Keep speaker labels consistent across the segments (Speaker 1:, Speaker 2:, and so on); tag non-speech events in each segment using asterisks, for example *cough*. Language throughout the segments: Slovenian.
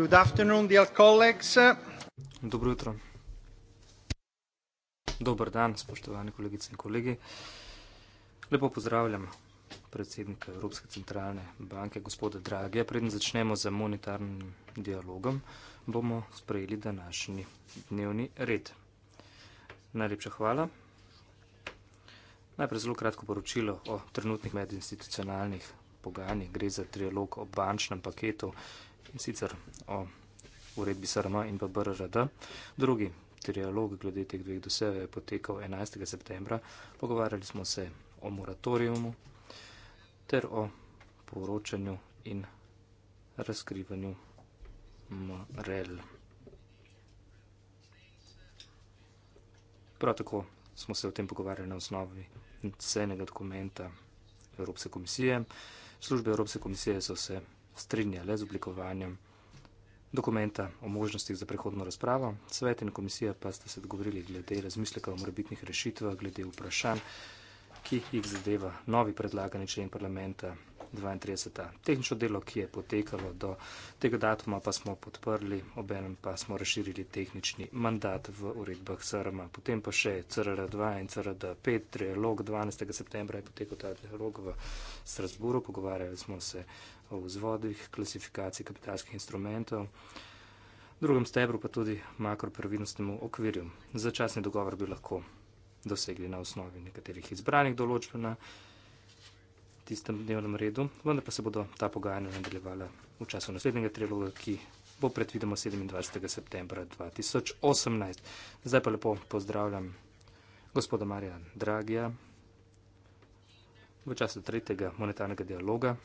Speaker 1: Good afternoon, dear colleagues.
Speaker 2: Dobro jutro. Dobr dan, spoštovani kolegice in kolegi. Lepo pozdravljam predsednika Evropske centralne banke, gospoda Dragija. Preden začnemo z monetarnim dialogom, bomo sprejeli današnji dnevni red. Najlepša hvala. Najprej zelo kratko poročilo o trenutnih medinstitucionalnih pogajanjih. Gre za trialog o bančnem paketu, in sicer o uredbi Sarma in pa BRŽD. Drugi trialog glede teh dveh dosev je potekal 11. septembra. Pogovarjali smo se o moratoriumu ter o poročanju in razkrivanju MRL. Prav tako smo se o tem pogovarjali na osnovi cenega dokumenta Evropske komisije. Službe Evropske komisije so se strinja le z oblikovanjem dokumenta o možnostih za prehodno razpravo. Svet in komisija pa ste se dogovorili glede razmisleka o morebitnih rešitvah, glede vprašanj, ki jih zadeva novi predlagani člen parlamenta 32. Tehnično delo, ki je potekalo do tega datuma, pa smo podprli, obenem pa smo razširili tehnični mandat v uredbah CRM. Potem pa še CRR2 in CRD5, trialog 12. septembra je potekal ta trialog v Strasburu, pogovarjali smo se o vzvodih klasifikacij kapitalskih instrumentov. V drugem stebru pa tudi makropravilnostnemu okvirju. Začasni dogovor bi lahko dosegli na osnovi nekaterih izbranih določb na tistem dnevnem redu, vendar pa se bodo ta pogajanja nadaljevala v času naslednjega triloga, ki bo predvidoma 27. septembra 2018. Zdaj pa lepo pozdravljam gospoda Marija Dragija v času tretjega monetarnega dialoga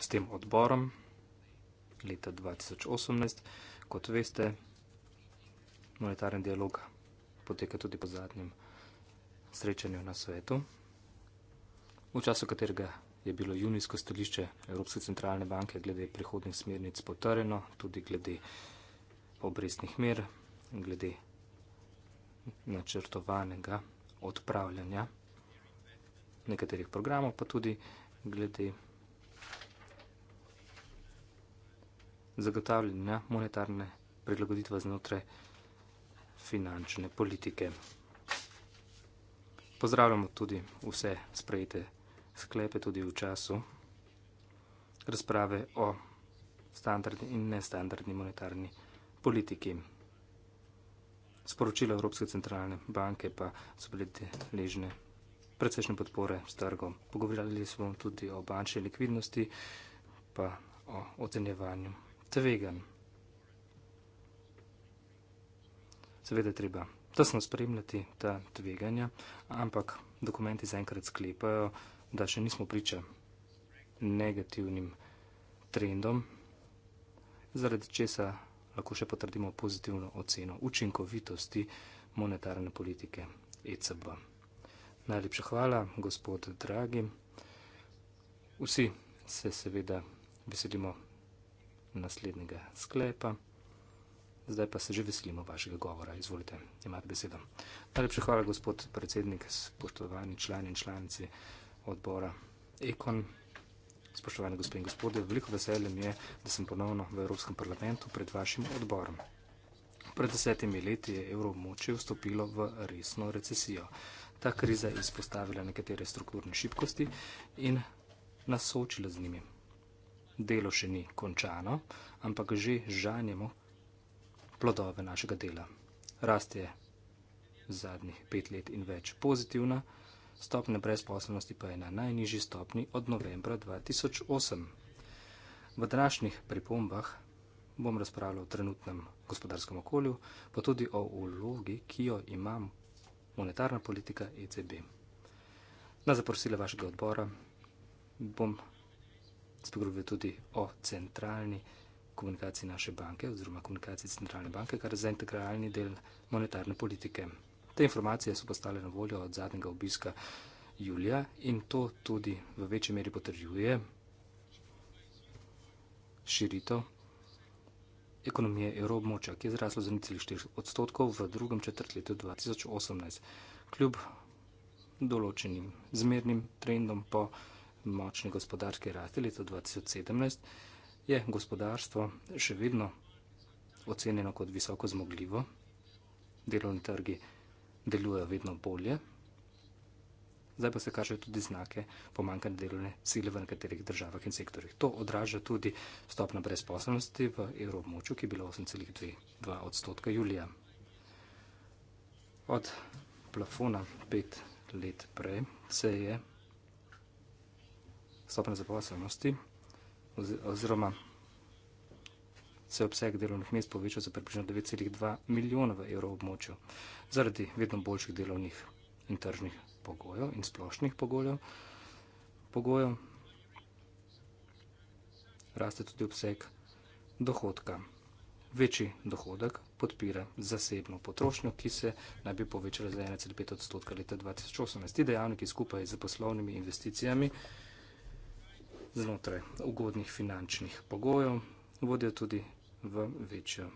Speaker 2: s tem odborom leta 2018. Kot veste, monetarni dialog poteka tudi po zadnjem srečanju na svetu, v času katerega je bilo junijsko stališče Evropske centralne banke glede prihodnjih smernic potrjeno, tudi glede obrestnih mer, glede načrtovanega odpravljanja nekaterih programov, pa tudi glede zagotavljanja monetarne prilagoditve znotraj finančne politike. Pozdravljamo tudi vse sprejete sklepe tudi v času razprave o standardni in nestandardni monetarni politiki. Sporočila Evropske centralne banke pa so bile deležne precejšnje podpore s trgom. Pogovorili smo tudi o bančni likvidnosti, pa o ocenjevanju tvegan. Seveda treba tesno spremljati ta tveganja, ampak dokumenti zaenkrat sklepajo, da še nismo priča negativnim trendom, zaradi česa lahko še potrdimo pozitivno oceno učinkovitosti monetarne politike ECB. Najlepša hvala, gospod Dragi. Vsi se seveda veselimo naslednjega sklepa. Zdaj pa se že veselimo vašega govora. Izvolite, imate besedo. Najlepša hvala, gospod predsednik, spoštovani člani in članici odbora Ekon. Spoštovane gospe in gospode, veliko veselje mi je, da sem ponovno v Evropskem parlamentu pred vašim odborom. Pred desetimi leti je evro moče vstopilo v resno recesijo. Ta kriza je izpostavila nekatere strukturne šibkosti in nas soočila z njimi. Delo še ni končano, ampak že žanjemo plodove našega dela. Rast je zadnjih pet let in več pozitivna stopnja brezposobnosti pa je na najnižji stopni od novembra 2008. V današnjih pripombah bom razpravljal o trenutnem gospodarskem okolju, pa tudi o vlogi, ki jo ima monetarna politika ECB. Na zaprosile vašega odbora bom spregovoril tudi o centralni komunikaciji naše banke oziroma komunikaciji centralne banke, kar je za integralni del monetarne politike. Te informacije so postale na voljo od zadnjega obiska Julija in to tudi v večji meri potrjuje širito ekonomije evroobmoča, ki je zraslo za 0,4 odstotkov v drugem četrtletju 2018. Kljub določenim zmernim trendom po močni gospodarski rasti leta 2017 je gospodarstvo še vedno ocenjeno kot visoko zmogljivo, delovni trgi vsega, delujejo vedno bolje. Zdaj pa se kaže tudi znake pomankanja delovne sile v nekaterih državah in sektorjih. To odraža tudi stopna brezposobnosti v evroobmočju, ki je bila 8,2 odstotka julija. Od plafona pet let prej se je stopna zaposlenosti oziroma se je obseg delovnih mest povečal za približno 9,2 milijona v evrov območju. Zaradi vedno boljših delovnih in tržnih pogojev in splošnih pogojev, pogojev raste tudi obseg dohodka. Večji dohodek podpira zasebno potrošnjo, ki se naj bi povečala za 1,5 odstotka leta 2018. Ti dejavniki skupaj z poslovnimi investicijami znotraj ugodnih finančnih pogojev vodijo tudi v večjo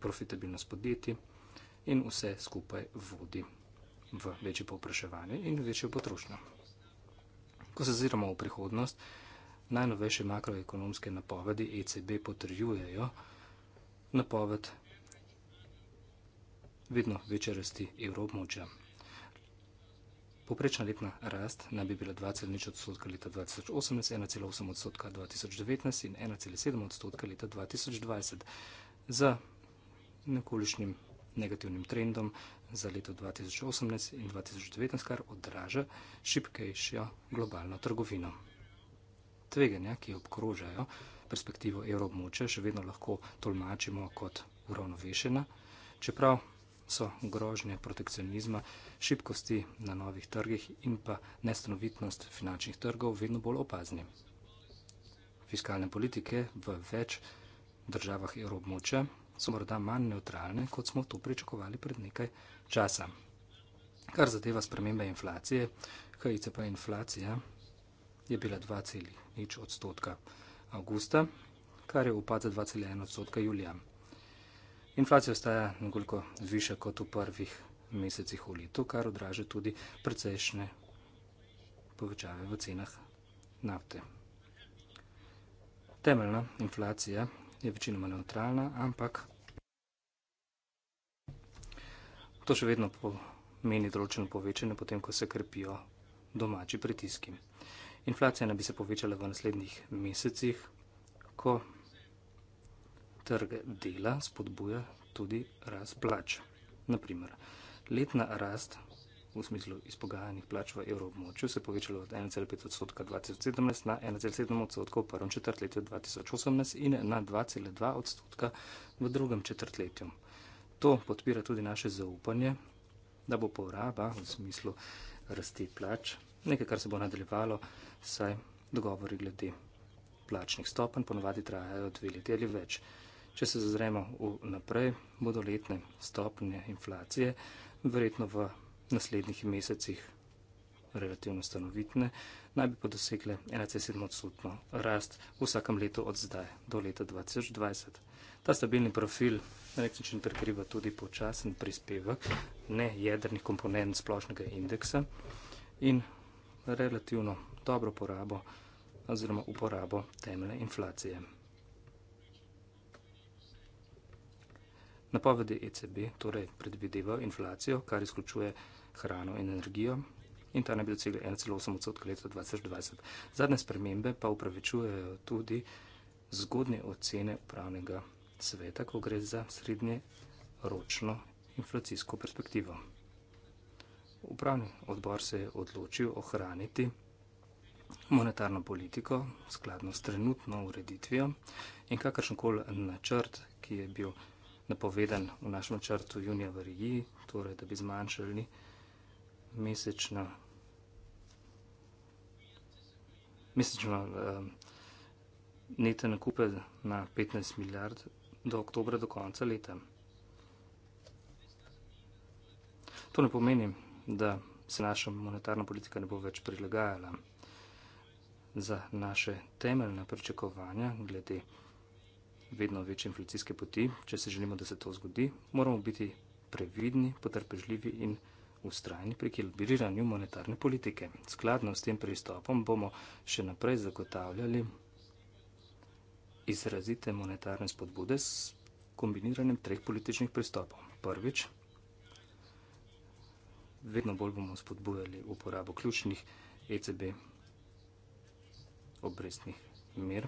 Speaker 2: profitabilnost podjetij in vse skupaj vodi v večje povpraševanje in večjo potrošnjo. Ko se oziramo v prihodnost, najnovejše makroekonomske napovedi ECB potrjujejo napoved vedno večje rasti evropmočja. Poprečna letna rast naj bi bila 2,0 odstotka leta 2018, 1,8 odstotka 2019 in 1,7 odstotka leta 2020. Za nekolišnjim negativnim trendom za leto 2018 in 2019, kar odraža šipkejšjo globalno trgovino. Tveganja, ki obkrožajo perspektivo evrobmoče, še vedno lahko tolmačimo kot uravnovešena, čeprav so grožnje protekcionizma, šibkosti na novih trgih in pa nestanovitnost finančnih trgov vedno bolj opazni. Fiskalne politike v več državah evroobmoča so morda manj neutralne, kot smo to pričakovali pred nekaj časa. Kar zadeva spremembe inflacije, KICP inflacija je bila 2,0 odstotka avgusta, kar je upad za 2,1 odstotka julija. Inflacija ostaja nekoliko više kot v prvih mesecih v letu, kar odraža tudi precejšnje povečave v cenah nafte. Temeljna inflacija je večinoma neutralna, ampak to še vedno pomeni določeno povečanje, potem ko se krpijo domači pritiski. Inflacija naj bi se povečala v naslednjih mesecih, ko trg dela spodbuja tudi rast plač. Naprimer, letna rast v smislu izpogajanih plač v evroobmočju se je povečala od 1,5 odstotka 2017 na 1,7 odstotka v prvem četrtletju 2018 in na 2,2 odstotka v drugem četrtletju. To podpira tudi naše zaupanje, da bo poraba v smislu rasti plač nekaj, kar se bo nadaljevalo, saj dogovori glede plačnih stopenj ponovadi trajajo dve leti ali več. Če se zazremo naprej, bodo letne stopnje inflacije verjetno v naslednjih mesecih relativno stanovitne, naj bi pa dosegle 1,7 odstotno rast v vsakem letu od zdaj do leta 2020. Ta stabilni profil na nek način prekriva tudi počasen prispevek nejedrnih komponent splošnega indeksa in relativno dobro porabo oziroma uporabo temelje inflacije. Napovedi ECB torej predvidevajo inflacijo, kar izključuje hrano in energijo. In ta naj bi dosegla 1,8 odstotka leta 2020. Zadnje spremembe pa upravičujejo tudi zgodnje ocene upravnega sveta, ko gre za srednje ročno inflacijsko perspektivo. Upravni odbor se je odločil ohraniti monetarno politiko skladno s trenutno ureditvijo in kakršen koli načrt, ki je bil napovedan v našem črtu junija v Riji, torej da bi zmanjšali mesečno, mesečno uh, eh, nete nakupe na 15 milijard do oktobra, do konca leta. To ne pomeni, da se naša monetarna politika ne bo več prilagajala za naše temeljne pričakovanja glede vedno večje inflacijske poti, če se želimo, da se to zgodi, moramo biti previdni, potrpežljivi in ustrajni pri kilbiriranju monetarne politike. Skladno s tem pristopom bomo še naprej zagotavljali izrazite monetarne spodbude s kombiniranjem treh političnih pristopov. Prvič, vedno bolj bomo spodbujali uporabo ključnih ECB obrestnih mer,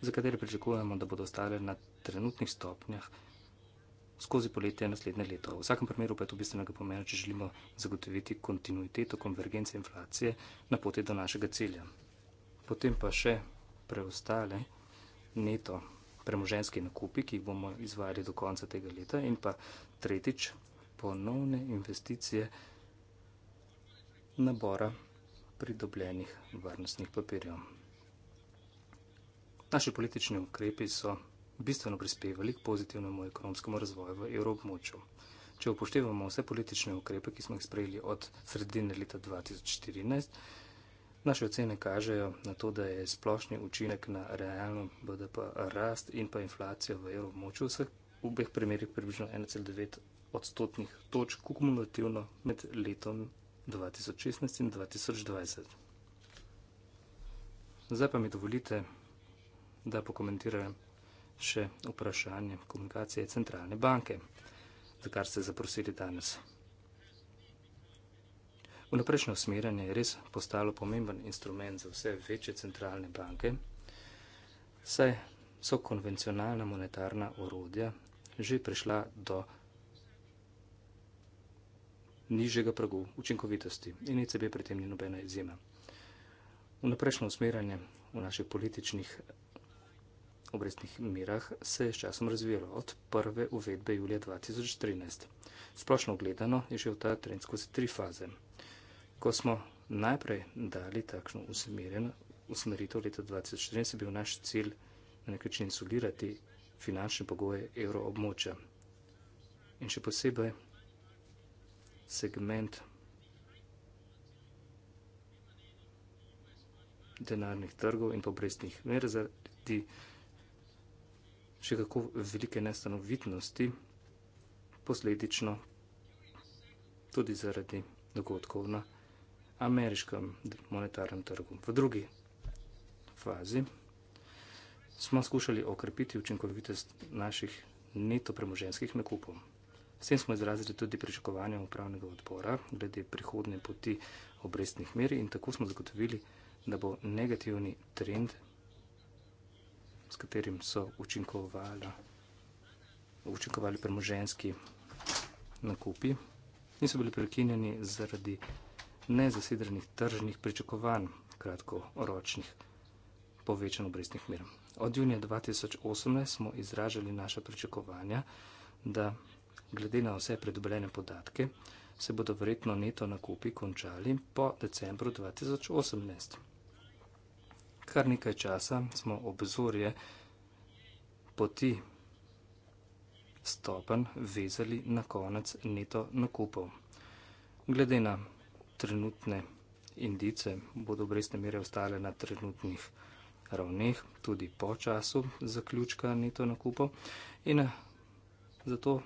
Speaker 2: za katere pričakujemo, da bodo ostale na trenutnih stopnjah skozi poletje naslednje leto. V vsakem primeru pa je to bistvenega pomena, če želimo zagotoviti kontinuiteto konvergence inflacije na poti do našega cilja. Potem pa še preostale neto premoženske nakupi, ki jih bomo izvajali do konca tega leta in pa tretjič ponovne investicije nabora pridobljenih varnostnih papirjev. Naši politični ukrepi so bistveno prispevali k pozitivnemu ekonomskemu razvoju v evroobmočju. Če upoštevamo vse politične ukrepe, ki smo jih sprejeli od sredine leta 2014, naše ocene kažejo na to, da je splošni učinek na realno BDP rast in pa inflacijo v evroobmočju v vseh obeh primerjih približno 1,9 odstotnih točk kumulativno med letom 2016 in 2020. Zdaj pa mi dovolite, da pokomentira še vprašanje komunikacije centralne banke, za kar ste zaprosili danes. Vnaprejšnje usmerjanje je res postalo pomemben instrument za vse večje centralne banke, saj so konvencionalna monetarna orodja že prišla do nižjega pragu učinkovitosti in ECB pri tem ni nobena izjema. Vnaprejšnje usmerjanje v naših političnih obrestnih merah se je s časom razvijalo od prve uvedbe julija 2013. Splošno gledano je šel ta trend skozi tri faze. Ko smo najprej dali takšno usmerjeno usmeritev leta 2014, je bil naš cilj na nek način insulirati finančne pogoje evroobmoča in še posebej segment denarnih trgov in pobrestnih mer zaradi še kako velike nestanovitnosti, posledično tudi zaradi dogodkov na ameriškem monetarnem trgu. V drugi fazi smo skušali okrepiti učinkovitost naših neto premoženskih nakupov. S tem smo izrazili tudi pričakovanja upravnega odbora glede prihodne poti obrestnih meri in tako smo zagotovili, da bo negativni trend s katerim so učinkovali premoženski nakupi in so bili prekinjeni zaradi nezasedrenih tržnih pričakovanj kratkoročnih povečanj obrestnih mer. Od junija 2018 smo izražali naša pričakovanja, da glede na vse predobljene podatke se bodo verjetno neto nakupi končali po decembru 2018 kar nekaj časa smo obzorje poti stopen vezali na konec neto nakupov. Glede na trenutne indice bodo obrestne mere ostale na trenutnih ravneh tudi po času zaključka neto nakupov in eh, zato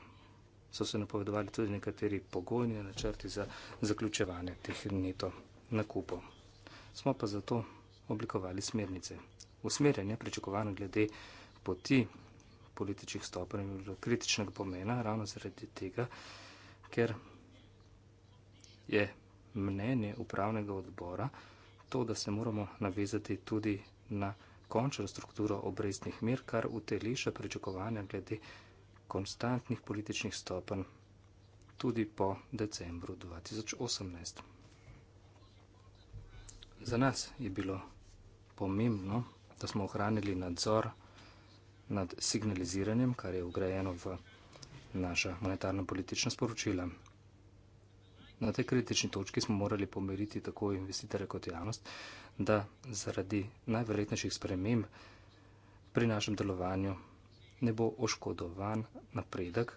Speaker 2: so se napovedovali tudi nekateri pogojni načrti za zaključevanje teh neto nakupov. Smo pa zato oblikovali smernice. Usmerjanje, prečakovano glede poti političnih stopenj, je bilo kritičnega pomena ravno zaradi tega, ker je mnenje upravnega odbora to, da se moramo navezati tudi na končno strukturo obrestnih mer, kar uteliša prečakovanja glede konstantnih političnih stopenj tudi po decembru 2018. Za nas je bilo pomembno, da smo ohranili nadzor nad signaliziranjem, kar je ugrajeno v naša monetarno-politična sporočila. Na tej kritični točki smo morali pomeriti tako investitore kot javnost, da zaradi najverjetnejših sprememb pri našem delovanju ne bo oškodovan napredek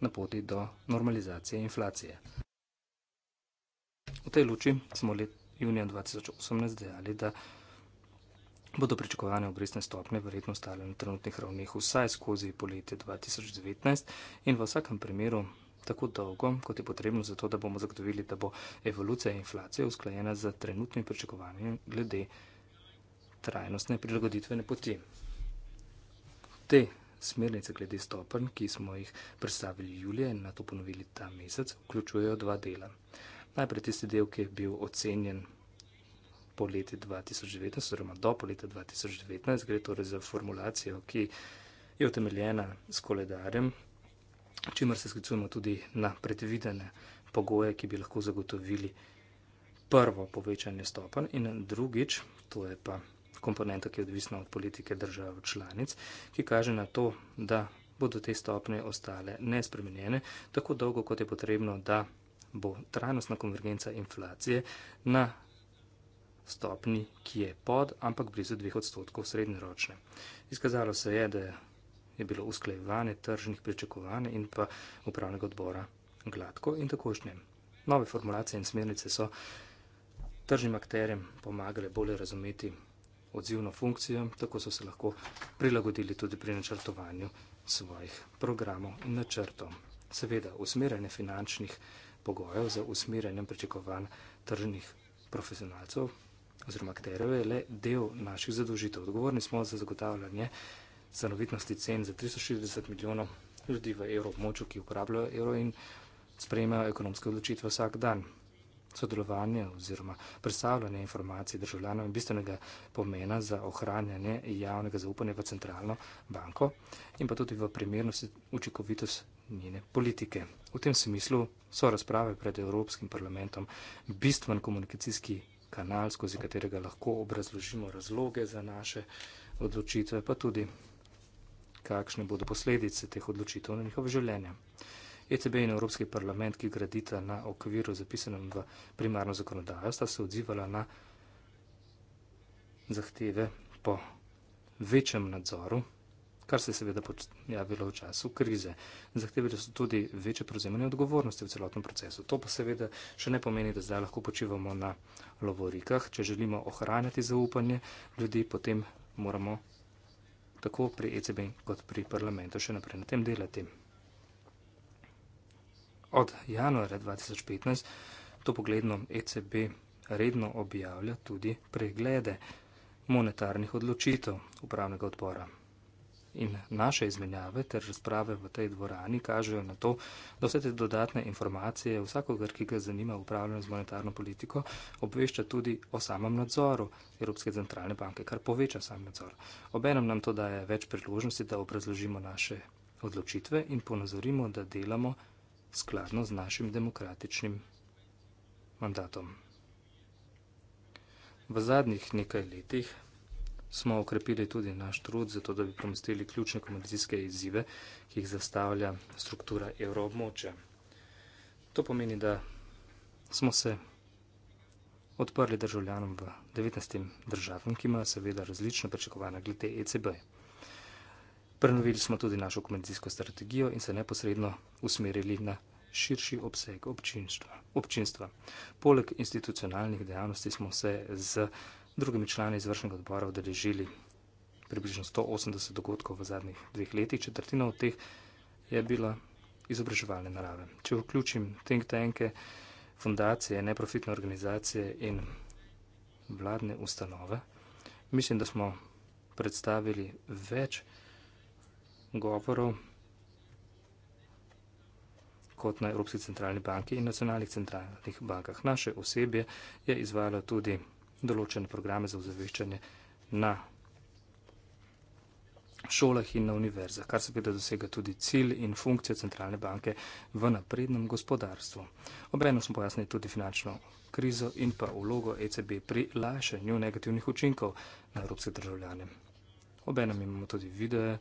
Speaker 2: na poti do normalizacije inflacije. V tej luči smo let junija 2018 dejali, da bodo pričakovane obrestne stopne verjetno stale na trenutnih ravneh vsaj skozi poletje 2019 in v vsakem primeru tako dolgo, kot je potrebno za to, da bomo zagotovili, da bo evolucija inflacije usklajena z trenutnim pričakovanjem glede trajnostne prilagoditvene poti. Te smernice glede stopen, ki smo jih predstavili julija in na to ponovili ta mesec, vključujejo dva dela. Najprej tisti del, ki je bil ocenjen poleti 2019, oziroma do poleta 2019, gre torej za formulacijo, ki je utemeljena s koledarjem, čimer se sklicujemo tudi na predvidene pogoje, ki bi lahko zagotovili prvo povečanje stopen in drugič, to je pa komponenta, ki je odvisna od politike držav članic, ki kaže na to, da bodo te stopne ostale nespremenjene tako dolgo, kot je potrebno, da bo trajnostna konvergenca inflacije na stopni, ki je pod, ampak blizu 2 odstotkov srednjeročne. Izkazalo se je, da je bilo usklejevanje tržnih pričakovanj in pa upravnega odbora gladko in takošnje. Nove formulacije in smernice so tržnim akterjem pomagale bolje razumeti odzivno funkcijo, tako so se lahko prilagodili tudi pri načrtovanju svojih programov in načrtov. Seveda, usmerjanje finančnih pogojev za usmerjanjem pričakovanj tržnih profesionalcev oziroma katero je le del naših zadožitev. Odgovorni smo za zagotavljanje stanovitnosti cen za 360 milijonov ljudi v evroobmočju, ki uporabljajo evro in sprejmejo ekonomske odločitve vsak dan. Sodelovanje oziroma predstavljanje informacij državljanov je bistvenega pomena za ohranjanje javnega zaupanja v centralno banko in pa tudi v primernosti učinkovitost njene politike. V tem smislu so razprave pred Evropskim parlamentom bistven komunikacijski kanal, skozi katerega lahko obrazložimo razloge za naše odločitve, pa tudi kakšne bodo posledice teh odločitev na njihovo življenje. ECB in Evropski parlament, ki gradita na okviru zapisanem v primarno zakonodajo, sta se odzivala na zahteve po večjem nadzoru kar se je seveda pojavilo v času krize. Zahtevali so tudi večje prevzemanje odgovornosti v celotnem procesu. To pa seveda še ne pomeni, da zdaj lahko počivamo na lovorikah. Če želimo ohranjati zaupanje ljudi, potem moramo tako pri ECB kot pri parlamentu še naprej na tem delati. Od januarja 2015 to pogledno ECB redno objavlja tudi preglede monetarnih odločitev upravnega odbora in naše izmenjave ter razprave v tej dvorani kažejo na to, da vse te dodatne informacije vsakogar, ki ga zanima upravljanje z monetarno politiko, obvešča tudi o samem nadzoru Evropske centralne banke, kar poveča sam nadzor. Obenem nam to daje več priložnosti, da obrazložimo naše odločitve in ponazorimo, da delamo skladno z našim demokratičnim mandatom. V zadnjih nekaj letih smo okrepili tudi naš trud, zato da bi premestili ključne komunikacijske izzive, ki jih zastavlja struktura evroobmočja. To pomeni, da smo se odprli državljanom v 19 državam, ki imajo seveda različne pričakovanja glede ECB. Prenovili smo tudi našo komunikacijsko strategijo in se neposredno usmerili na širši obseg občinstva. občinstva. Poleg institucionalnih dejavnosti smo se z drugimi člani izvršnega odbora odeležili približno 180 dogodkov v zadnjih dveh letih. Četrtina od teh je bila izobraževalne narave. Če vključim think tanke, fundacije, neprofitne organizacije in vladne ustanove, mislim, da smo predstavili več govorov kot na Evropski centralni banki in nacionalnih centralnih bankah. Naše osebje je izvajalo tudi določene programe za ozaveščanje na šolah in na univerzah, kar seveda dosega tudi cilj in funkcijo centralne banke v naprednem gospodarstvu. Obrejno smo pojasnili tudi finančno krizo in pa vlogo ECB pri lajšanju negativnih učinkov na evropske državljane. Obenem imamo tudi video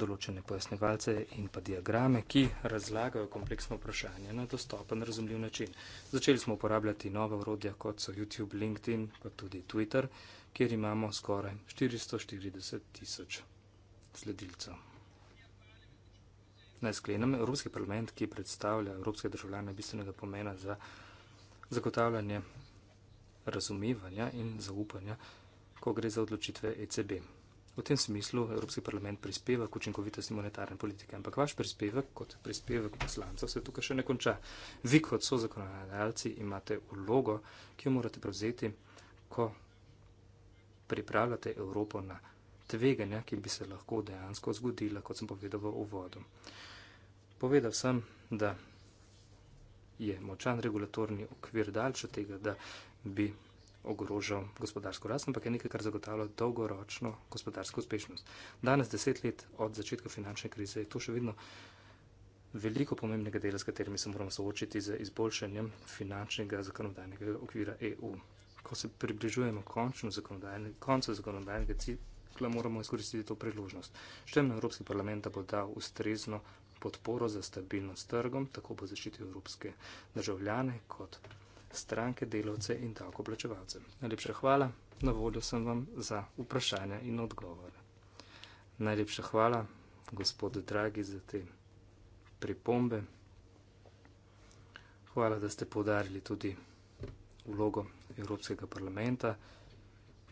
Speaker 2: določene pojasnevalce in pa diagrame, ki razlagajo kompleksno vprašanje na dostopen, razumljiv način. Začeli smo uporabljati nove urodja, kot so YouTube, LinkedIn, pa tudi Twitter, kjer imamo skoraj 440 tisoč sledilcev. Naj sklenem, Evropski parlament, ki predstavlja evropske državljane bistvenega pomena za zagotavljanje razumevanja in zaupanja, ko gre za odločitve ECB. V tem smislu Evropski parlament prispeva k učinkovitosti monetarne politike, ampak vaš prispevek kot prispevek poslancev se tukaj še ne konča. Vi kot so zakonodajalci imate vlogo, ki jo morate prevzeti, ko pripravljate Evropo na tveganja, ki bi se lahko dejansko zgodila, kot sem povedal v uvodu. Povedal sem, da je močan regulatorni okvir daljši od tega, da bi ogrožal gospodarsko rast, ampak je nekaj, kar zagotavlja dolgoročno gospodarsko uspešnost. Danes, deset let od začetka finančne krize, je to še vedno veliko pomembnega dela, s katerimi se moramo soočiti z izboljšanjem finančnega zakonodajnega okvira EU. Ko se približujemo končno zakonodajne, koncu zakonodajnega cikla, moramo izkoristiti to priložnost. Štem na Evropski parlament, da bo dal ustrezno podporo za stabilnost trgom, tako bo zaščitil evropske državljane kot stranke, delavce in davkoplačevalce. Najlepša hvala, na voljo sem vam za vprašanja in odgovore. Najlepša hvala, gospod Dragi, za te pripombe. Hvala, da ste podarili tudi vlogo Evropskega parlamenta,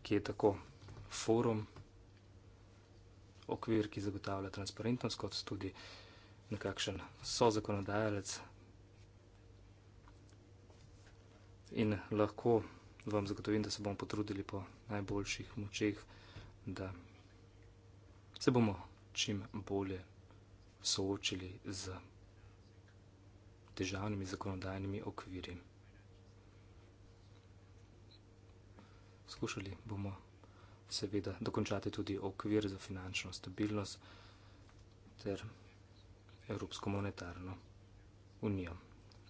Speaker 2: ki je tako forum, okvir, ki zagotavlja transparentnost, kot tudi nekakšen sozakonodajalec, in lahko vam zagotovim, da se bomo potrudili po najboljših močeh, da se bomo čim bolje soočili z težavnimi zakonodajnimi okviri. Skušali bomo seveda dokončati tudi okvir za finančno stabilnost ter Evropsko monetarno unijo.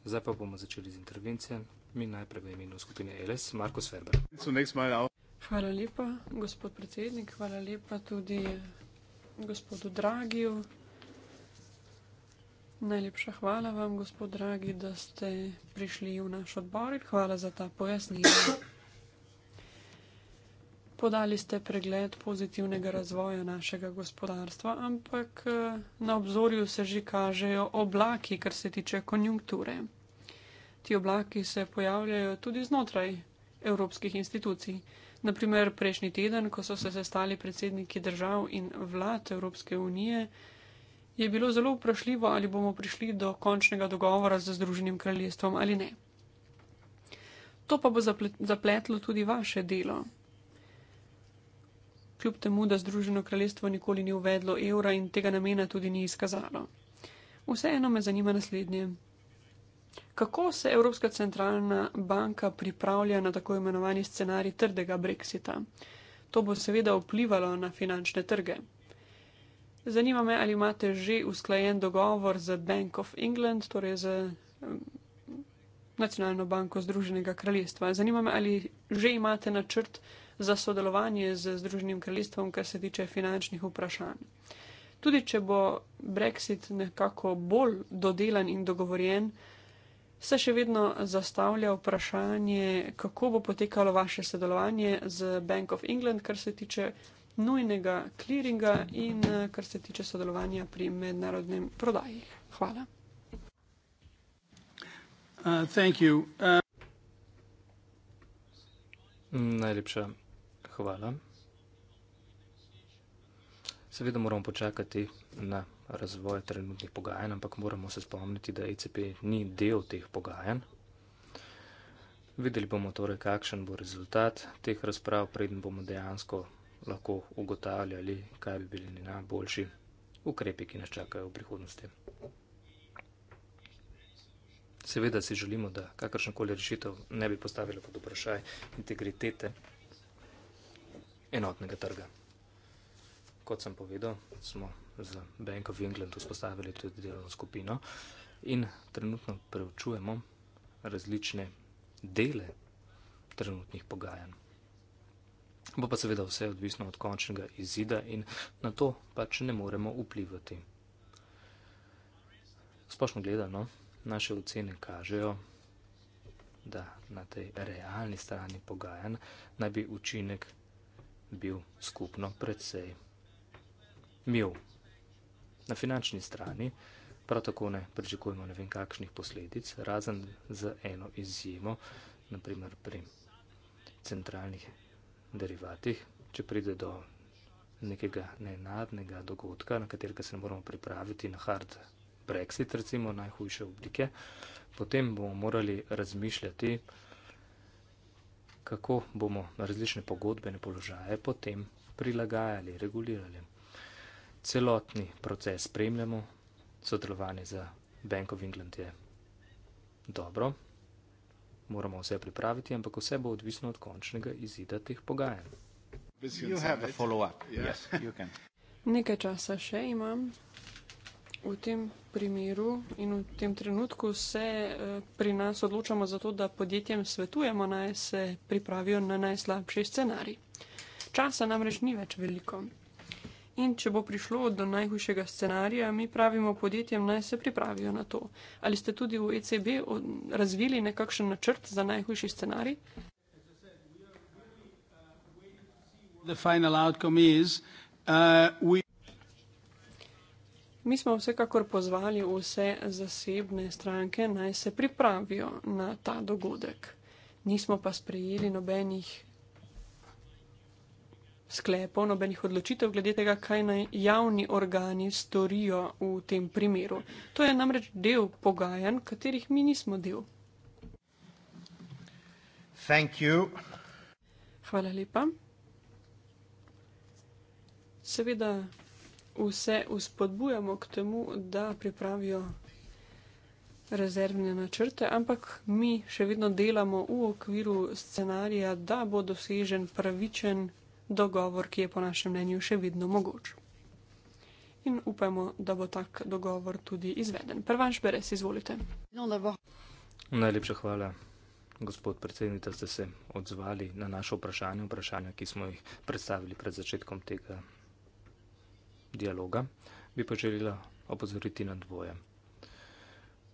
Speaker 2: Zdaj pa bomo začeli z intervencijami. Mi najprej v imenu skupine LS, Marko Sverber.
Speaker 3: Hvala lepa, gospod predsednik, hvala lepa tudi gospodu Dragiju. Najlepša hvala vam, gospod Dragi, da ste prišli v naš odbor in hvala za ta pojasnila. Podali ste pregled pozitivnega razvoja našega gospodarstva, ampak eh, na obzorju se že kažejo oblaki, kar se tiče konjunkture. Ti oblaki se pojavljajo tudi znotraj evropskih institucij. Naprimer, prejšnji teden, ko so se sestali predsedniki držav in vlad Evropske unije, je bilo zelo vprašljivo, ali bomo prišli do končnega dogovora z Združenim kraljestvom ali ne. To pa bo zapletlo tudi vaše delo. Kljub temu, da Združeno kraljestvo nikoli ni uvedlo evra in tega namena tudi ni izkazalo. Vseeno me zanima naslednje kako se Evropska centralna banka pripravlja na tako imenovani scenarij trdega brexita. To bo seveda vplivalo na finančne trge. Zanima me, ali imate že usklajen dogovor z Bank of England, torej z Nacionalno banko Združenega kraljestva. Zanima me, ali že imate načrt za sodelovanje z Združenim kraljestvom, kar se tiče finančnih vprašanj. Tudi če bo Brexit nekako bolj dodelan in dogovorjen, se še vedno zastavlja vprašanje, kako bo potekalo vaše sodelovanje z Bank of England, kar se tiče nujnega kliringa in eh, kar se tiče sodelovanja pri mednarodnem prodaji. Hvala.
Speaker 2: Uh, uh... Najlepša hvala. Seveda moramo počakati na razvoj trenutnih pogajanj, ampak moramo se spomniti, da ECP ni del teh pogajanj. Videli bomo torej, kakšen bo rezultat teh razprav, preden bomo dejansko lahko ugotavljali, kaj bi bili najboljši ukrepi, ki nas čakajo v prihodnosti. Seveda si želimo, da kakršnakoli rešitev ne bi postavila pod vprašaj integritete enotnega trga. Kot sem povedal, smo z Bank of England vzpostavili tudi delovno skupino in trenutno preučujemo različne dele trenutnih pogajanj. Bo pa seveda vse odvisno od končnega izida in na to pač ne moremo vplivati. Splošno gledano, naše ocene kažejo, da na tej realni strani pogajanj naj bi učinek bil skupno predvsej mil. Na finančni strani prav tako ne pričakujemo ne vem kakšnih posledic, razen z eno izjemo, naprimer pri centralnih derivatih, če pride do nekega nenadnega dogodka, na katerega se ne moramo pripraviti na hard Brexit, recimo najhujše oblike, potem bomo morali razmišljati, kako bomo na različne pogodbene položaje potem prilagajali, regulirali celotni proces spremljamo, sodelovanje za Bank of England je dobro, moramo vse pripraviti, ampak vse bo odvisno od končnega izida teh pogajanj.
Speaker 3: Nekaj časa še imam. V tem primeru in v tem trenutku se eh, pri nas odločamo za to, da podjetjem svetujemo naj se pripravijo na najslabši scenarij. Časa namreč ni več veliko. In če bo prišlo do najhujšega scenarija, mi pravimo podjetjem, naj se pripravijo na to. Ali ste tudi v ECB razvili nekakšen načrt za najhujši scenarij? Uh, mi smo vsekakor pozvali vse zasebne stranke, naj se pripravijo na ta dogodek. Nismo pa sprejeli nobenih sklepov, nobenih odločitev glede tega, kaj naj javni organi storijo v tem primeru. To je namreč del pogajanj, katerih mi nismo del. Hvala lepa. Seveda vse uspodbujamo k temu, da pripravijo rezervne načrte, ampak mi še vedno delamo v okviru scenarija, da bo dosežen pravičen dogovor, ki je po našem mnenju še vedno mogoč. In upamo, da bo tak dogovor tudi izveden. Prvanš Beres, izvolite.
Speaker 2: Najlepša hvala, gospod predsednik, da ste se odzvali na naše vprašanje, vprašanja, ki smo jih predstavili pred začetkom tega dialoga. Bi pa želela opozoriti na dvoje.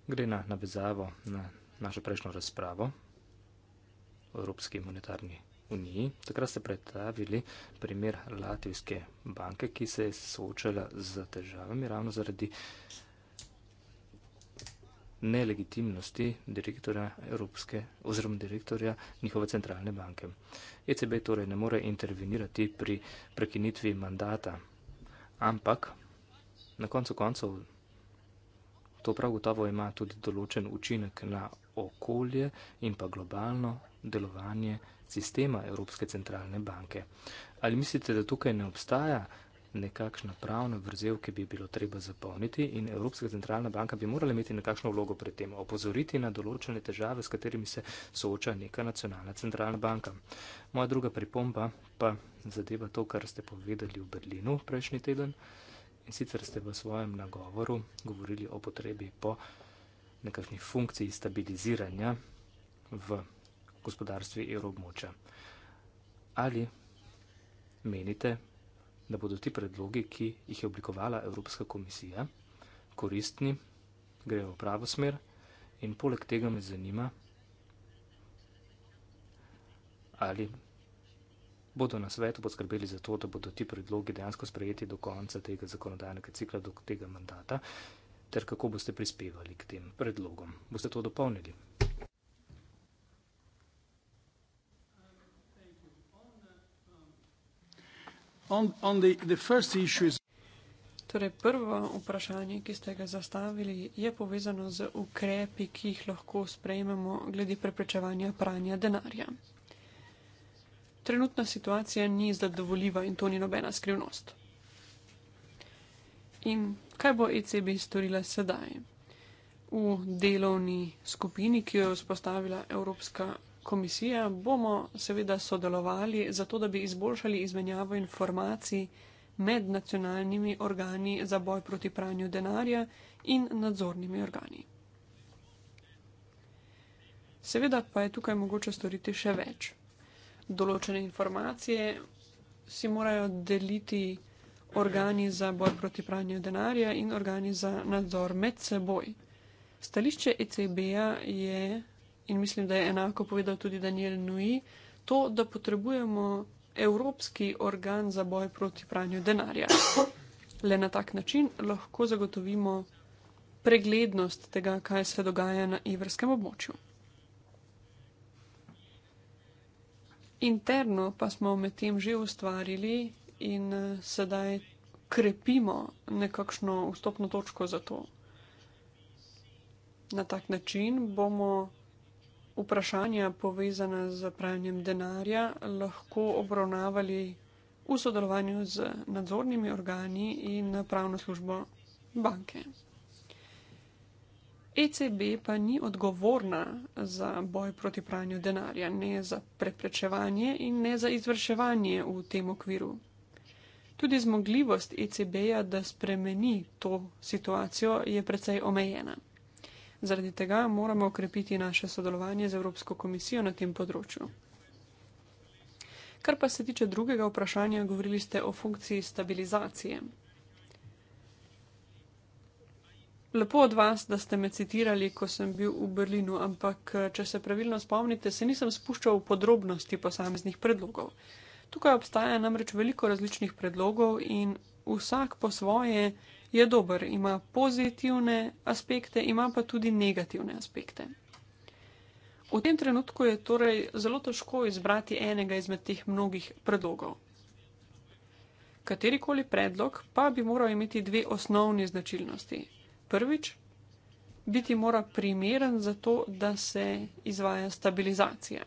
Speaker 2: Gre na navezavo na našo prejšnjo razpravo o Evropski monetarni uniji. Takrat ste predstavili primer Latvijske banke, ki se je soočala z težavami ravno zaradi nelegitimnosti direktorja Evropske oziroma direktorja njihove centralne banke. ECB torej ne more intervenirati pri prekinitvi mandata, ampak na koncu koncev to prav gotovo ima tudi določen učinek na okolje in pa globalno delovanje sistema Evropske centralne banke. Ali mislite, da tukaj ne obstaja nekakšna pravna vrzel, ki bi bilo treba zapolniti in Evropska centralna banka bi morala imeti nekakšno vlogo pri tem, opozoriti na določene težave, s katerimi se sooča neka nacionalna centralna banka? Moja druga pripomba pa zadeva to, kar ste povedali v Berlinu prejšnji teden. In sicer ste v svojem nagovoru govorili o potrebi po nekakšni funkciji stabiliziranja v gospodarstvi evroobmoča. Ali menite, da bodo ti predlogi, ki jih je oblikovala Evropska komisija, koristni, grejo v pravo smer in poleg tega me zanima, ali bodo na svetu poskrbeli za to, da bodo ti predlogi dejansko sprejeti do konca tega zakonodajnega cikla, do tega mandata, ter kako boste prispevali k tem predlogom. Boste to dopolnili?
Speaker 1: Torej,
Speaker 3: prvo vprašanje, ki ste ga zastavili, je povezano z ukrepi, ki jih lahko sprejmemo glede preprečevanja pranja denarja. Trenutna situacija ni zadovoljiva in to ni nobena skrivnost. In kaj bo ECB storila sedaj? V delovni skupini, ki jo je vzpostavila Evropska komisije bomo seveda sodelovali zato, da bi izboljšali izmenjavo informacij med nacionalnimi organi za boj proti pranju denarja in nadzornimi organi. Seveda pa je tukaj mogoče storiti še več. Določene informacije si morajo deliti organi za boj proti pranju denarja in organi za nadzor med seboj. Stališče ECB-ja je in mislim, da je enako povedal tudi Daniel Nui, to, da potrebujemo evropski organ za boj proti pranju denarja. Le na tak način lahko zagotovimo preglednost tega, kaj se dogaja na evrskem območju. Interno pa smo med tem že ustvarili in eh, sedaj krepimo nekakšno vstopno točko za to. Na tak način bomo vprašanja povezana z pranjem denarja lahko obravnavali v sodelovanju z nadzornimi organi in pravno službo banke. ECB pa ni odgovorna za boj proti pranju denarja, ne za preprečevanje in ne za izvrševanje v tem okviru. Tudi zmogljivost ECB-ja, da spremeni to situacijo, je precej omejena. Zaradi tega moramo okrepiti naše sodelovanje z Evropsko komisijo na tem področju. Kar pa se tiče drugega vprašanja, govorili ste o funkciji stabilizacije. Lepo od vas, da ste me citirali, ko sem bil v Berlinu, ampak če se pravilno spomnite, se nisem spuščal v podrobnosti posameznih predlogov. Tukaj obstaja namreč veliko različnih predlogov in vsak po svoje je dober, ima pozitivne aspekte, ima pa tudi negativne aspekte. V tem trenutku je torej zelo težko izbrati enega izmed teh mnogih predlogov. Katerikoli predlog pa bi moral imeti dve osnovni značilnosti. Prvič, biti mora primeren za to, da se izvaja stabilizacija.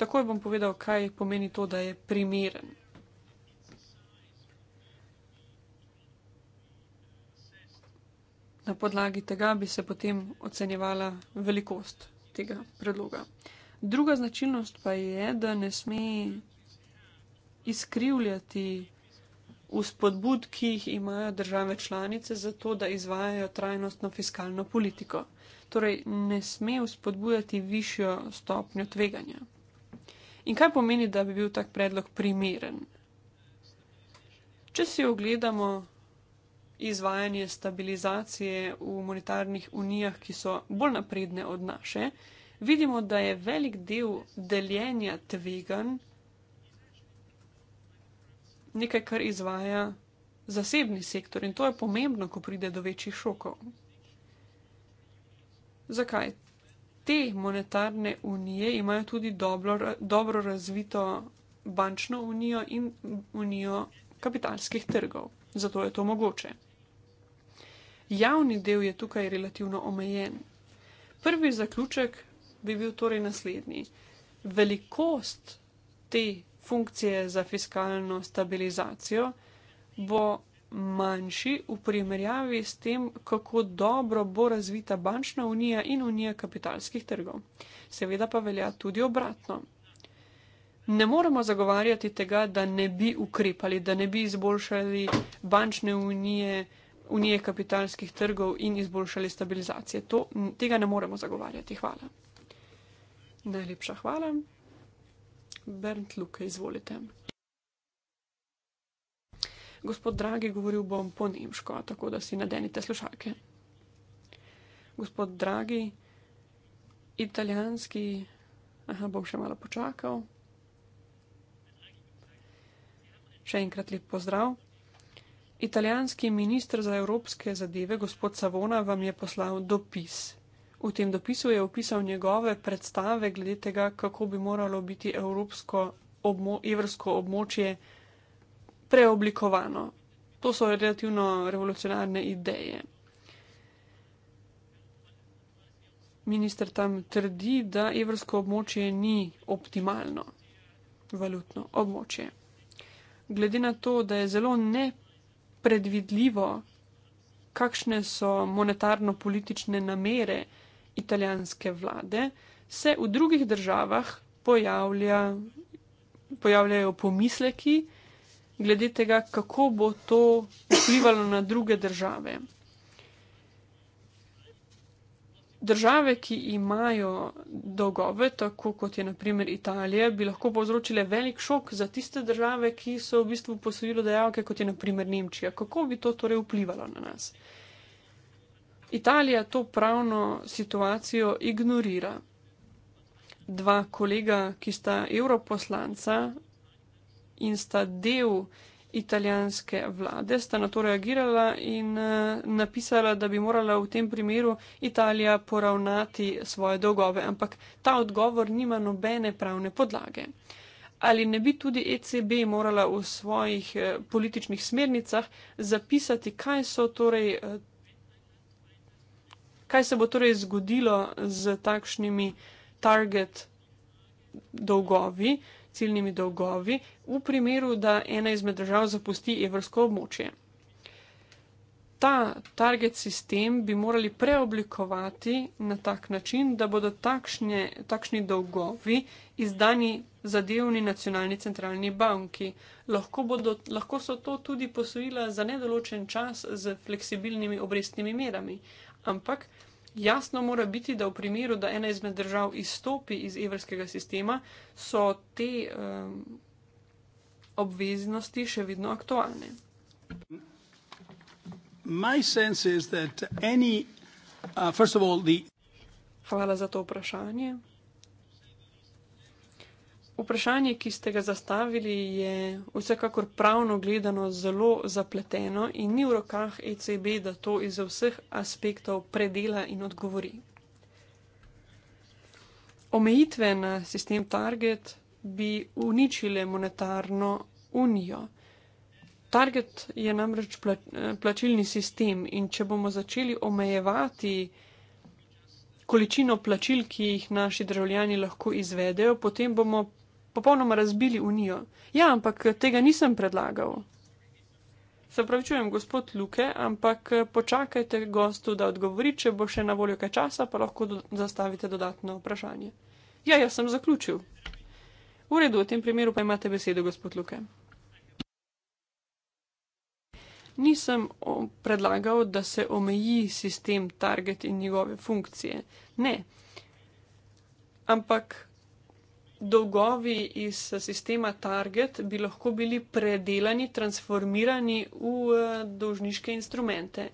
Speaker 3: Takoj bom povedal, kaj pomeni to, da je primeren. na podlagi tega bi se potem ocenjevala velikost tega predloga. Druga značilnost pa je, da ne sme izkrivljati vzpodbud, ki jih imajo države članice za to, da izvajajo trajnostno fiskalno politiko. Torej, ne sme vzpodbujati višjo stopnjo tveganja. In kaj pomeni, da bi bil tak predlog primeren? Če si ogledamo izvajanje stabilizacije v monetarnih unijah, ki so bolj napredne od naše, vidimo, da je velik del deljenja tvegan nekaj, kar izvaja zasebni sektor in to je pomembno, ko pride do večjih šokov. Zakaj? Te monetarne unije imajo tudi dobro, dobro razvito bančno unijo in unijo kapitalskih trgov. Zato je to mogoče javni del je tukaj relativno omejen. Prvi zaključek bi bil torej naslednji. Velikost te funkcije za fiskalno stabilizacijo bo manjši v primerjavi s tem, kako dobro bo razvita bančna unija in unija kapitalskih trgov. Seveda pa velja tudi obratno. Ne moremo zagovarjati tega, da ne bi ukrepali, da ne bi izboljšali bančne unije, unije kapitalskih trgov in izboljšali stabilizacije. To, tega ne moremo zagovarjati. Hvala. Najlepša hvala. Bernd Luke, izvolite. Gospod Dragi, govoril bom po nemško, tako da si nadenite slušalke. Gospod Dragi, italijanski, aha, bom še malo počakal. Še enkrat lep pozdrav. Italijanski ministr za evropske zadeve, gospod Savona, vam je poslal dopis. V tem dopisu je opisal njegove predstave glede tega, kako bi moralo biti evropsko obmo evrsko območje preoblikovano. To so relativno revolucionarne ideje. Ministr tam trdi, da evrsko območje ni optimalno valutno območje. Glede na to, da je zelo neprepravljeno, predvidljivo, kakšne so monetarno-politične namere italijanske vlade, se v drugih državah pojavlja, pojavljajo pomisleki glede tega, kako bo to vplivalo na druge države. Države, ki imajo dolgove, tako kot je naprimer Italija, bi lahko povzročile velik šok za tiste države, ki so v bistvu posojilo dejavke, kot je naprimer Nemčija. Kako bi to torej vplivalo na nas? Italija to pravno situacijo ignorira. Dva kolega, ki sta evroposlanca in sta del italijanske vlade sta na to reagirala in eh, napisala, da bi morala v tem primeru Italija poravnati svoje dolgove, ampak ta odgovor nima nobene pravne podlage. Ali ne bi tudi ECB morala v svojih eh, političnih smernicah zapisati, kaj, torej, eh, kaj se bo torej zgodilo z takšnimi target dolgovi, ciljnimi dolgovi, v primeru, da ena izmed držav zapusti evrsko območje. Ta target sistem bi morali preoblikovati na tak način, da bodo takšne, takšni dolgovi izdani zadevni nacionalni centralni banki. Lahko, bodo, lahko so to tudi posojila za nedoločen čas z fleksibilnimi obrestnimi merami, ampak Jasno mora biti, da v primeru, da ena izmed držav izstopi iz evrskega sistema, so te um, obveznosti še vedno aktualne. Uh, Hvala za to vprašanje. Vprašanje, ki ste ga zastavili, je vsekakor pravno gledano zelo zapleteno in ni v rokah ECB, da to iz vseh aspektov predela in odgovori. Omejitve na sistem Target bi uničile monetarno unijo. Target je namreč plačilni sistem in če bomo začeli omejevati količino plačil, ki jih naši državljani lahko izvedejo, potem bomo popolnoma razbili unijo. Ja, ampak tega nisem predlagal. Se pravi, čujem, gospod Luke, ampak počakajte gostu, da odgovori, če bo še na voljo kaj časa, pa lahko do zastavite dodatno vprašanje. Ja, jaz sem zaključil. V redu, v tem primeru pa imate besedo, gospod Luke. Nisem predlagal, da se omeji sistem target in njegove funkcije. Ne. Ampak dolgovi iz sistema Target bi lahko bili predelani, transformirani v eh, dolžniške instrumente.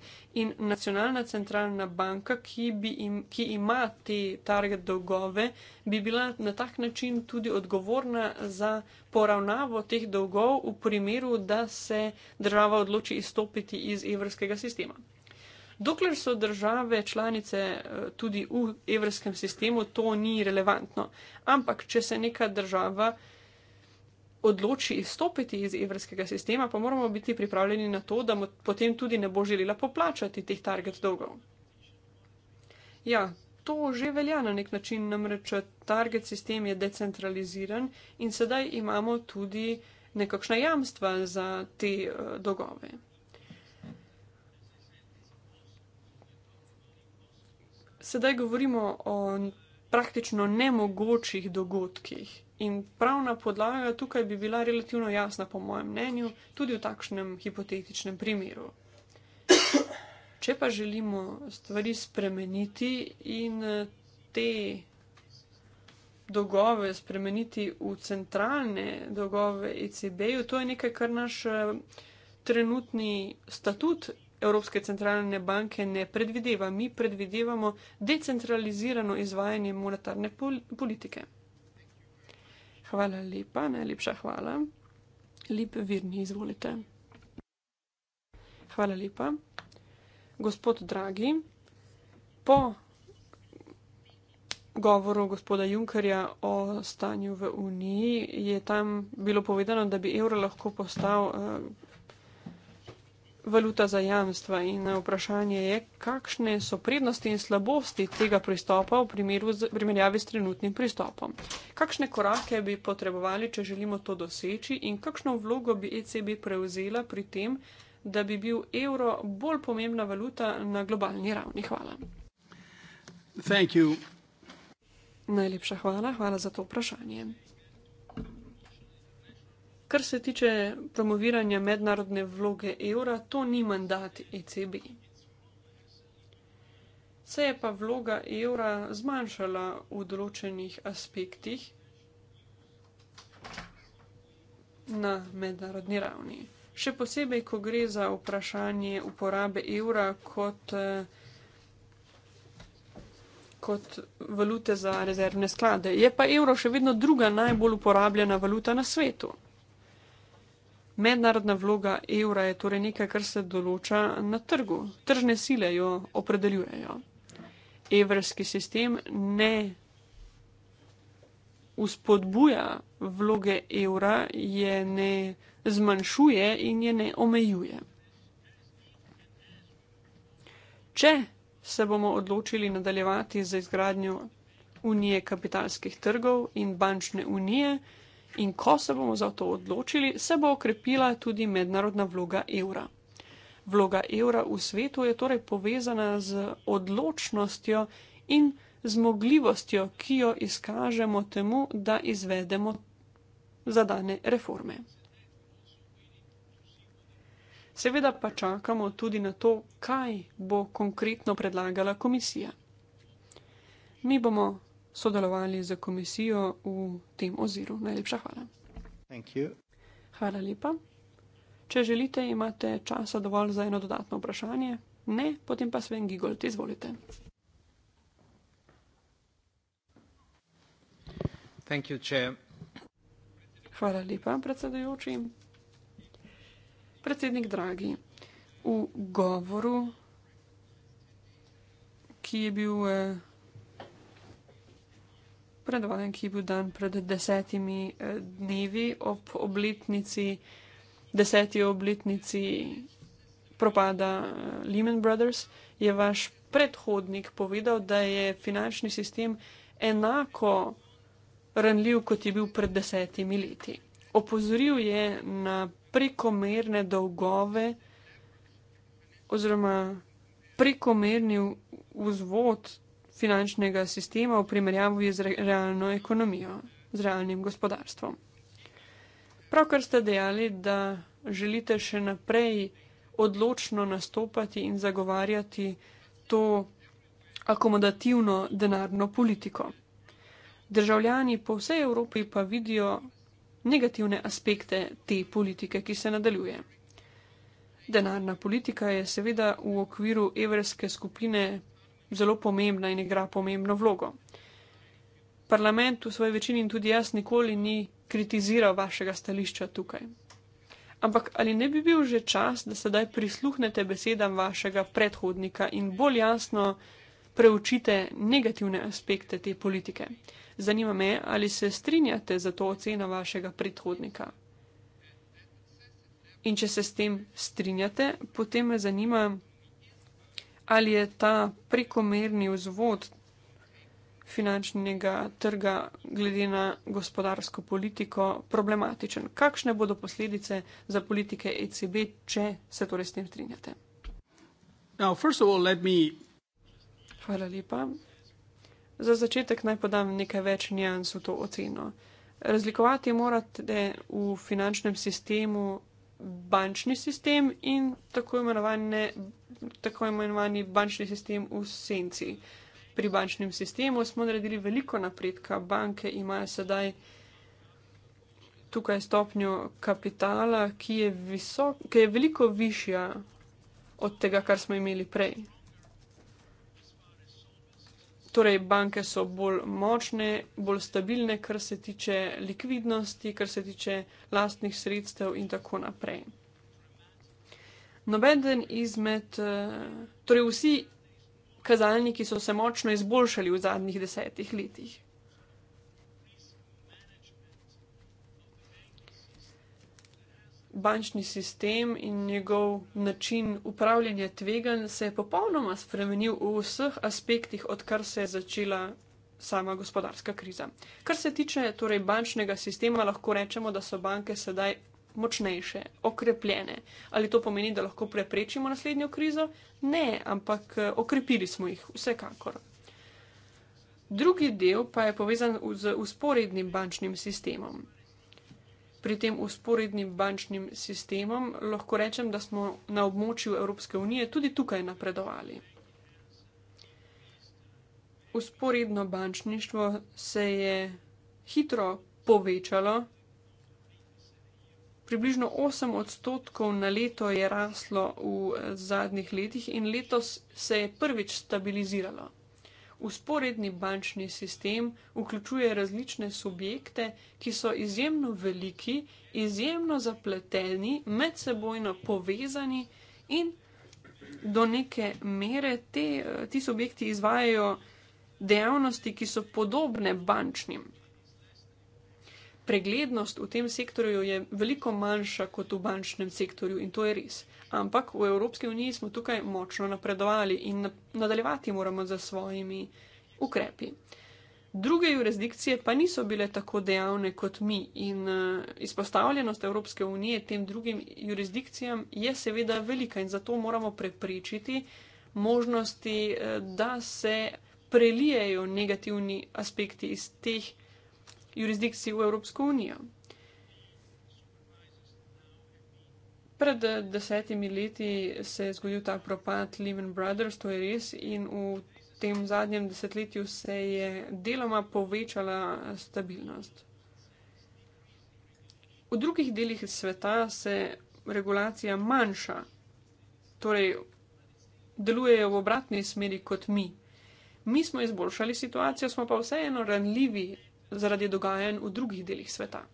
Speaker 3: In nacionalna centralna banka, ki, im, ki ima te target dolgove, bi bila na tak način tudi odgovorna za poravnavo teh dolgov v primeru, da se država odloči izstopiti iz evrskega sistema. Dokler so države članice eh, tudi v evropskem sistemu, to ni relevantno. Ampak, če se neka država odloči izstopiti iz evropskega sistema, pa moramo biti pripravljeni na to, da potem tudi ne bo želela poplačati teh target dolgov. Ja, to že velja na nek način, namreč eh, target sistem je decentraliziran in sedaj imamo tudi nekakšna jamstva za te uh, eh, dogove. sedaj govorimo o praktično nemogočih dogodkih. In pravna podlaga tukaj bi bila relativno jasna, po mojem mnenju, tudi v takšnem hipotetičnem primeru. Če pa želimo stvari spremeniti in te dogove spremeniti v centralne dogove ECB-ju, to je nekaj, kar naš trenutni statut Evropske centralne banke ne predvideva, mi predvidevamo decentralizirano izvajanje monetarne pol politike. Hvala lepa, najlepša hvala. Lep virni, izvolite. Hvala lepa. Gospod Dragi, po govoru gospoda Junkerja o stanju v Uniji je tam bilo povedano, da bi evro lahko postal. Uh, valuta za jamstva in vprašanje je, kakšne so prednosti in slabosti tega pristopa v z, primerjavi s trenutnim pristopom. Kakšne korake bi potrebovali, če želimo to doseči in kakšno vlogo bi ECB prevzela pri tem, da bi bil evro bolj pomembna valuta na globalni ravni. Hvala. Najlepša hvala, hvala za to vprašanje. Kar se tiče promoviranja mednarodne vloge evra, to ni mandat ECB. Se je pa vloga evra zmanjšala v določenih aspektih na mednarodni ravni. Še posebej, ko gre za vprašanje uporabe evra kot, eh, kot valute za rezervne sklade. Je pa evro še vedno druga najbolj uporabljena valuta na svetu. Mednarodna vloga evra je torej nekaj, kar se določa na trgu. Tržne sile jo opredeljujejo. Evrski sistem ne uspodbuja vloge evra, je ne zmanjšuje in je ne omejuje. Če se bomo odločili nadaljevati za izgradnjo unije kapitalskih trgov in bančne unije, in ko se bomo za to odločili, se bo okrepila tudi mednarodna vloga evra. Vloga evra v svetu je torej povezana z odločnostjo in zmogljivostjo, ki jo izkažemo temu, da izvedemo zadane reforme. Seveda pa čakamo tudi na to, kaj bo konkretno predlagala komisija. Mi bomo sodelovali z komisijo v tem oziru. Najlepša hvala. Hvala lepa. Če želite, imate časa dovolj za eno dodatno vprašanje. Ne, potem pa Sven Gigolt, izvolite. You, Hvala lepa, predsedujoči. Predsednik Dragi, v govoru, ki je bil. Eh, predvajan, ki je bil dan pred desetimi eh, dnevi ob obletnici, deseti obletnici propada eh, Lehman Brothers, je vaš predhodnik povedal, da je finančni sistem enako ranljiv, kot je bil pred desetimi leti. Opozoril je na prekomerne dolgove oziroma prekomerni vzvod finančnega sistema v primerjavi z realno ekonomijo, z realnim gospodarstvom. Pravkar ste dejali, da želite še naprej odločno nastopati in zagovarjati to akomodativno denarno politiko. Državljani po vsej Evropi pa vidijo negativne aspekte te politike, ki se nadaljuje. Denarna politika je seveda v okviru evrske skupine zelo pomembna in igra pomembno vlogo. Parlament v svoji večini in tudi jaz nikoli ni kritiziral vašega stališča tukaj. Ampak ali ne bi bil že čas, da sedaj prisluhnete besedam vašega predhodnika in bolj jasno preučite negativne aspekte te politike? Zanima me, ali se strinjate za to oceno vašega predhodnika. In če se s tem strinjate, potem me zanima, ali je ta prekomerni vzvod finančnega trga glede na gospodarsko politiko problematičen. Kakšne bodo posledice za politike ECB, če se torej s tem strinjate? Now, all, me... Hvala lepa. Za začetek naj podam nekaj več nijans v to oceno. Razlikovati morate v finančnem sistemu bančni sistem in tako imenovani, tako imenovani bančni sistem v senci. Pri bančnem sistemu smo naredili veliko napredka. Banke imajo sedaj tukaj stopnjo kapitala, ki je, visok, ki je veliko višja od tega, kar smo imeli prej. Torej, banke so bolj močne, bolj stabilne, kar se tiče likvidnosti, kar se tiče lastnih sredstev in tako naprej. Nobeden izmed, eh, torej vsi kazalniki so se močno izboljšali v zadnjih desetih letih. bančni sistem in njegov način upravljanja tveganj se je popolnoma spremenil v vseh aspektih, odkar se je začela sama gospodarska kriza. Kar se tiče torej bančnega sistema, lahko rečemo, da so banke sedaj močnejše, okrepljene. Ali to pomeni, da lahko preprečimo naslednjo krizo? Ne, ampak okrepili smo jih vsekakor. Drugi del pa je povezan z usporednim bančnim sistemom pri tem usporednim bančnim sistemom, lahko rečem, da smo na območju Evropske unije tudi tukaj napredovali. Usporedno bančništvo se je hitro povečalo. Približno 8 odstotkov na leto je raslo v zadnjih letih in letos se je prvič stabiliziralo. Usporedni bančni sistem vključuje različne subjekte, ki so izjemno veliki, izjemno zapleteni, medsebojno povezani in do neke mere te, ti subjekti izvajajo dejavnosti, ki so podobne bančnim. Preglednost v tem sektorju je veliko manjša kot v bančnem sektorju in to je res. Ampak v Evropski uniji smo tukaj močno napredovali in nadaljevati moramo za svojimi ukrepi. Druge jurisdikcije pa niso bile tako dejavne kot mi in eh, izpostavljenost Evropske unije tem drugim jurisdikcijam je seveda velika in zato moramo prepričiti možnosti, eh, da se prelijejo negativni aspekti iz teh jurisdikcij v Evropsko unijo. Pred eh, desetimi leti se je zgodil ta propad Lehman Brothers, to je res, in v tem zadnjem desetletju se je deloma povečala stabilnost. V drugih delih sveta se regulacija manjša, torej delujejo v obratni smeri kot mi. Mi smo izboljšali situacijo, smo pa vseeno ranljivi zaradi dogajanj v drugih delih sveta.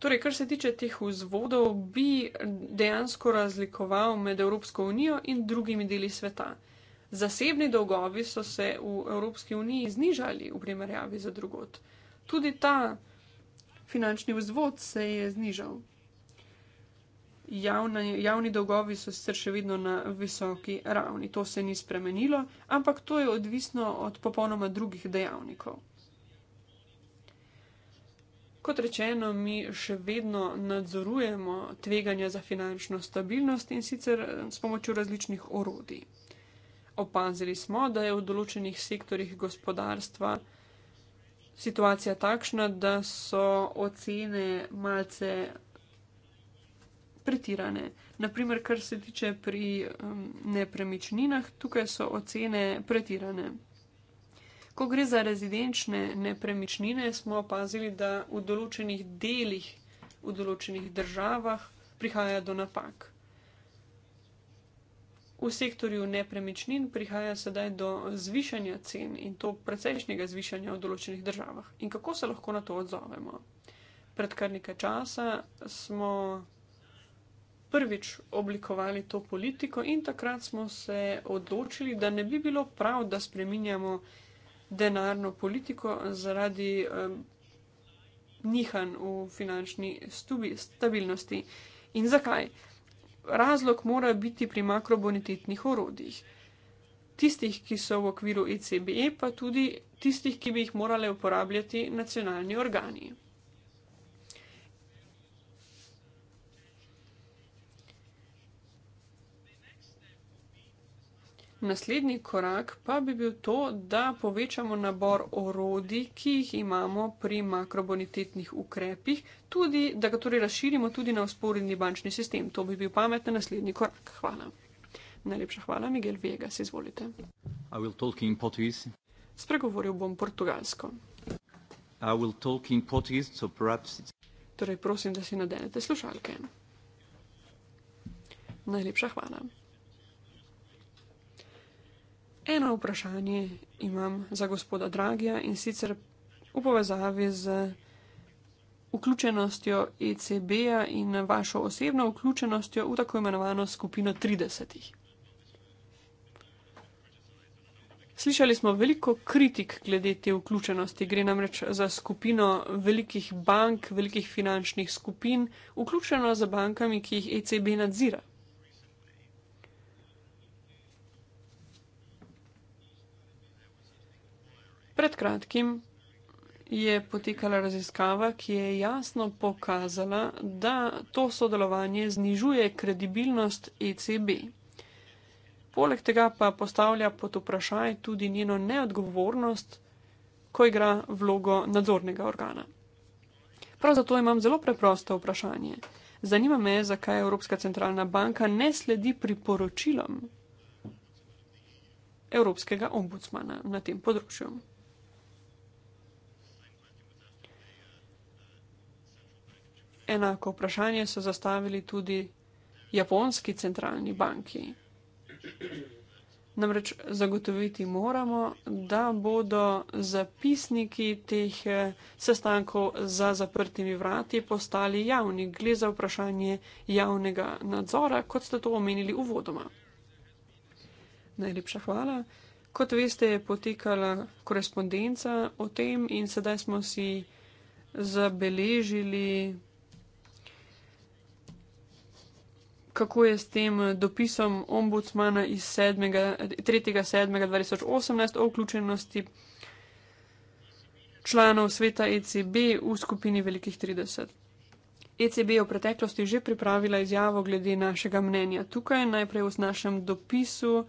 Speaker 3: Torej, kar se tiče teh vzvodov, bi dejansko razlikoval med Evropsko unijo in drugimi deli sveta. Zasebni dolgovi so se v Evropski uniji znižali v primerjavi z drugot. Tudi ta finančni vzvod se je znižal. Javna, javni dolgovi so sicer še vedno na visoki ravni, to se ni spremenilo, ampak to je odvisno od popolnoma drugih dejavnikov. Kot rečeno, mi še vedno nadzorujemo tveganja za finančno stabilnost in sicer eh, s pomočjo različnih orodij. Opazili smo, da je v določenih sektorjih gospodarstva situacija takšna, da so ocene malce pretirane. Naprimer, kar se tiče pri um, nepremičninah, tukaj so ocene pretirane. Ko gre za rezidenčne nepremičnine, smo opazili, da v določenih delih, v določenih državah prihaja do napak. V sektorju nepremičnin prihaja sedaj do zvišanja cen in to precejšnjega zvišanja v določenih državah. In kako se lahko na to odzovemo? Pred kar nekaj časa smo prvič oblikovali to politiko in takrat smo se odločili, da ne bi bilo prav, da spreminjamo denarno politiko zaradi um, nihanj v finančni stubi, stabilnosti. In zakaj? Razlog mora biti pri makrobonitetnih orodjih. Tistih, ki so v okviru ECB, e, pa tudi tistih, ki bi jih morale uporabljati nacionalni organi. Naslednji korak pa bi bil to, da povečamo nabor orodij, ki jih imamo pri makrobonitetnih ukrepih, tudi da ga torej razširimo tudi na usporedni bančni sistem. To bi bil pameten naslednji korak. Hvala. Najlepša hvala, Miguel Vegas, izvolite. Spregovoril bom portugalsko. So torej, prosim, da si nadenete slušalke. Najlepša hvala. Eno vprašanje imam za gospoda Dragija in sicer v povezavi z vključenostjo ECB-ja in vašo osebno vključenostjo v tako imenovano skupino 30. Slišali smo veliko kritik glede te vključenosti. Gre namreč za skupino velikih bank, velikih finančnih skupin, vključeno za bankami, ki jih ECB nadzira. Pred kratkim je potekala raziskava, ki je jasno pokazala, da to sodelovanje znižuje kredibilnost ECB. Poleg tega pa postavlja pod vprašaj tudi njeno neodgovornost, ko igra vlogo nadzornega organa. Prav zato imam zelo preprosto vprašanje. Zanima me, zakaj Evropska centralna banka ne sledi priporočilom Evropskega ombudsmana na tem področju. Enako vprašanje so zastavili tudi japonski centralni banki. Namreč zagotoviti moramo, da bodo zapisniki teh eh, sestankov za zaprtimi vrati postali javni. Gle za vprašanje javnega nadzora, kot ste to omenili uvodoma. Najlepša hvala. Kot veste, je potekala korespondenca o tem in sedaj smo si zabeležili kako je s tem eh, dopisom ombudsmana iz 3.7.2018 o vključenosti članov sveta ECB v skupini velikih 30. ECB je v preteklosti že pripravila izjavo glede našega mnenja. Tukaj najprej v našem dopisu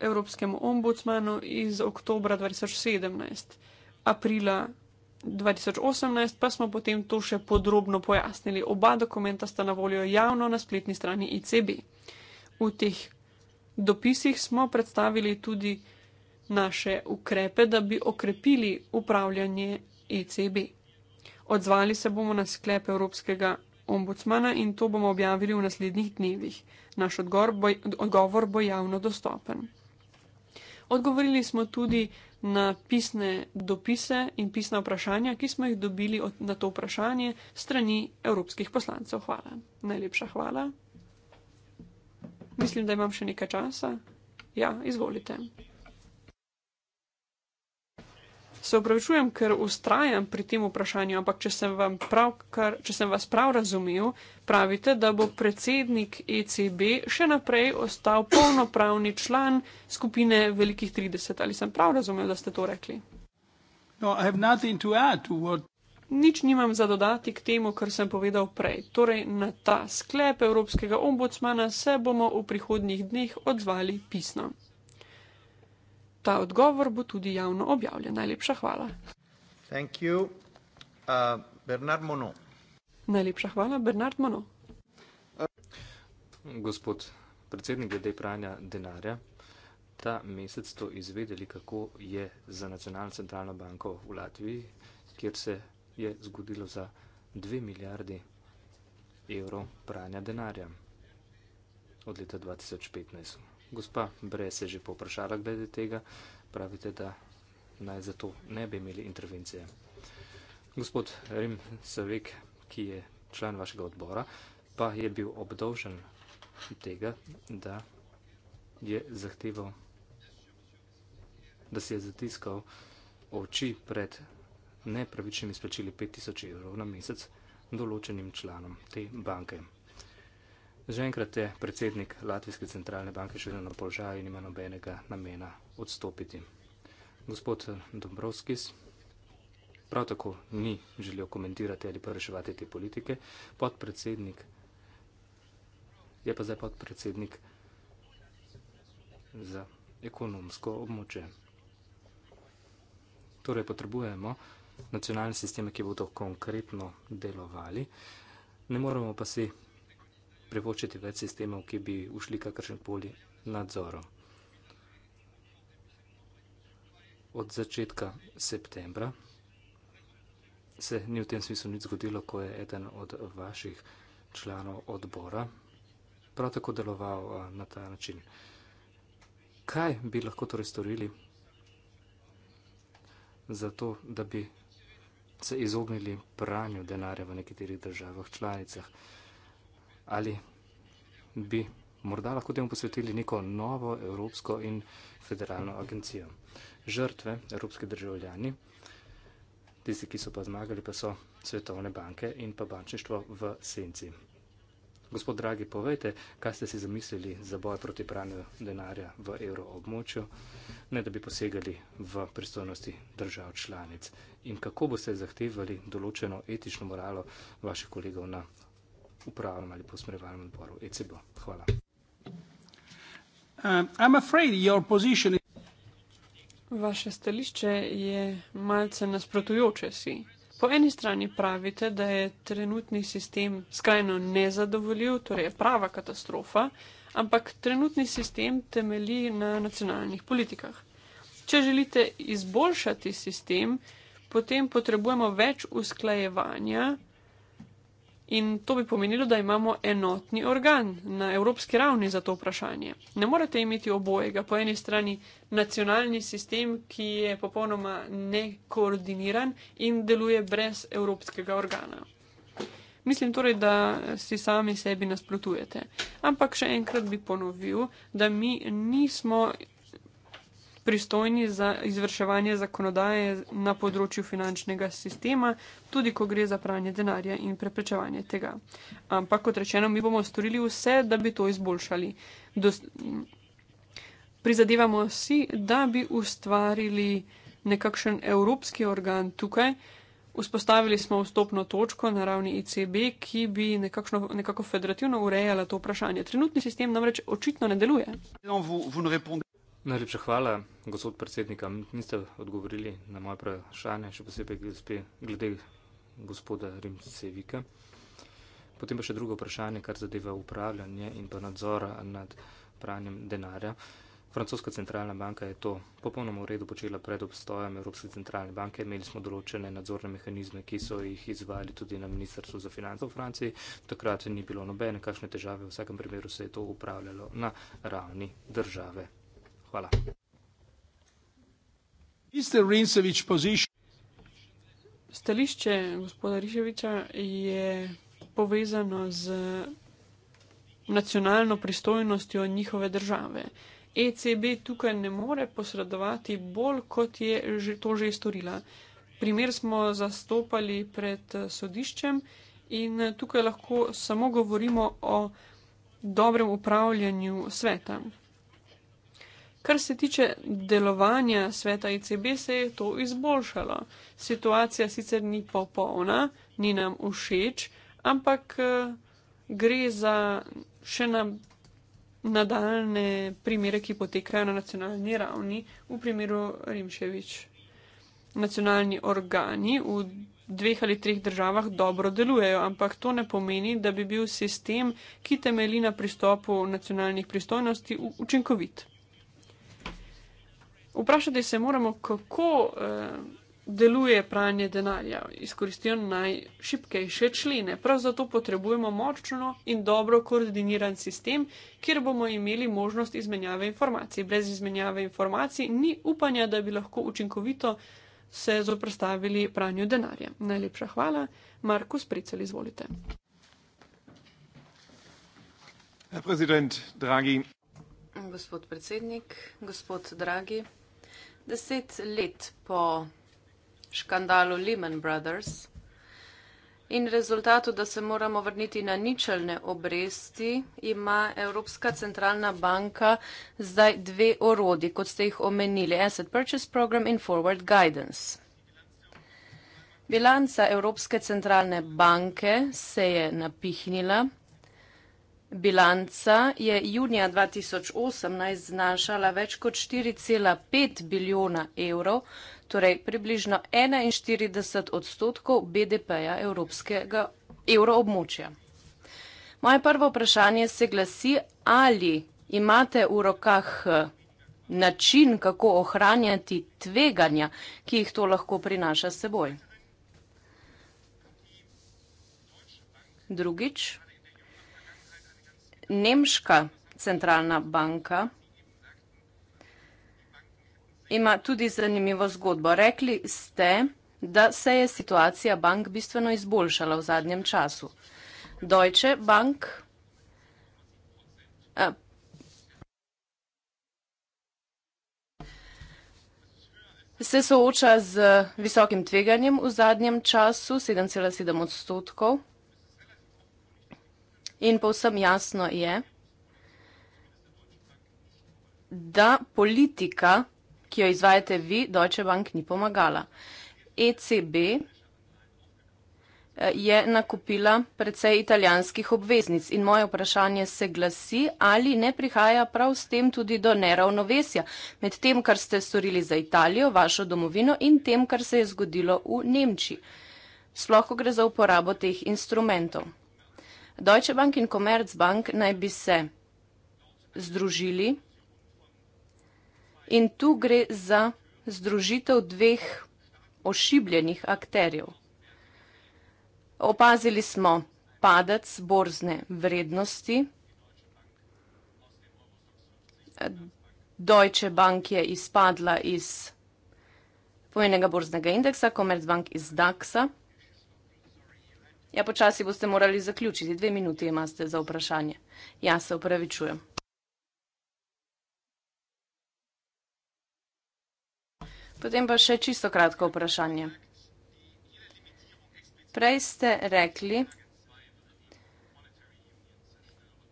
Speaker 3: Evropskemu ombudsmanu iz oktobra 2017. Aprila 2018, pa smo potem to še podrobno pojasnili. Oba dokumenta sta na voljo javno na spletni strani ICB. V teh dopisih smo predstavili tudi naše ukrepe, da bi okrepili upravljanje ECB. Odzvali se bomo na sklep Evropskega ombudsmana in to bomo objavili v naslednjih dnevih. Naš odgovor bo, odgovor bo javno dostopen. Odgovorili smo tudi na pisne dopise in pisna vprašanja, ki smo jih dobili od, na to vprašanje strani evropskih poslancev. Hvala. Najlepša hvala. Mislim, da imam še nekaj časa. Ja, izvolite. Se upravičujem, ker ustrajam pri tem vprašanju, ampak če sem, prav, kar, če sem vas prav razumel, pravite, da bo predsednik ECB še naprej ostal polnopravni član skupine velikih 30. Ali sem prav razumel, da ste to rekli? No, Nič nimam za dodati k temu, kar sem povedal prej. Torej, na ta sklep Evropskega ombudsmana se bomo v prihodnjih dneh odzvali pisno. Ta odgovor bo tudi javno objavljen. Najlepša hvala.
Speaker 2: Thank you. Uh, Bernard Monod.
Speaker 3: Najlepša hvala, Bernard Monod.
Speaker 2: Uh, gospod predsednik, glede pranja denarja, ta mesec ste izvedeli, kako je za Nacionalno centralno banko v Latviji, kjer se je zgodilo za dve milijardi evrov pranja denarja od leta 2015 gospa Brez je že poprašala glede tega. Pravite, da naj zato ne bi imeli intervencije. Gospod Rim Savek, ki je član vašega odbora, pa je bil obdolžen tega, da je zahteval, da si je zatiskal oči pred nepravičnimi splačili 5000 evrov na mesec določenim članom te banke. Že enkrat je predsednik Latvijske centralne banke še vedno na položaju in ima nobenega namena odstopiti. Gospod Dombrovskis prav tako ni želel komentirati ali pa reševati te politike. Podpredsednik je pa zdaj podpredsednik za ekonomsko območje. Torej potrebujemo nacionalne sisteme, ki bodo konkretno delovali. Ne moramo pa si prepočiti več sistemov, ki bi ušli kakršen koli nadzorom. Od začetka septembra se ni v tem smislu nič zgodilo, ko je eden od vaših članov odbora prav tako deloval eh, na ta način. Kaj bi lahko torej storili za to, da bi se izognili pranju denarja v nekaterih državah, članicah? ali bi morda lahko temu posvetili neko novo evropsko in federalno agencijo. Žrtve, evropski državljani, tisti, ki so pa zmagali, pa so svetovne banke in pa bančništvo v senci. Gospod Dragi, povejte, kaj ste si zamislili za boj proti pranju denarja v euroobmočju, ne da bi posegali v pristojnosti držav članic in kako boste zahtevali določeno etično moralo vaših kolegov na upravnem ali posmerevalnem odboru ECB. Hvala. Uh,
Speaker 3: Vaše stališče je malce nasprotujoče si. Po eni strani pravite, da je trenutni sistem skrajno nezadovoljiv, torej je prava katastrofa, ampak trenutni sistem temelji na nacionalnih politikah. Če želite izboljšati sistem, potem potrebujemo več usklajevanja In to bi pomenilo, da imamo enotni organ na evropski ravni za to vprašanje. Ne morete imeti obojega. Po eni strani nacionalni sistem, ki je popolnoma nekoordiniran in deluje brez evropskega organa. Mislim torej, da si sami sebi nasprotujete. Ampak še enkrat bi ponovil, da mi nismo pristojni za izvrševanje zakonodaje na področju finančnega sistema, tudi ko gre za pranje denarja in preprečevanje tega. Ampak, kot rečeno, mi bomo storili vse, da bi to izboljšali. Dos Prizadevamo si, da bi ustvarili nekakšen evropski organ tukaj. Vzpostavili smo vstopno točko na ravni ICB, ki bi nekakšno, nekako federativno urejala to vprašanje. Trenutni sistem namreč očitno ne deluje. No, vu, vu ne
Speaker 2: Najlepša hvala, gospod predsednik. Niste odgovorili na moje vprašanje, še posebej glede gospoda Rimcevika. Potem pa še drugo vprašanje, kar zadeva upravljanje in pa nadzora nad pranjem denarja. Francoska centralna banka je to popolnoma v redu počela pred obstojem Evropske centralne banke. Imeli smo določene nadzorne mehanizme, ki so jih izvali tudi na Ministrstvu za finance v Franciji. Takrat ni bilo nobene kakšne težave, v vsakem primeru se je to upravljalo na ravni države. Hvala.
Speaker 3: Stališče gospoda Riševiča je povezano z nacionalno pristojnostjo njihove države. ECB tukaj ne more posredovati bolj, kot je to že storila. Primer smo zastopali pred eh, sodiščem in eh, tukaj lahko samo govorimo o dobrem upravljanju sveta. Kar se tiče delovanja sveta ICB, e se je to izboljšalo. Situacija sicer ni popolna, ni nam všeč, ampak eh, gre za še na nadaljne primere, ki potekajo na nacionalni ravni, v primeru Rimševič. Nacionalni organi v dveh ali treh državah dobro delujejo, ampak to ne pomeni, da bi bil sistem, ki temelji na pristopu nacionalnih pristojnosti, učinkovit. Vprašati se moramo, kako eh, deluje pranje denarja. Izkoristijo najšipkejše člene. Prav zato potrebujemo močno in dobro koordiniran sistem, kjer bomo imeli možnost izmenjave informacij. Brez izmenjave informacij ni upanja, da bi lahko učinkovito se zoprstavili pranju denarja. Najlepša hvala. Marko Spricel, izvolite.
Speaker 4: Gospod predsednik, gospod dragi deset let po škandalu Lehman Brothers in rezultatu, da se moramo vrniti na ničelne obresti, ima Evropska centralna banka zdaj dve orodi, kot ste jih omenili, Asset Purchase Program in Forward Guidance. Bilanca Evropske centralne banke se je napihnila. Bilanca je junija 2018 znašala več kot 4,5 biliona evrov, torej približno 41 odstotkov BDP-ja evropskega evroobmočja. Moje prvo vprašanje se glasi, ali imate v rokah način, kako ohranjati tveganja, ki jih to lahko prinaša seboj. Drugič nemška centralna banka ima tudi zanimivo zgodbo. Rekli ste, da se je situacija bank bistveno izboljšala v zadnjem času. Deutsche Bank. Eh, se sooča z visokim tveganjem v zadnjem času, 7,7 odstotkov. In povsem jasno je, da politika, ki jo izvajate vi, Deutsche Bank ni pomagala. ECB eh, je nakupila precej italijanskih obveznic in moje vprašanje se glasi, ali ne prihaja prav s tem tudi do neravnovesja med tem, kar ste storili za Italijo, vašo domovino in tem, kar se je zgodilo v Nemčiji. Sploh, ko gre za uporabo teh instrumentov. Deutsche Bank in Commerzbank naj bi se združili in tu gre za združitev dveh ošibljenih akterjev. Opazili smo padec borzne vrednosti, Deutsche Bank je izpadla iz pomenega borznega indeksa, Commerzbank iz DAX-a. Ja, počasi boste morali zaključiti, dve minuti imate za vprašanje. Ja, se upravičujem. Potem pa še čisto kratko vprašanje. Prej ste rekli,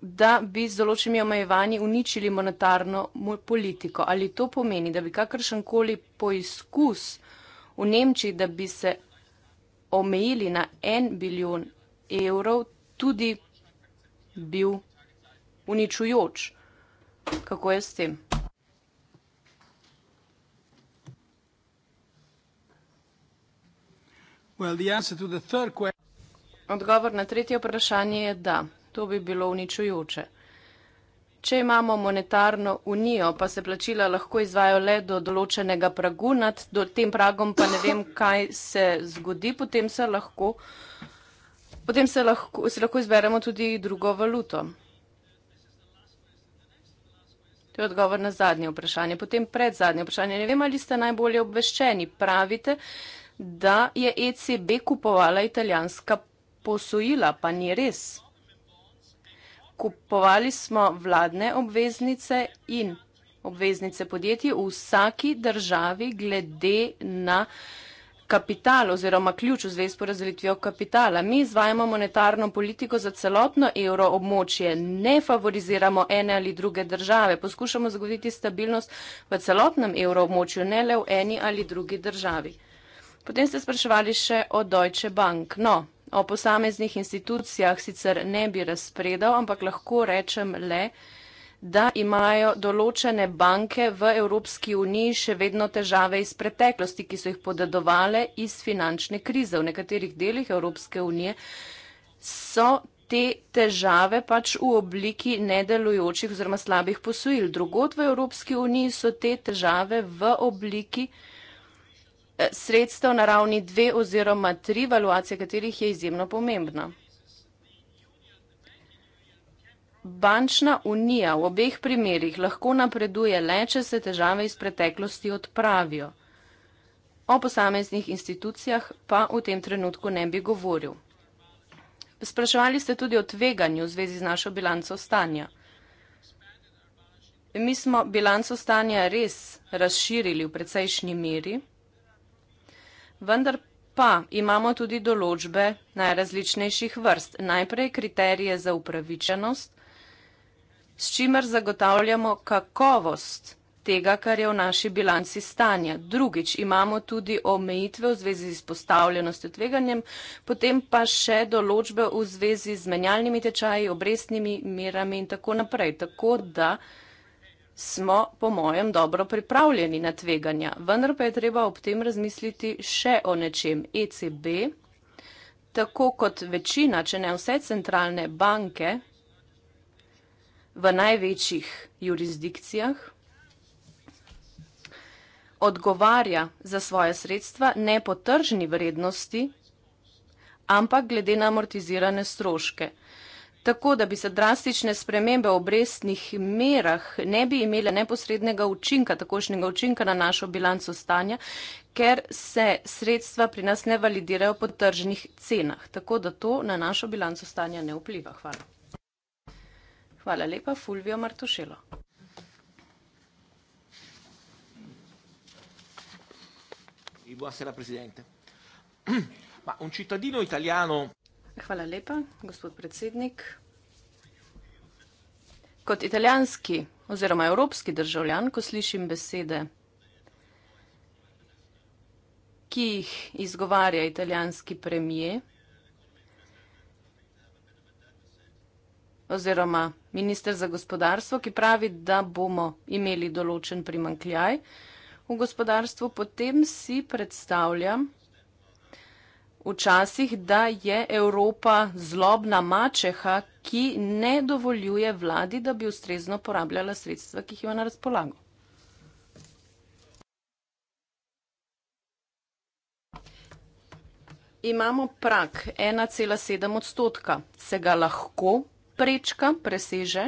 Speaker 4: da bi z določenimi omejevanji uničili monetarno politiko. Ali to pomeni, da bi kakršenkoli poizkus v Nemčiji, da bi se omejili na en bilijon evrov, tudi bil uničujoč. Kako je s tem? Odgovor na tretje vprašanje je da. To bi bilo uničujoče. Če imamo monetarno unijo, pa se plačila lahko izvajo le do določenega pragu, nad do tem pragom pa ne vem, kaj se zgodi, potem se lahko, potem se lahko, se lahko izberemo tudi drugo valuto. To je odgovor na zadnje vprašanje. Potem pred zadnje vprašanje. Ne vem, ali ste najbolje obveščeni. Pravite, da je ECB kupovala italijanska posojila, pa ni res kupovali smo vladne obveznice in obveznice podjetij v vsaki državi glede na kapital oziroma ključ v zvezi s porazdelitvijo kapitala. Mi izvajamo monetarno politiko za celotno evro območje, ne favoriziramo ene ali druge države, poskušamo zagotoviti stabilnost v celotnem evro območju, ne le v eni ali drugi državi. Potem ste spraševali še o Deutsche Bank. No, o posameznih institucijah sicer ne bi razpredal, ampak lahko rečem le, da imajo določene banke v Evropski uniji še vedno težave iz preteklosti, ki so jih podedovale iz finančne krize. V nekaterih delih Evropske unije so te težave pač v obliki nedelujočih oziroma slabih posojil. Drugod v Evropski uniji so te težave v obliki sredstev na ravni dve oziroma tri, valuacija katerih je izjemno pomembna. Bančna unija v obeh primerjih lahko napreduje le, če se težave iz preteklosti odpravijo. O posameznih institucijah pa v tem trenutku ne bi govoril. Spraševali ste tudi o tveganju v zvezi z našo bilanco stanja. Mi smo bilanco stanja res razširili v precejšnji meri vendar pa imamo tudi določbe najrazličnejših vrst. Najprej kriterije za upravičenost, s čimer zagotavljamo kakovost tega, kar je v naši bilanci stanja. Drugič imamo tudi omejitve v zvezi z izpostavljenostjo tveganjem, potem pa še določbe v zvezi z menjalnimi tečaji, obrestnimi merami in tako naprej. Tako da smo po mojem dobro pripravljeni na tveganja, vendar pa je treba ob tem razmisliti še o nečem. ECB, tako kot večina, če ne vse centralne banke v največjih jurisdikcijah, odgovarja za svoje sredstva ne po tržni vrednosti, ampak glede na amortizirane stroške tako da bi se drastične spremembe v obrestnih merah ne bi imele neposrednega učinka, takošnjega učinka na našo bilanco stanja, ker se sredstva pri nas ne validirajo po tržnih cenah. Tako da to na našo bilanco stanja ne vpliva. Hvala. Hvala lepa, Fulvio Martušelo.
Speaker 5: Buonasera Presidente.
Speaker 4: *clears throat* Ma un cittadino italiano Hvala lepa, gospod predsednik. Kot italijanski oziroma evropski državljan, ko slišim besede, ki jih izgovarja italijanski premije oziroma minister za gospodarstvo, ki pravi, da bomo imeli določen primankljaj v gospodarstvu, potem si predstavljam, včasih, da je Evropa zlobna mačeha, ki ne dovoljuje vladi, da bi ustrezno porabljala sredstva, ki jih ima na razpolago. Imamo prak 1,7 odstotka. Se ga lahko prečka, preseže?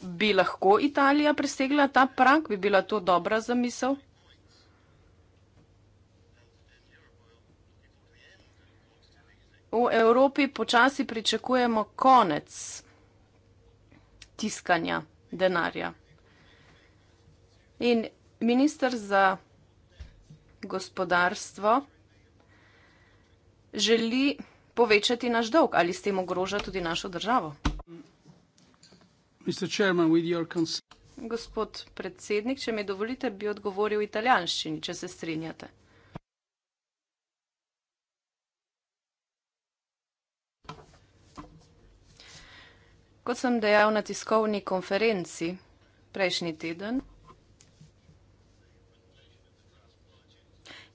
Speaker 4: Bi lahko Italija presegla ta prak? Bi bila to dobra zamisel? v Evropi počasi pričakujemo konec tiskanja denarja. In ministr za gospodarstvo želi povečati naš dolg ali s tem ogroža tudi našo državo. Chairman, Gospod predsednik, če mi dovolite, bi odgovoril italijanščini, če se strinjate. Kot sem dejal na tiskovni konferenci prejšnji teden,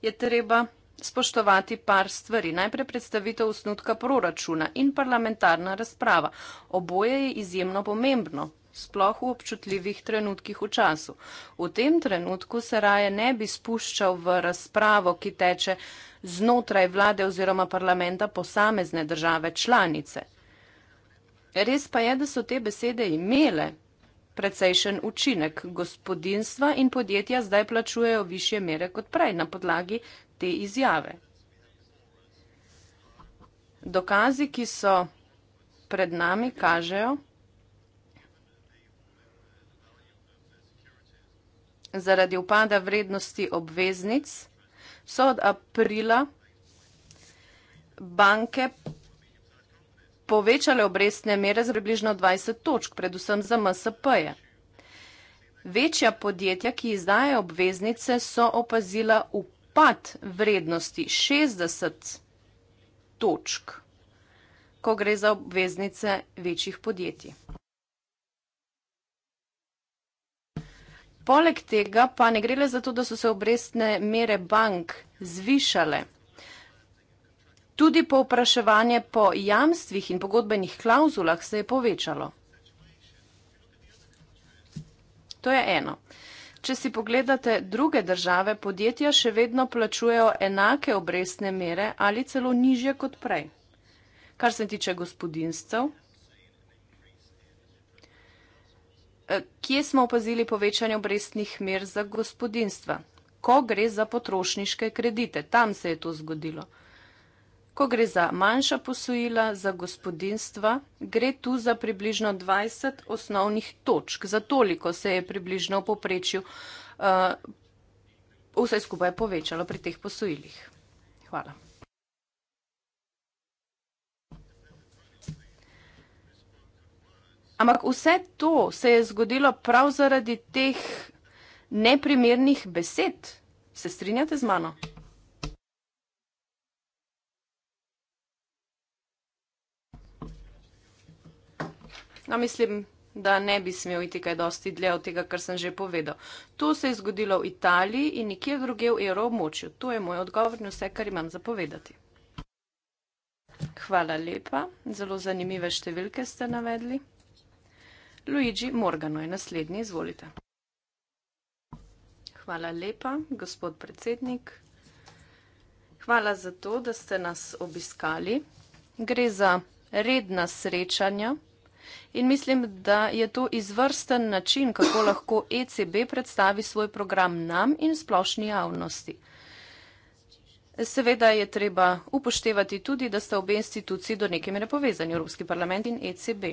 Speaker 4: je treba spoštovati par stvari. Najprej predstavitev osnutka proračuna in parlamentarna razprava. Oboje je izjemno pomembno, sploh v občutljivih trenutkih v času. V tem trenutku se raje ne bi spuščal v razpravo, ki teče znotraj vlade oziroma parlamenta posamezne države članice. Res pa je, da so te besede imele precejšen učinek. Gospodinstva in podjetja zdaj plačujejo više mere kot prej na podlagi te izjave. Dokazi, ki so pred nami, kažejo, zaradi upada vrednosti obveznic, so od aprila banke povečale obrestne mere z približno 20 točk, predvsem za MSP-je. Večja podjetja, ki izdajajo obveznice, so opazila upad vrednosti 60 točk, ko gre za obveznice večjih podjetij. Poleg tega pa ne gre le za to, da so se obrestne mere bank zvišale. Tudi povpraševanje po jamstvih in pogodbenih klauzulah se je povečalo. To je eno. Če si pogledate druge države, podjetja še vedno plačujejo enake obrestne mere ali celo nižje kot prej. Kar se tiče gospodinstv, eh, kje smo opazili povečanje obrestnih mer za gospodinstva? Ko gre za potrošniške kredite, tam se je to zgodilo. Ko gre za manjša posojila za gospodinstva, gre tu za približno 20 osnovnih točk. Za toliko se je približno v poprečju uh, eh, vse skupaj povečalo pri teh posojilih. Hvala. Ampak vse to se je zgodilo prav zaradi teh neprimernih besed. Se strinjate z mano? No, mislim, da ne bi smel iti kaj dosti dlje od tega, kar sem že povedal. To se je zgodilo v Italiji in nikjer druge v evroobmočju. To je moj odgovor na vse, kar imam zapovedati. Hvala lepa. Zelo zanimive številke ste navedli. Luigi Morgano je naslednji. Izvolite. Hvala lepa, gospod predsednik. Hvala za to, da ste nas obiskali. Gre za redna srečanja. In mislim, da je to izvrsten način, kako lahko ECB predstavi svoj program nam in splošni javnosti. Seveda je treba upoštevati tudi, da sta obe instituciji do neke mere povezani, Evropski parlament in ECB.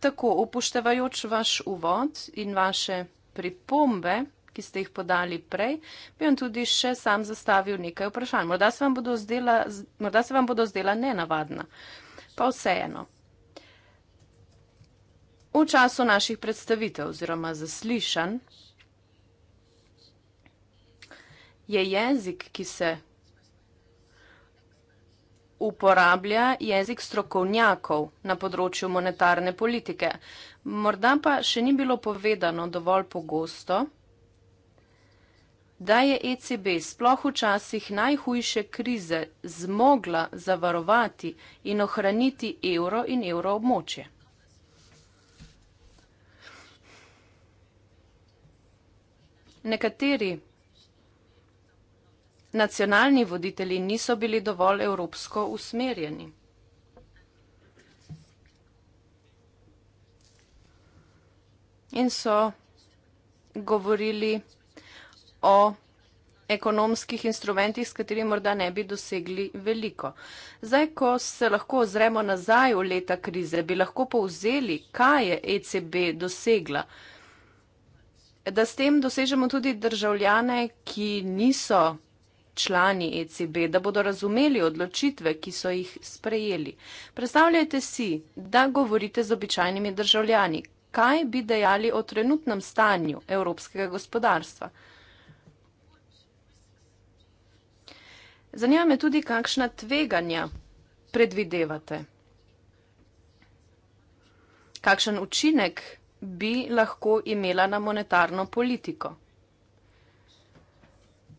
Speaker 4: Tako upoštevajoč vaš uvod in vaše pripombe ki ste jih podali prej, bi vam tudi še sam zastavil nekaj vprašanj. Morda se vam bodo zdela, morda se vam bodo zdela nenavadna, pa vseeno. V času naših predstavitev oziroma zaslišan je jezik, ki se uporablja jezik strokovnjakov na področju monetarne politike. Morda pa še ni bilo povedano dovolj pogosto, da je ECB sploh v časih najhujše krize zmogla zavarovati in ohraniti evro in evro območje. Nekateri nacionalni voditelji niso bili dovolj evropsko usmerjeni. In so govorili, o ekonomskih instrumentih, s katerimi morda ne bi dosegli veliko. Zdaj, ko se lahko ozremo nazaj v leta krize, bi lahko povzeli, kaj je ECB dosegla. Da s tem dosežemo tudi državljane, ki niso člani ECB, da bodo razumeli odločitve, ki so jih sprejeli. Predstavljajte si, da govorite z običajnimi državljani. Kaj bi dejali o trenutnem stanju evropskega gospodarstva? Zanima me tudi, kakšna tveganja predvidevate. Kakšen učinek bi lahko imela na monetarno politiko?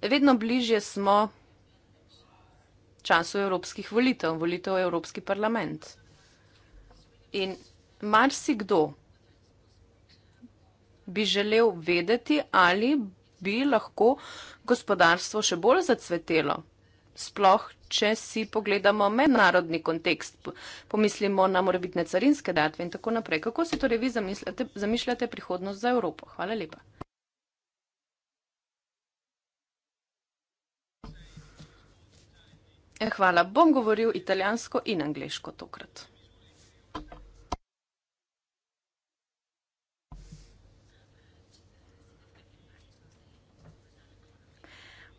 Speaker 4: Vedno bližje smo času evropskih volitev, volitev v Evropski parlament. In marsikdo bi želel vedeti, ali bi lahko gospodarstvo še bolj zacvetelo sploh, če si pogledamo mednarodni kontekst, pomislimo na morebitne carinske datve in tako naprej. Kako si torej vi zamisljate, zamišljate prihodnost za Evropo? Hvala lepa. Eh, hvala. Bom govoril italijansko in angliško tokrat.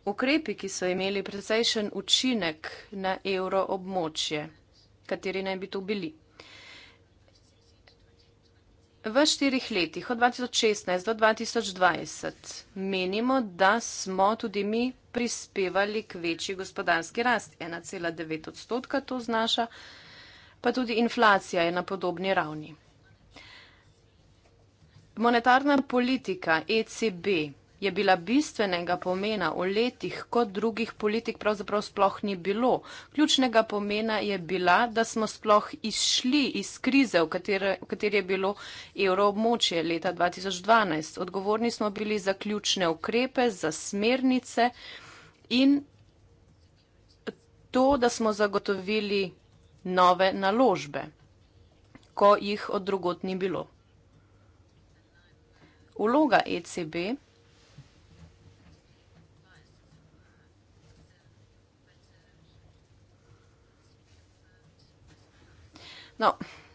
Speaker 4: ukrepi, ki so imeli precejšen učinek na evro območje, kateri naj bi to bili. V štirih letih, od 2016 do 2020, menimo, da smo tudi mi prispevali k večji gospodarski rast. 1,9 odstotka to znaša, pa tudi inflacija je na podobni ravni. Monetarna politika ECB je bila bistvenega pomena v letih, kot drugih politik pravzaprav sploh ni bilo. Ključnega pomena je bila, da smo sploh izšli iz krize, v kateri je bilo evroobmočje leta 2012. Odgovorni smo bili za ključne ukrepe, za smernice in to, da smo zagotovili nove naložbe, ko jih od drugot ni bilo. Vloga ECB je No,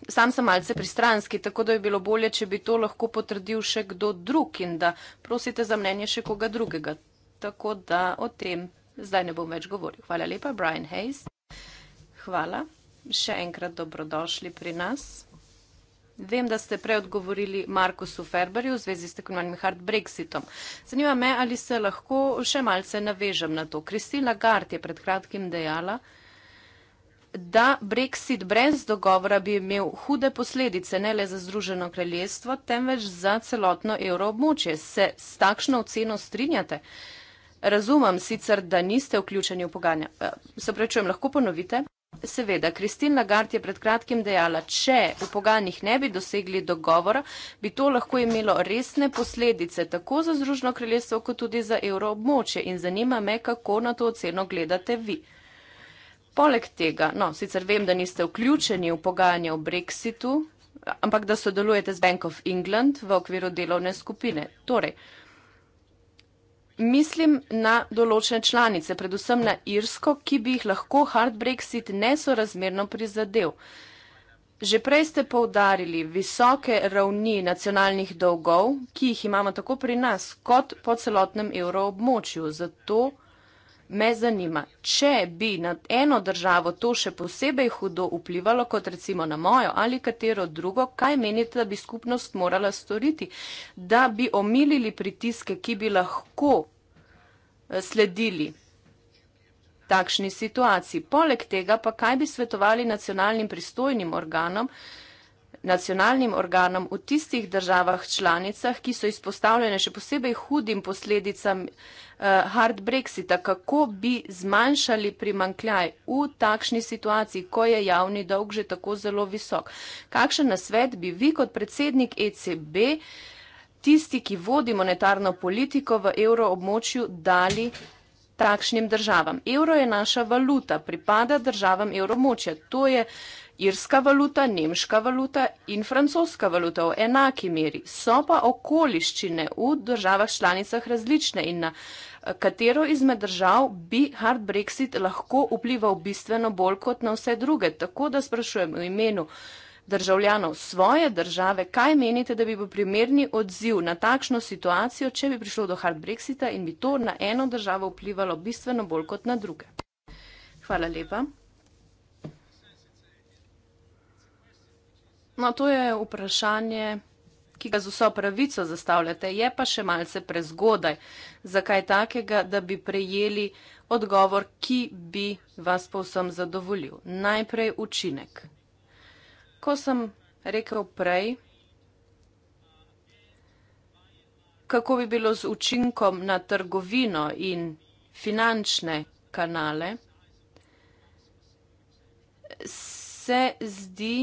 Speaker 4: sam sem malce pristranski, tako da bi bilo bolje, če bi to lahko potrdil še kdo drug in da prosite za mnenje še koga drugega. Tako da o tem zdaj ne bom več govoril. Hvala lepa, Brian Hayes. Hvala. Še enkrat dobrodošli pri nas. Vem, da ste prej odgovorili Markusu Ferberju v zvezi s tako imenovanim hard Brexitom. Zanima me, ali se lahko še malce navežem na to. Kristina Gart je pred kratkim dejala, da da Brexit brez dogovora bi imel hude posledice ne le za Združeno kraljestvo, temveč za celotno evroobmočje. Se s takšno oceno strinjate? Razumem sicer, da niste vključeni v pogajanja. Eh, se prečujem, lahko ponovite? Seveda, Kristin Lagarde je pred kratkim dejala, če v pogajanjih ne bi dosegli dogovora, bi to lahko imelo resne posledice tako za Združeno kraljestvo, kot tudi za evroobmočje. In zanima me, kako na to oceno gledate vi. Poleg tega, no, sicer vem, da niste vključeni v pogajanje o Brexitu, ampak da sodelujete z Bank of England v okviru delovne skupine. Torej, mislim na določene članice, predvsem na Irsko, ki bi jih lahko hard Brexit nesorazmerno prizadel. Že prej ste poudarili visoke ravni nacionalnih dolgov, ki jih imamo tako pri nas kot po celotnem evroobmočju. Zato me zanima, če bi na eno državo to še posebej hudo vplivalo, kot recimo na mojo ali katero drugo, kaj menite, da bi skupnost morala storiti, da bi omilili pritiske, ki bi lahko eh, sledili takšni situaciji. Poleg tega pa kaj bi svetovali nacionalnim pristojnim organom, nacionalnim organom v tistih državah članicah, ki so izpostavljene še posebej hudim posledicam uh, hard brexita, kako bi zmanjšali primankljaj v takšni situaciji, ko je javni dolg že tako zelo visok. Kakšen nasvet bi vi kot predsednik ECB, tisti, ki vodi monetarno politiko v evroobmočju, dali? Takšnim državam. Evro je naša valuta, pripada državam evromočja. To je uh, irska valuta, nemška valuta in francoska valuta v enaki meri. So pa okoliščine v državah članicah različne in na eh, katero izmed držav bi hard Brexit lahko vplival bistveno bolj kot na vse druge. Tako da sprašujem v imenu državljanov svoje države, kaj menite, da bi bil primerni odziv na takšno situacijo, če bi prišlo do hard Brexita in bi to na eno državo vplivalo bistveno bolj kot na druge. Hvala lepa. No, to je vprašanje, ki ga z vso pravico zastavljate. Je pa še malce prezgodaj. Zakaj takega, da bi prejeli odgovor, ki bi vas povsem zadovoljil? Najprej učinek. Ko sem rekel prej, kako bi bilo z učinkom na trgovino in finančne kanale, se zdi,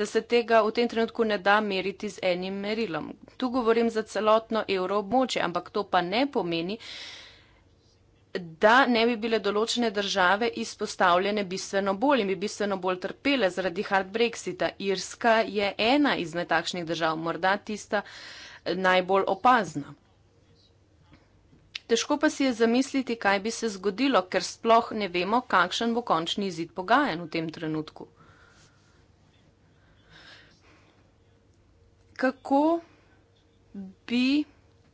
Speaker 4: da se tega v tem trenutku ne da meriti z enim merilom. Tu govorim za celotno evroobmočje, ampak to pa ne pomeni, da ne bi bile določene države izpostavljene bistveno bolj in bi bistveno bolj trpele zaradi hard Brexita. Irska je ena izmed takšnih držav, morda tista eh, najbolj opazna. Težko pa si je zamisliti, kaj bi se zgodilo, ker sploh ne vemo, kakšen bo končni izid pogajen v tem trenutku. kako bi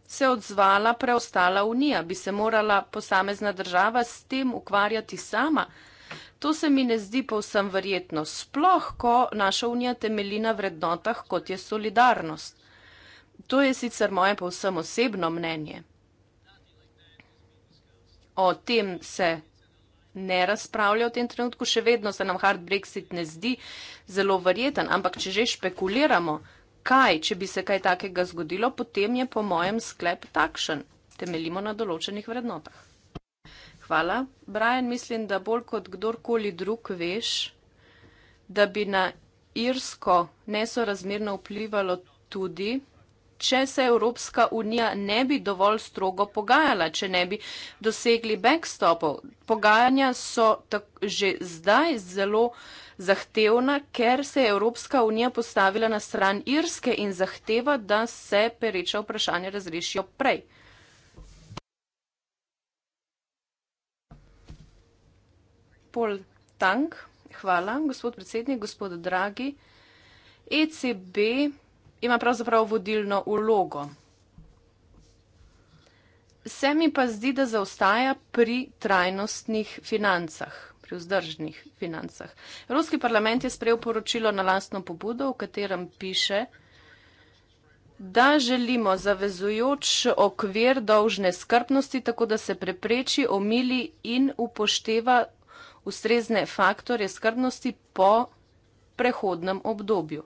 Speaker 4: se odzvala preostala unija, bi se morala posamezna država s tem ukvarjati sama. To se mi ne zdi povsem verjetno, sploh ko naša unija temelji na vrednotah, kot je solidarnost. To je sicer moje povsem osebno mnenje. O tem se ne razpravlja v tem trenutku, še vedno se nam hard Brexit ne zdi zelo verjeten, ampak če že špekuliramo, kaj, če bi se kaj takega zgodilo, potem je po mojem sklep takšen. Temeljimo na določenih vrednotah. Hvala. Brian, mislim, da bolj kot kdorkoli drug veš, da bi na Irsko nesorazmerno vplivalo tudi, če se Evropska unija ne bi dovolj strogo pogajala, če ne bi dosegli backstopov. Pogajanja so tak, že zdaj zelo zahtevna, ker se je Evropska unija postavila na stran Irske in zahteva, da se pereče vprašanje razrešijo prej. Pol tank, hvala, gospod predsednik, gospod Dragi. ECB ima pravzaprav vodilno ulogo. Se mi pa zdi, da zaostaja pri trajnostnih financah pri vzdržnih financah. Evropski parlament je sprejel poročilo na lastno pobudo, v katerem piše, da želimo zavezujoč okvir dolžne skrpnosti, tako da se prepreči, omili in upošteva ustrezne faktore skrbnosti po prehodnem obdobju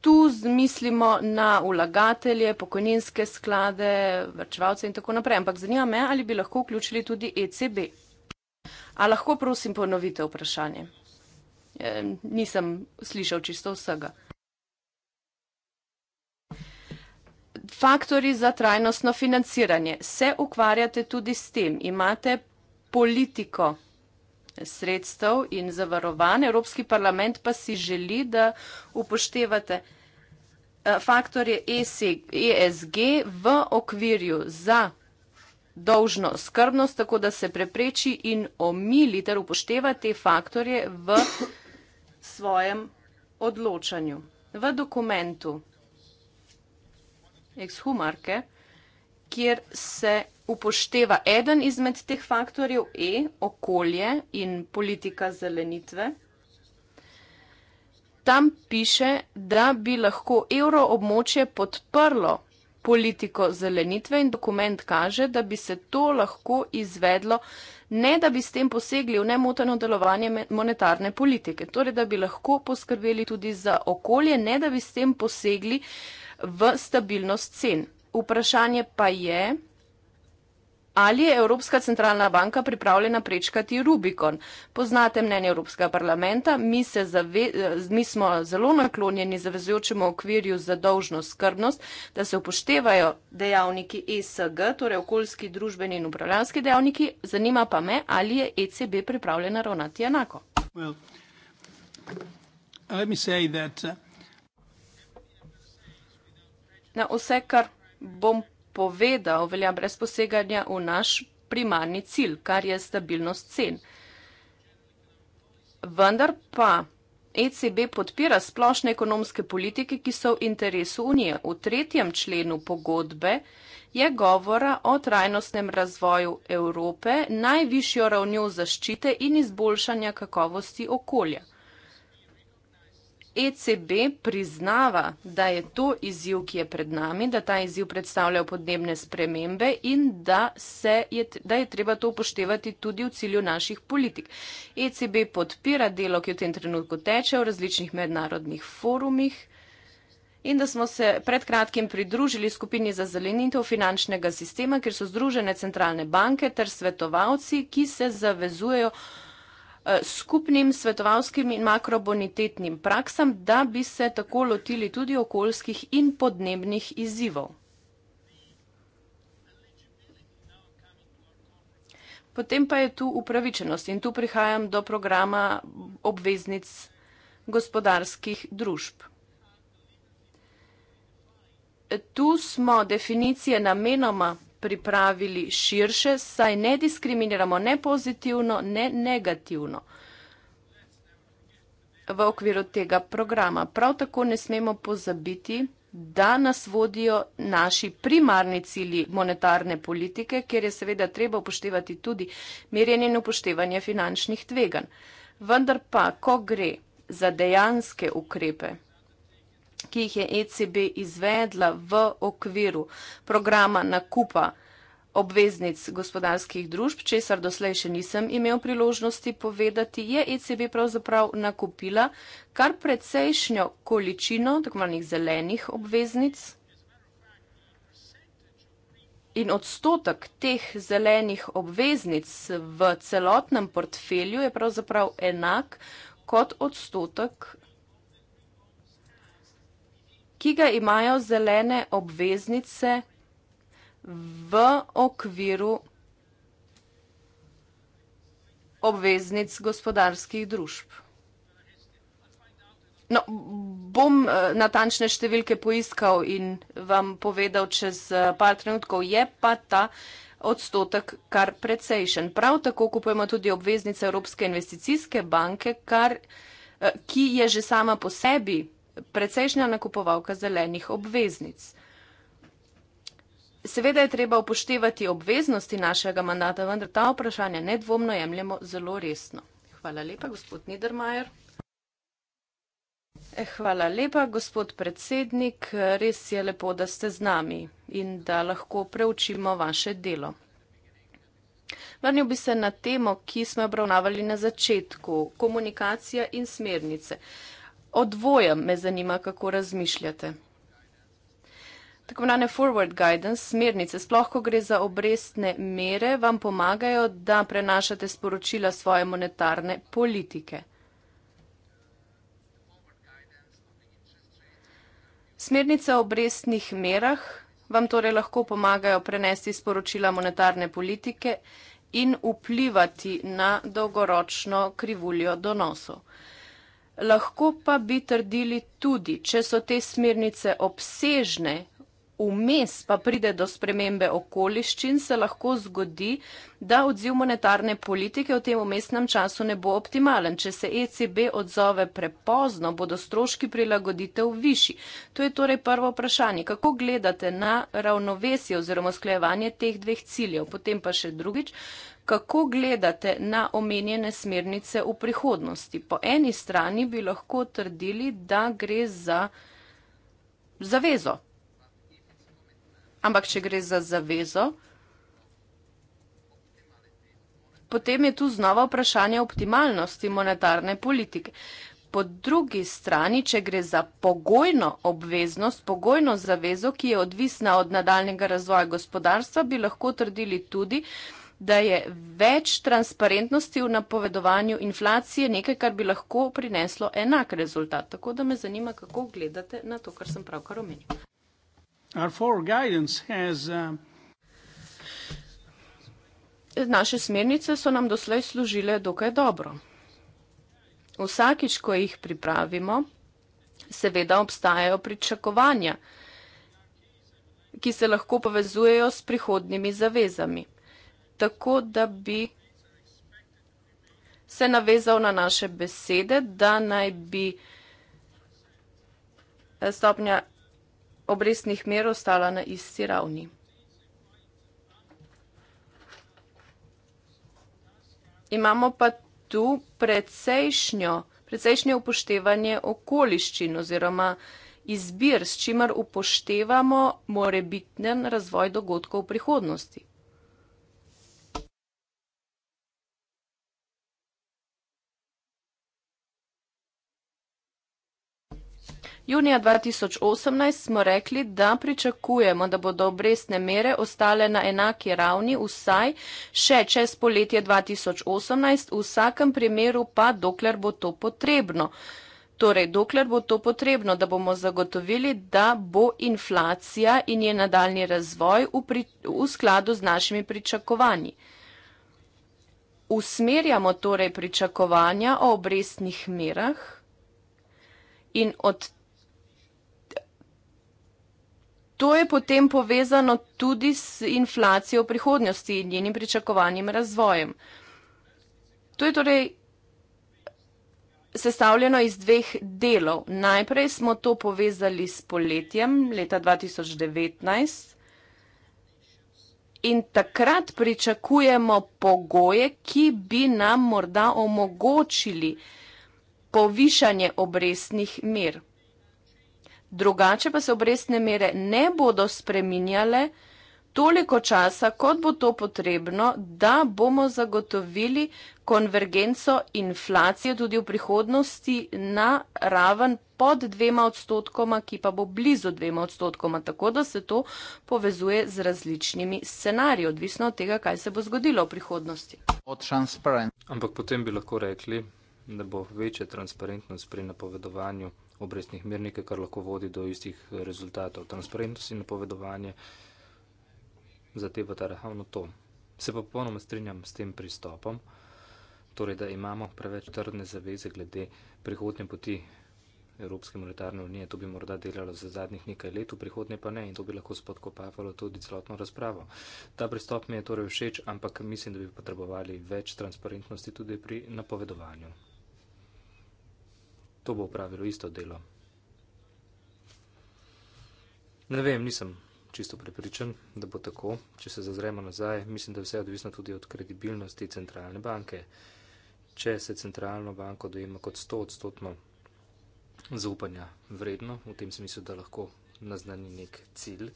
Speaker 4: tu mislimo na ulagatelje, pokojninske sklade, vrčevalce in tako naprej. Ampak zanima me, ali bi lahko vključili tudi ECB. A lahko prosim ponovite vprašanje? E, nisem slišal čisto vsega. Faktori za trajnostno financiranje. Se ukvarjate tudi s tem? Imate politiko sredstev in zavarovanj. Evropski parlament pa si želi, da upoštevate eh, faktorje ESG e v okvirju za dolžno skrbnost, tako da se prepreči in omili ter upošteva te faktorje v svojem odločanju. V dokumentu Exhumarke, kjer se upošteva eden izmed teh faktorjev, E, okolje in politika zelenitve. Tam piše, da bi lahko evroobmočje podprlo politiko zelenitve in dokument kaže, da bi se to lahko izvedlo, ne da bi s tem posegli v nemoteno delovanje monetarne politike, torej da bi lahko poskrbeli tudi za okolje, ne da bi s tem posegli v stabilnost cen. Vprašanje pa je, Ali je Evropska centralna banka pripravljena prečkati Rubikon? Poznate mnenje Evropskega parlamenta, mi, mi smo zelo naklonjeni zavezujočemu okvirju za dolžnost skrbnost, da se upoštevajo dejavniki ESG, torej okoljski, družbeni in upravljanski dejavniki. Zanima pa me, ali je ECB pripravljena ravnati enako. Well,
Speaker 1: that, uh...
Speaker 4: Na vse, kar bom povedal, velja brez poseganja v naš primarni cilj, kar je stabilnost cen. Vendar pa ECB podpira splošne ekonomske politike, ki so v interesu Unije. V tretjem členu pogodbe je govora o trajnostnem razvoju Evrope, najvišjo ravnjo zaščite in izboljšanja kakovosti okolja. ECB priznava, da je to izziv, ki je pred nami, da ta izziv predstavlja podnebne spremembe in da, je, da je treba to upoštevati tudi v cilju naših politik. ECB podpira delo, ki v tem trenutku teče v različnih mednarodnih forumih in da smo se pred kratkim pridružili skupini za zelenitev finančnega sistema, kjer so združene centralne banke ter svetovalci, ki se zavezujejo. Eh, skupnim svetovalskim in makrobonitetnim praksam, da bi se tako lotili tudi okoljskih in podnebnih izzivov. Potem pa je tu upravičenost in tu prihajam do programa obveznic gospodarskih družb. Tu smo definicije namenoma pripravili širše, saj ne diskriminiramo ne pozitivno, ne negativno v okviru tega programa. Prav tako ne smemo pozabiti, da nas vodijo naši primarni cilji monetarne politike, kjer je seveda treba upoštevati tudi merjenje in upoštevanje finančnih tveganj. Vendar pa, ko gre za dejanske ukrepe, ki jih je ECB izvedla v okviru programa nakupa obveznic gospodarskih družb, česar doslej še nisem imel priložnosti povedati, je ECB pravzaprav nakupila kar precejšnjo količino tako imenih zelenih obveznic. In odstotek teh zelenih obveznic v celotnem portfelju je pravzaprav enak kot odstotek ki ga imajo zelene obveznice v okviru obveznic gospodarskih družb. No, bom eh, natančne številke poiskal in vam povedal čez eh, par trenutkov, je pa ta odstotek kar precejšen. Prav tako kupujemo tudi obveznice Evropske investicijske banke, kar, eh, ki je že sama po sebi precejšnja nakupovalka zelenih obveznic. Seveda je treba upoštevati obveznosti našega mandata, vendar ta vprašanja nedvomno jemljemo zelo resno. Hvala lepa, gospod Niedermayer. Eh, hvala lepa, gospod predsednik. Res je lepo, da ste z nami in da lahko preučimo vaše delo. Vrnil bi se na temo, ki smo jo obravnavali na začetku, komunikacija in smernice. O dvojem me zanima, kako razmišljate. Tako imenovane forward guidance, smernice, sploh ko gre za obrestne mere, vam pomagajo, da prenašate sporočila svoje monetarne politike. Smernice o obrestnih merah vam torej lahko pomagajo prenesti sporočila monetarne politike in vplivati na dolgoročno krivuljo donosov. Lahko pa bi trdili tudi, če so te smernice obsežne, vmes pa pride do spremembe okoliščin, se lahko zgodi, da odziv monetarne politike v tem umestnem času ne bo optimalen. Če se ECB odzove prepozno, bodo stroški prilagoditev višji. To je torej prvo vprašanje. Kako gledate na ravnovesje oziroma sklejevanje teh dveh ciljev? Potem pa še drugič. Kako gledate na omenjene smernice v prihodnosti? Po eni strani bi lahko trdili, da gre za zavezo. Ampak, če gre za zavezo, potem je tu znova vprašanje optimalnosti monetarne politike. Po drugi strani, če gre za pogojno obveznost, pogojno zavezo, ki je odvisna od nadaljnega razvoja gospodarstva, bi lahko trdili tudi, da je več transparentnosti v napovedovanju inflacije nekaj, kar bi lahko prineslo enak rezultat. Tako da me zanima, kako gledate na to, kar sem pravkar omenil. Uh, Naše smernice so nam doslej služile dokaj dobro. Vsakič, ko jih pripravimo, seveda obstajajo pričakovanja, ki se lahko povezujejo s prihodnimi zavezami tako, da bi se navezal na naše besede, da naj bi eh, stopnja obrestnih mer ostala na isti ravni. Imamo pa tu precejšnjo, precejšnje upoštevanje okoliščin oziroma izbir, s čimer upoštevamo morebitnen razvoj dogodkov v prihodnosti. Junija 2018 smo rekli, da pričakujemo, da bodo obrestne mere ostale na enaki ravni vsaj še čez poletje 2018, v vsakem primeru pa dokler bo to potrebno. Torej, dokler bo to potrebno, da bomo zagotovili, da bo inflacija in je nadaljni razvoj v, pri, v skladu z našimi pričakovanji. Usmerjamo torej pričakovanja o obrestnih merah in od tega, to je potem povezano tudi s inflacijo v prihodnosti in njenim pričakovanjem razvojem. To je torej sestavljeno iz dveh delov. Najprej smo to povezali s poletjem leta 2019 in takrat pričakujemo pogoje, ki bi nam morda omogočili povišanje obrestnih mer drugače pa se obrestne mere ne bodo spreminjale toliko časa, kot bo to potrebno, da bomo zagotovili konvergenco inflacije tudi v prihodnosti na raven pod dvema odstotkoma, ki pa bo blizu dvema odstotkoma, tako da se to povezuje z različnimi scenariji, odvisno od tega, kaj se bo zgodilo v prihodnosti.
Speaker 2: Ampak potem bi lahko rekli, da bo večja transparentnost pri napovedovanju obrestnih mer, nekaj, kar lahko vodi do istih rezultatov. Transparentnost in napovedovanje zadeva ta ravno to. Se pa popolnoma strinjam s tem pristopom, torej, da imamo preveč trdne zaveze glede prihodnje poti Evropske monetarne unije. To bi morda delalo za zadnjih nekaj let, v prihodnje pa ne in to bi lahko spodkopavalo tudi celotno razpravo. Ta pristop mi je torej všeč, ampak mislim, da bi potrebovali več transparentnosti tudi pri napovedovanju. To bo upravilo isto delo. Ne vem, nisem čisto prepričan, da bo tako. Če se zazremo nazaj, mislim, da vse je odvisno tudi od kredibilnosti centralne banke. Če se centralno banko dojema kot 100 odstotno zaupanja vredno, v tem smislu, da lahko naznani nek cilj,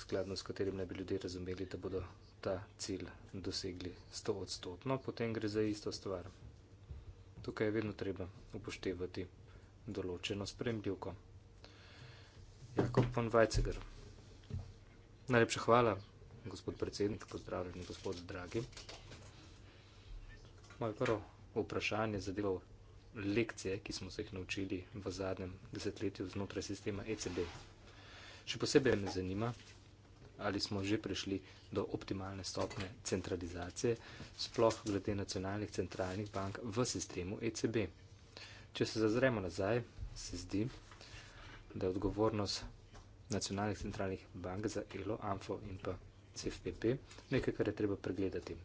Speaker 2: skladno s katerim ne bi ljudje razumeli, da bodo ta cilj dosegli 100 odstotno, potem gre za isto stvar. Tukaj je vedno treba upoštevati določeno spremljivko. Jakob von Weizsäger. Najlepša hvala, gospod predsednik, pozdravljeni gospod Dragi. Moje prvo vprašanje zadeva lekcije, ki smo se jih naučili v zadnjem desetletju znotraj sistema ECB. Še posebej me zanima, ali smo že prišli do optimalne stopne centralizacije, sploh glede nacionalnih centralnih bank v sistemu ECB. Če se zazremo nazaj, se zdi, da je odgovornost nacionalnih centralnih bank za ELO, AMFO in pa CFPP nekaj, kar je treba pregledati.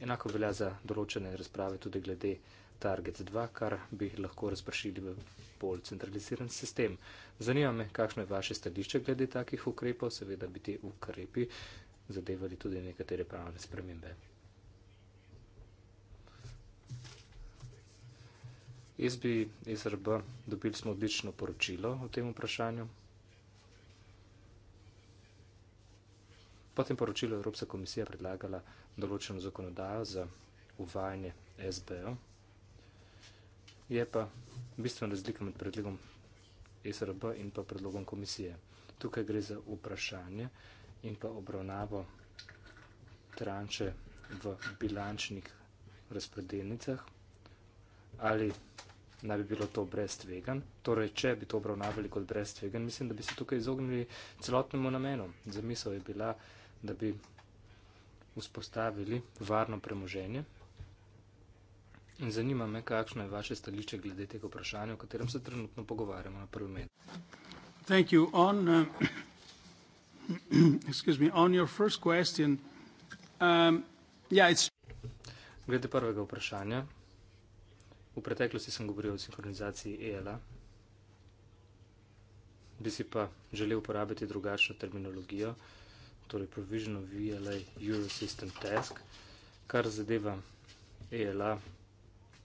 Speaker 2: Enako velja za določene razprave tudi glede Target 2, kar bi lahko razpršili v bolj centraliziran sistem. Zanima me, kakšno je vaše stališče glede takih ukrepov, seveda bi ti ukrepi zadevali tudi nekatere pravne spremembe. SB, SRB, dobili smo odlično poročilo o tem vprašanju. Potem poročilo Evropska komisija predlagala določeno zakonodajo za uvajanje SBO je pa bistvena razlika med predlogom SRB in pa predlogom komisije. Tukaj gre za vprašanje in pa obravnavo tranče v bilančnih razpredelnicah, ali naj bi bilo to brez tvegan. Torej, če bi to obravnavali kot brez tvegan, mislim, da bi se tukaj izognili celotnemu namenu. Zamisel je bila, da bi vzpostavili varno premoženje, In zanima me, kakšno je vaše stališče glede tega vprašanja, o katerem se trenutno pogovarjamo na prvem mestu.
Speaker 1: Thank you. On, uh,
Speaker 5: *clears throat*
Speaker 2: me, on your first question, um, yeah, it's... glede prvega vprašanja, v preteklosti sem govoril o sinhronizaciji ELA. Bi si pa želel uporabiti drugačno terminologijo, torej Provisional VLA Eurosystem Task, kar zadeva ELA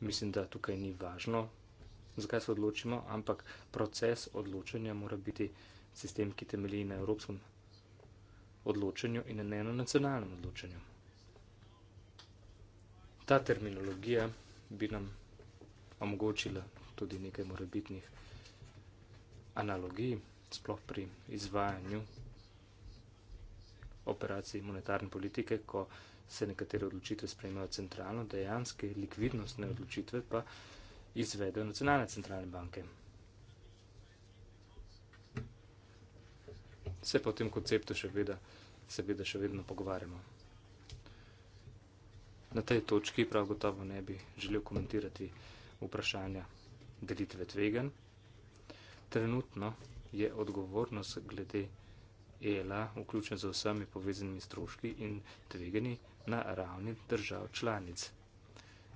Speaker 2: mislim, da tukaj ni važno, zakaj se odločimo, ampak proces odločanja mora biti sistem, ki temelji na evropskem odločanju in ne na nacionalnem odločanju. Ta terminologija bi nam omogočila tudi nekaj morebitnih analogij, sploh pri izvajanju operacij monetarne politike, ko se nekatere odločitve sprejmejo centralno, dejansko likvidnostne odločitve pa izvedejo nacionalne centralne banke. Se pa o tem konceptu še vedno, seveda še vedno pogovarjamo. Na tej točki prav gotovo ne bi želel komentirati vprašanja delitve tvegan. Trenutno je odgovornost glede ELA vključen za vsemi povezanimi stroški in tvegani na ravni držav članic.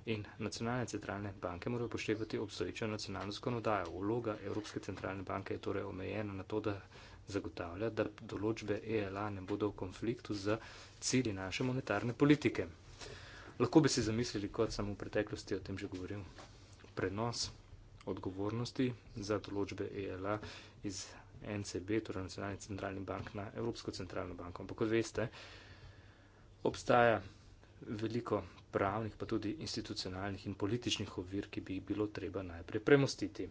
Speaker 2: In nacionalne centralne banke morajo poštevati obstoječo nacionalno zakonodajo. Vloga Evropske centralne banke je torej omejena na to, da zagotavlja, da določbe ELA ne bodo v konfliktu z cilji naše monetarne politike. Lahko bi si zamislili, kot sem v preteklosti o tem že govoril, prenos odgovornosti za določbe ELA iz NCB, torej nacionalnih centralnih bank, na Evropsko centralno banko. Ampak kot veste, Obstaja veliko pravnih, pa tudi institucionalnih in političnih ovir, ki bi jih bilo treba najprej premostiti.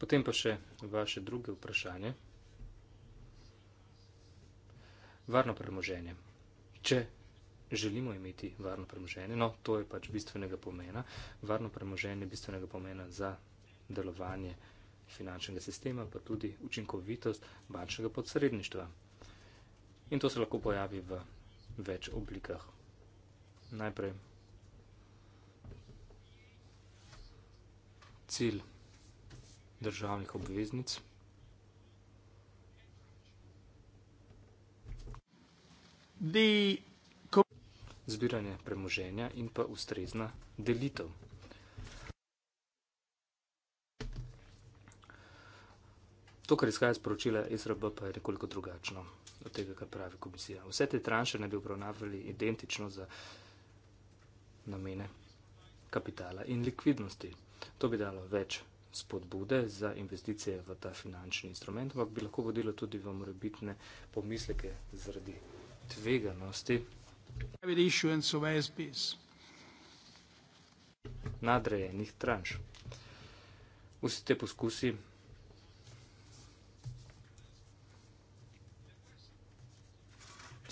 Speaker 2: Potem pa še vaše druge vprašanje. Varno premoženje. Če želimo imeti varno premoženje, no, to je pač bistvenega pomena. Varno premoženje je bistvenega pomena za delovanje premoženja finančnega sistema, pa tudi učinkovitost bančnega podsredništva. In to se lahko pojavi v več oblikah. Najprej cilj državnih obveznic. Zbiranje premoženja in pa ustrezna delitev. to, kar izhaja iz poročila SRB, pa je nekoliko drugačno od tega, kar pravi komisija. Vse te tranše naj bi obravnavali identično za namene kapitala in likvidnosti. To bi dalo več spodbude za investicije v ta finančni instrument, ampak bi lahko vodilo tudi v morebitne pomisleke zaradi tveganosti. Nadrejenih tranš. Vsi te poskusi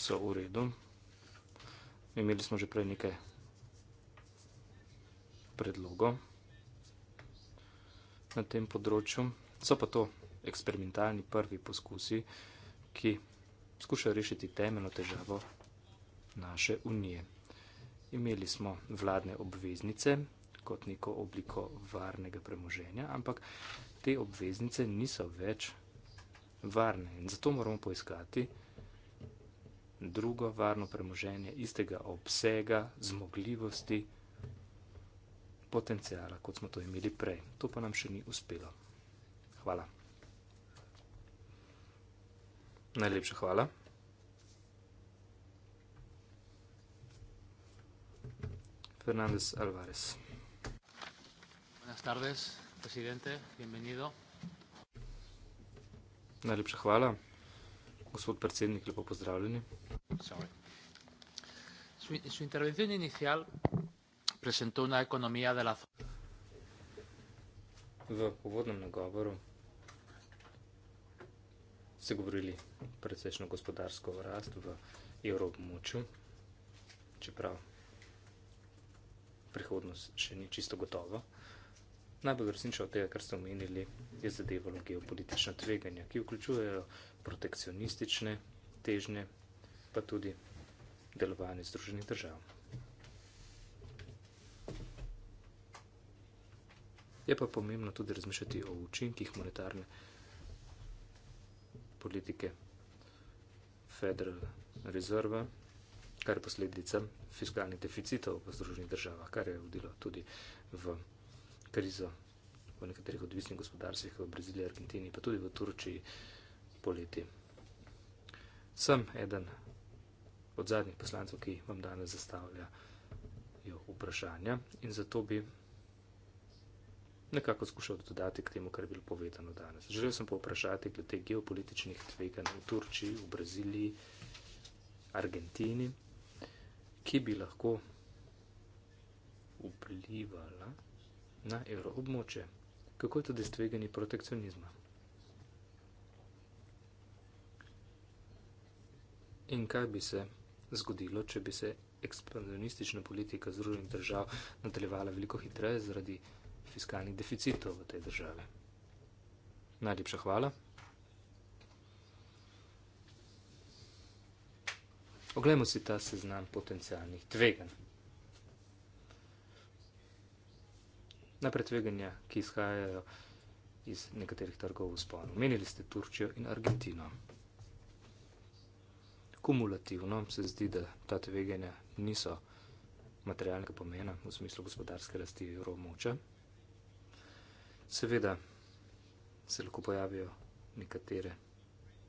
Speaker 2: so v redu. Imeli smo že prej nekaj predlogov na tem področju. So pa to eksperimentalni prvi poskusi, ki skušajo rešiti temeljno težavo naše unije. Imeli smo vladne obveznice kot neko obliko varnega premoženja, ampak te obveznice niso več varne in zato moramo poiskati, drugo varno premoženje istega obsega, zmogljivosti, potencijala, kot smo to imeli prej. To pa nam še ni uspelo. Hvala. Najlepša hvala. Fernández Alvarez. Buenas tardes, presidente, bienvenido. Najlepša hvala. Gospod predsednik, lepo pozdravljeni. Su intervención inicial presentó una economía de la V uvodnem nagovoru se govorili precejšno gospodarsko rast v evroobmočju, čeprav prihodnost še ni čisto gotova. Najbolj resnično od tega, kar ste omenili, je zadevalo geopolitična tveganja, ki vključujejo protekcionistične težnje, pa tudi delovanje združenih držav. Je pa pomembno tudi razmišljati o učinkih monetarne politike Federal Reserve, kar je posledica fiskalnih deficitov v združenih državah, kar je vodilo tudi v krizo v nekaterih odvisnih gospodarstvih v Braziliji, Argentini, pa tudi v Turčiji poleti. Sem eden od zadnjih poslancev, ki vam danes zastavljajo vprašanja in zato bi nekako skušal dodati k temu, kar je bilo povedano danes. Želel sem pa vprašati glede geopolitičnih tveganj v Turčiji, v Braziliji, Argentini, ki bi lahko vplivala na evroobmoče. Kako je tudi s tveganji protekcionizma? In kaj bi se zgodilo, če bi se ekspansionistična politika Združenih držav nadaljevala veliko hitreje zaradi fiskalnih deficitov v tej državi? Najlepša hvala. Oglejmo si ta seznam potencijalnih tveganj. Najprej tveganja, ki izhajajo iz nekaterih trgov v sponu. Menili ste Turčijo in Argentino kumulativno no, se zdi, da ta tveganja niso materialnega pomena v smislu gospodarske rasti evrov moče. Seveda se lahko pojavijo nekatere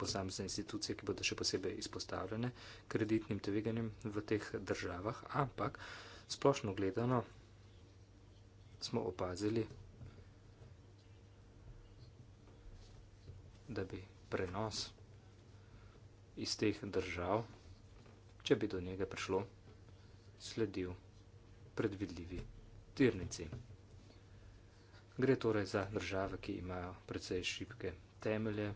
Speaker 2: posamezne institucije, ki bodo še posebej izpostavljene kreditnim tveganjem v teh državah, ampak splošno gledano smo opazili, da bi prenos iz teh držav, če bi do njega prišlo, sledil predvidljivi tirnici. Gre torej za države, ki imajo precej šibke temelje,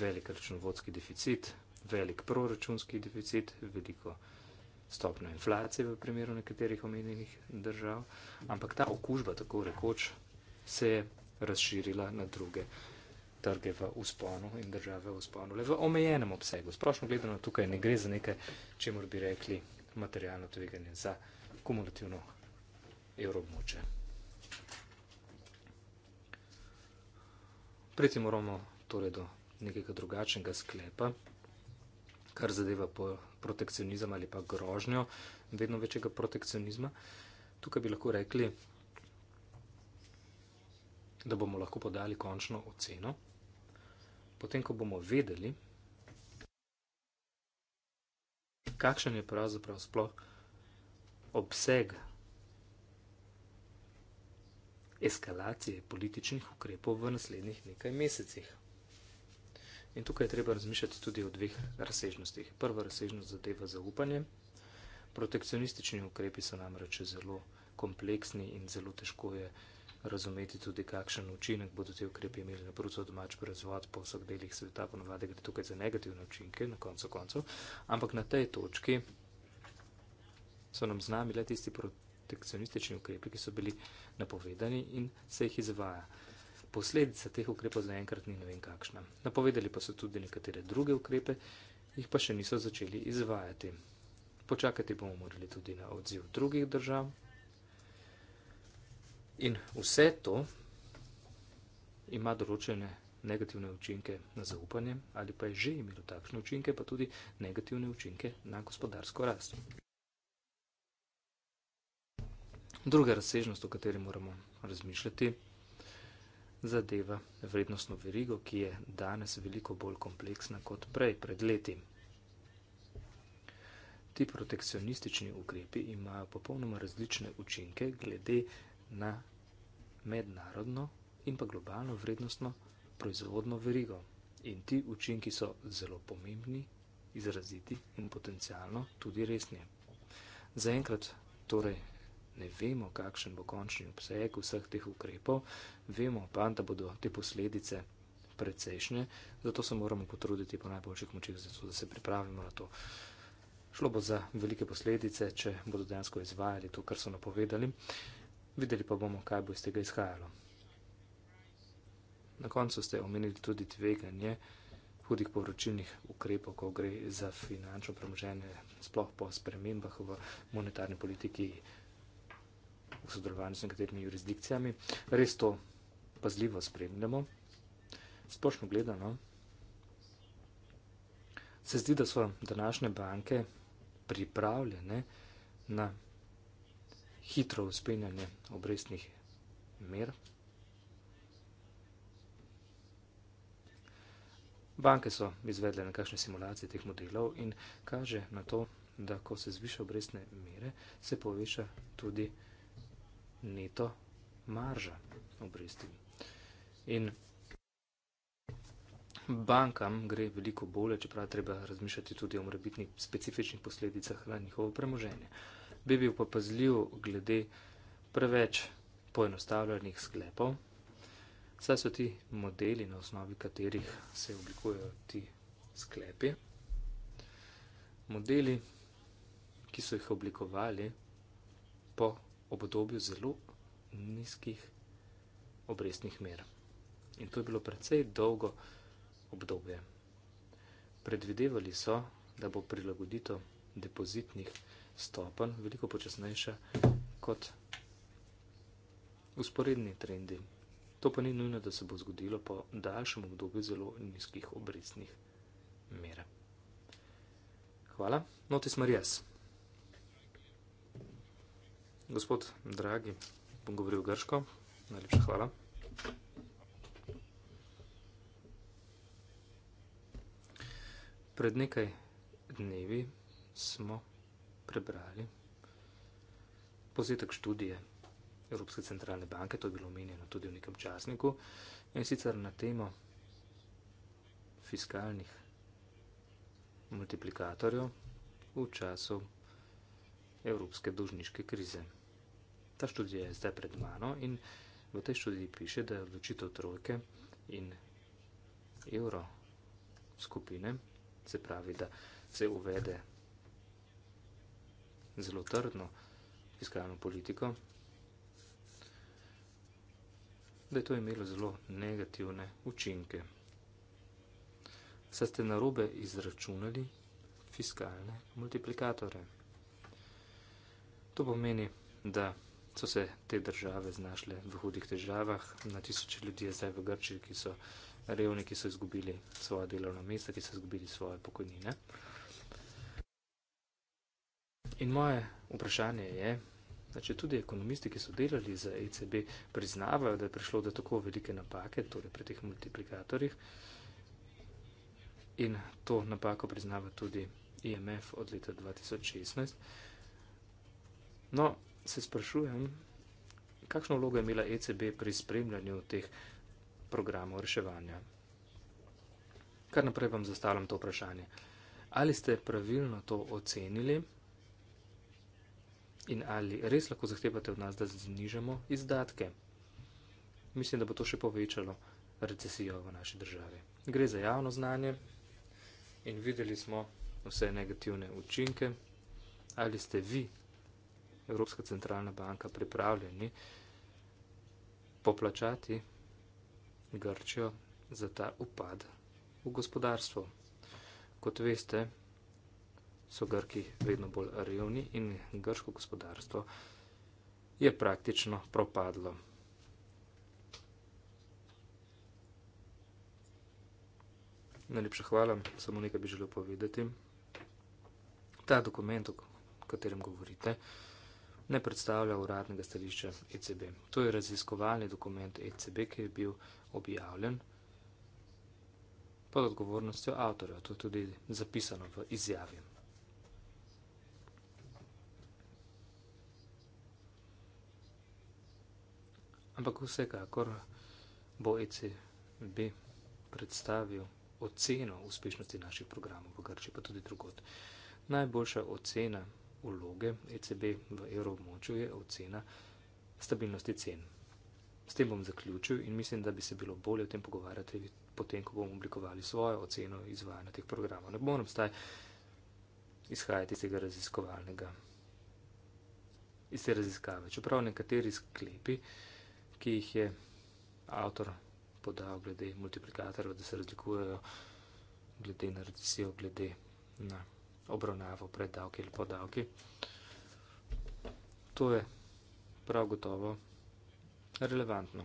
Speaker 2: velik računovodski deficit, velik proračunski deficit, veliko stopno inflacije v primeru nekaterih omenjenih držav, ampak ta okužba, tako rekoč, se je razširila na druge države trge v usponu in države v usponu, le v omejenem obsegu. Splošno gledano, tukaj ne gre za nekaj, če mor bi rekli, materialno tveganje za kumulativno evroobmoče. Priti moramo torej do nekega drugačnega sklepa, kar zadeva protekcionizem ali pa grožnjo vedno večjega protekcionizma. Tukaj bi lahko rekli, da bomo lahko podali končno oceno potem ko bomo vedeli, kakšen je pravzaprav sploh obseg eskalacije političnih ukrepov v naslednjih nekaj mesecih. In tukaj je treba razmišljati tudi o dveh razsežnostih. Prva razsežnost zadeva zaupanje. Protekcionistični ukrepi so namreč zelo kompleksni in zelo težko je razumeti tudi, kakšen učinek bodo ti ukrepi imeli na bruto domač proizvod po vseh delih sveta, ponovadi gre tukaj za negativne učinke na koncu koncev, ampak na tej točki so nam znami le tisti protekcionistični ukrepi, ki so bili napovedani in se jih izvaja. Posledica teh ukrepov zaenkrat ni ne vem kakšna. Napovedali pa so tudi nekatere druge ukrepe, jih pa še niso začeli izvajati. Počakati bomo morali tudi na odziv drugih držav, In vse to ima določene negativne učinke na zaupanje, ali pa je že imelo takšne učinke, pa tudi negativne učinke na gospodarsko rast. Druga razsežnost, o kateri moramo razmišljati, zadeva vrednostno verigo, ki je danes veliko bolj kompleksna kot prej, pred leti. Ti protekcionistični ukrepi imajo popolnoma različne učinke glede na mednarodno in pa globalno vrednostno proizvodno verigo. In ti učinki so zelo pomembni, izraziti in potencialno tudi resni. Zaenkrat torej ne vemo, kakšen bo končni obseg vseh teh ukrepov, vemo pa, da bodo te posledice precejšnje, zato se moramo potruditi po najboljših močih, zato da se pripravimo na to. Šlo bo za velike posledice, če bodo dejansko izvajali to, kar so napovedali. Videli pa bomo, kaj bo iz tega izhajalo. Na koncu ste omenili tudi tveganje hudih povročilnih ukrepov, ko gre za finančno premoženje, sploh po spremembah v monetarni politiki v sodelovanju s nekaterimi jurisdikcijami. Res to pazljivo spremljamo. Splošno gledano, se zdi, da so današnje banke pripravljene na hitro uspenjanje obrestnih mer. Banke so izvedle nekakšne simulacije teh modelov in kaže na to, da ko se zviša obrestne mere, se poveša tudi neto marža obresti. In bankam gre veliko bolje, čeprav treba razmišljati tudi o morebitnih specifičnih posledicah na njihovo premoženje. Uh, bi bil pa pazljiv glede preveč poenostavljenih sklepov. Saj so ti modeli, na osnovi katerih se oblikujejo ti sklepi, modeli, ki so jih oblikovali po obdobju zelo nizkih obrestnih mer. In to je bilo precej dolgo obdobje. Predvidevali so, da bo prilagoditev depozitnih stopenj, veliko počasnejše kot usporedni trendi. To pa ni nujno, da se bo zgodilo po daljšem obdobju zelo nizkih obrestnih mer. Hvala, notis Marijas. Gospod Dragi, bom govoril grško, najlepša hvala. Pred nekaj dnevi smo prebrali. Pozitek študije Evropske centralne banke, to je bilo omenjeno tudi v nekem časniku, in sicer na temo fiskalnih multiplikatorjev v času Evropske dožniške krize. Ta študija je zdaj pred mano in v tej študiji piše, da je odločitev trojke in evro skupine, se pravi, da se uvede zelo trdno fiskalno politiko, da je to imelo zelo negativne učinke. Saj ste narobe izračunali fiskalne multiplikatore. To pomeni, da so se te države znašle v hudih težavah, na tisoče ljudi je zdaj v Grčiji, ki so revni, ki so izgubili svoje delovna mesta, ki so izgubili svoje pokojnine. In moje vprašanje je, da če tudi ekonomisti, ki so delali za ECB, priznavajo, da je prišlo do tako velike napake, torej pri teh multiplikatorjih, in to napako priznava tudi IMF od leta 2016. No, se sprašujem, kakšno vlogo je imela ECB pri spremljanju teh programov reševanja. Kar naprej vam zastavljam to vprašanje. Ali ste pravilno to ocenili? In ali res lahko zahtevate od nas, da znižamo izdatke? Mislim, da bo to še povečalo recesijo v naši državi. Gre za javno znanje in videli smo vse negativne učinke. Ali ste vi, Evropska centralna banka, pripravljeni poplačati Grčijo za ta upad v gospodarstvo? Kot veste, so Grki vedno bolj revni in grško gospodarstvo je praktično propadlo. Najlepša hvala, samo nekaj bi želel povedati. Ta dokument, o katerem govorite, ne predstavlja uradnega stališča ECB. To je raziskovalni dokument ECB, ki je bil objavljen pod odgovornostjo avtorja. To je tudi zapisano v izjavi. Ampak vsekakor bojci e bi predstavil oceno uspešnosti naših programov v Grči, pa tudi drugot. Najboljša ocena vloge ECB v evroobmočju je ocena stabilnosti cen. S tem bom zaključil in mislim, da bi se bilo bolje o tem pogovarjati, potem, ko bomo oblikovali svojo oceno izvajanja teh programov. Ne moram staj izhajati iz tega raziskovalnega, iz te raziskave. Čeprav nekateri sklepi, ki jih je avtor podal glede multiplikatorjev, da se razlikujejo glede na recesijo, glede na obravnavo pred davki ali po davki. To je prav gotovo relevantno.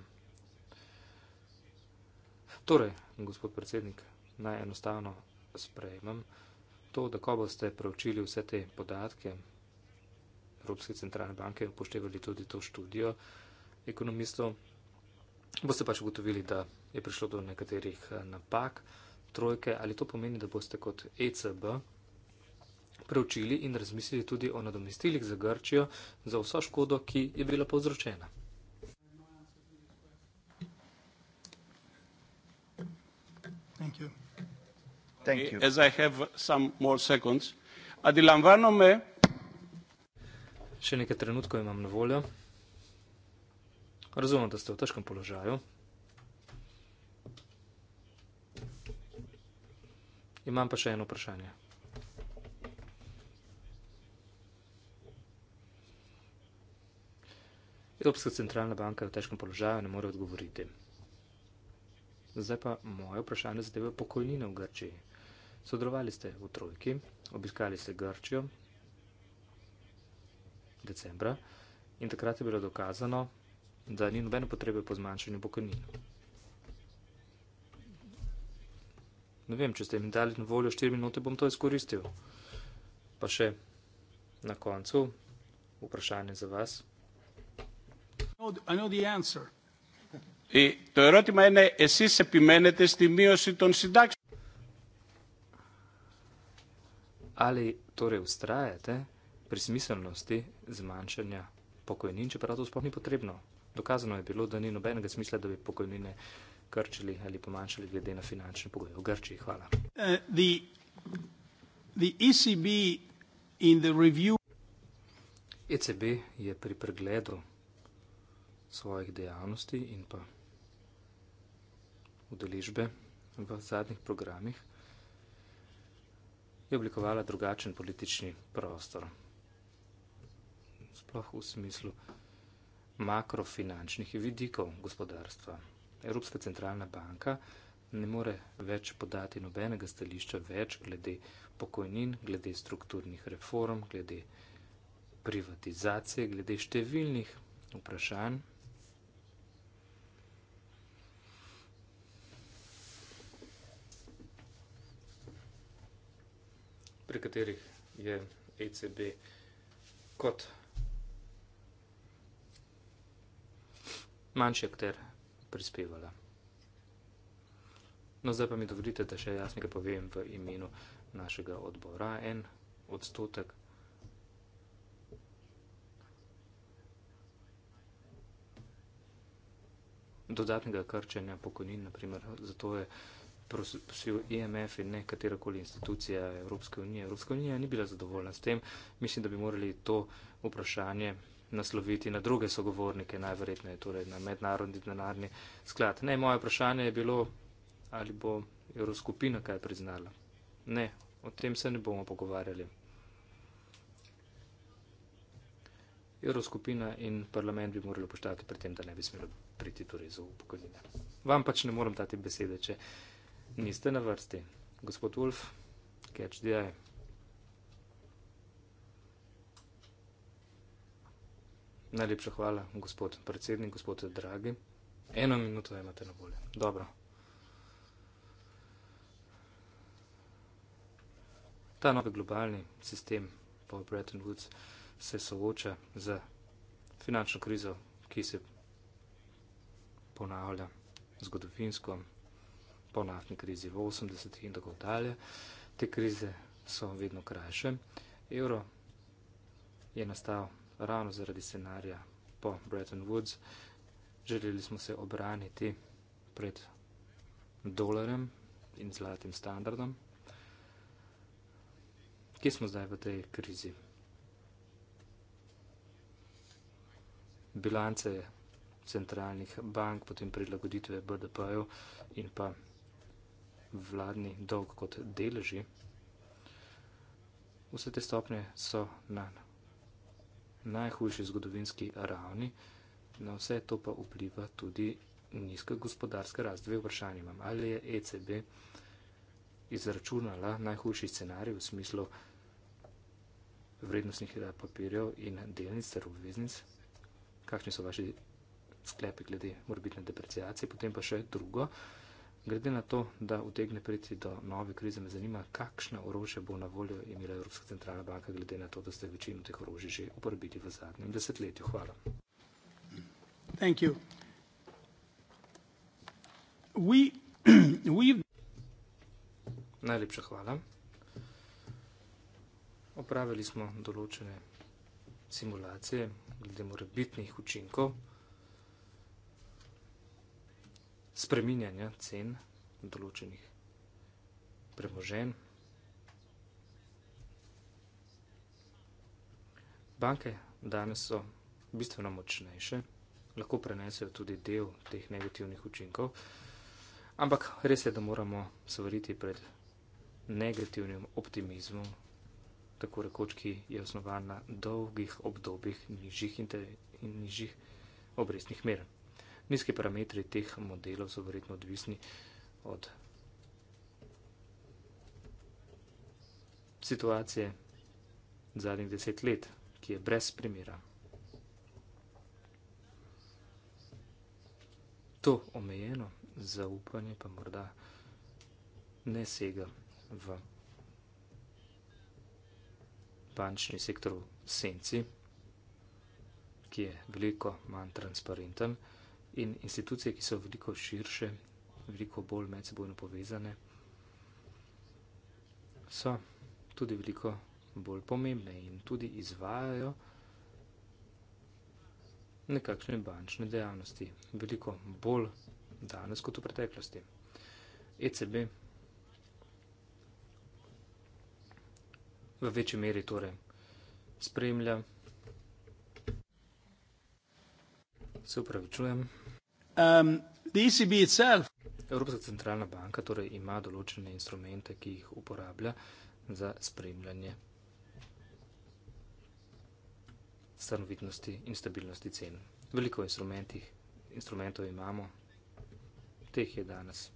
Speaker 2: Torej, gospod predsednik, naj enostavno sprejmem to, da ko boste preučili vse te podatke Evropske centralne banke in upoštevali tudi to študijo, ekonomistov, boste pač ugotovili, da je prišlo do nekaterih eh, napak, trojke, ali to pomeni, da boste kot ECB preučili in razmislili tudi o nadomestilih za Grčijo za vso škodo, ki je bila
Speaker 3: povzročena. Seconds, Adilan Varnome.
Speaker 2: Še nekaj trenutkov imam na voljo. Razumem, da ste v težkem položaju. Imam pa še eno vprašanje. Evropska centralna banka je v težkem položaju, ne more odgovoriti. Zdaj pa moje vprašanje zadeva pokojnine v Grčiji. Sodelovali ste v trojki, obiskali ste Grčijo decembra in takrat je bilo dokazano, da ni nobene potrebe po zmanjšanju pokojnin. Ne vem, če ste mi dali na voljo 4 minute, bom to izkoristil. Pa še na koncu vprašanje za vas.
Speaker 5: To
Speaker 3: erotima je, je si se pimenete s tim miositom si takšnim. Ali
Speaker 2: torej ustrajate pri smiselnosti zmanjšanja pokojnin, čeprav to sploh ni potrebno? Dokazano je bilo, da ni nobenega smisla, da bi pokojnine krčili ali pomanjšali glede na finančne pogoje v Grčiji. Hvala. Uh, the, the ECB in the review... ECB je pri pregledu svojih dejavnosti in pa udeležbe v zadnjih programih je oblikovala drugačen politični prostor. Sploh v smislu, da makrofinančnih vidikov gospodarstva. Evropska centralna banka ne more več podati nobenega stališča več glede pokojnin, glede strukturnih reform, glede privatizacije, glede številnih vprašanj. Pri katerih je ECB kot manjše, ter prispevala. No, zdaj pa mi dovolite, da še jaz nekaj povem v imenu našega odbora. En odstotek dodatnega krčenja pokojnin, naprimer, zato je prosil IMF in ne katerakoli institucija Evropske unije. Evropska unija ni bila zadovoljna s tem. Mislim, da bi morali to vprašanje nasloviti na druge sogovornike, najverjetneje torej na mednarodni denarni sklad. Ne, moje vprašanje je bilo, ali bo Evroskupina kaj priznala. Ne, o tem se ne bomo pogovarjali. Evroskupina in parlament bi morali poštati pri tem, da ne bi smelo priti torej za upokojenje. Vam pač ne morem dati besede, če niste na vrsti. Gospod Wolf, catch the eye. Najlepša hvala, gospod predsednik, gospod dragi. Eno minuto imate na voljo. Dobro. Ta novi globalni sistem po Bretton Woods se sooča z finančno krizo, ki se ponavlja zgodovinsko, po naftni krizi v 80-ih in tako dalje. Te krize so vedno krajše. Euro je nastal ravno zaradi scenarija po Bretton Woods. Želeli smo se obraniti pred dolarjem in zlatim standardom. Kje smo zdaj v tej krizi? Bilance centralnih bank, potem prilagoditve BDP-ju in pa vladni dolg kot deleži. Vse te stopnje so na najhujši zgodovinski ravni, na vse to pa vpliva tudi nizka gospodarska rast. Dve vprašanje imam. Ali je ECB izračunala najhujši scenarij v smislu vrednostnih eh, papirjev in delnic ter obveznic? Kakšni so vaši sklepi glede morbitne depreciacije? Potem pa še drugo. Glede na to, da utegne priti do nove krize, me zanima, kakšna orožja bo na voljo imela Evropska centralna banka, glede na to, da ste večino teh orožij že uporabili v zadnjem desetletju. Hvala. *clears throat* We, Najlepša hvala. Opravili smo določene simulacije glede morebitnih učinkov spreminjanja cen določenih premožen. Banke danes so bistveno močnejše, lahko prenesejo tudi del teh negativnih učinkov, ampak res je, da moramo svariti pred negativnim optimizmom, tako rekoč, ki je osnovan na dolgih obdobjih nižjih in nižjih obrestnih merov. Nizki parametri teh modelov so verjetno odvisni od situacije zadnjih deset let, ki je brez primera. To omejeno zaupanje pa morda ne sega v bančni sektor v senci, ki je veliko manj transparenten in institucije, ki so veliko širše, veliko bolj medsebojno povezane, so tudi veliko bolj pomembne in tudi izvajajo nekakšne bančne dejavnosti, veliko bolj danes kot v preteklosti. ECB v večji meri torej spremlja se upravičujem. Um, ECB e Evropska centralna banka torej ima določene instrumente, ki jih uporablja za spremljanje stanovitnosti in stabilnosti cen. Veliko instrumentov imamo, teh je danes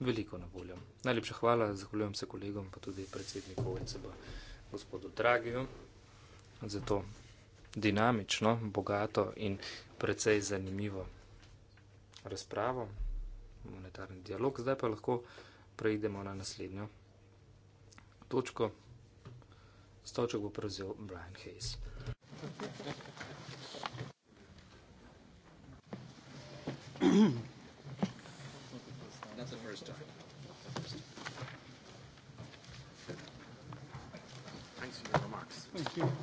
Speaker 2: veliko na voljo. Najlepša hvala, zahvaljujem se kolegom, pa tudi predsedniku OECD, gospodu Dragiju, za to dinamično, bogato in precej zanimivo razpravo, monetarni dialog. Zdaj pa lahko preidemo na naslednjo točko. Stoček bo prevzel Brian Hayes.
Speaker 3: Thank you.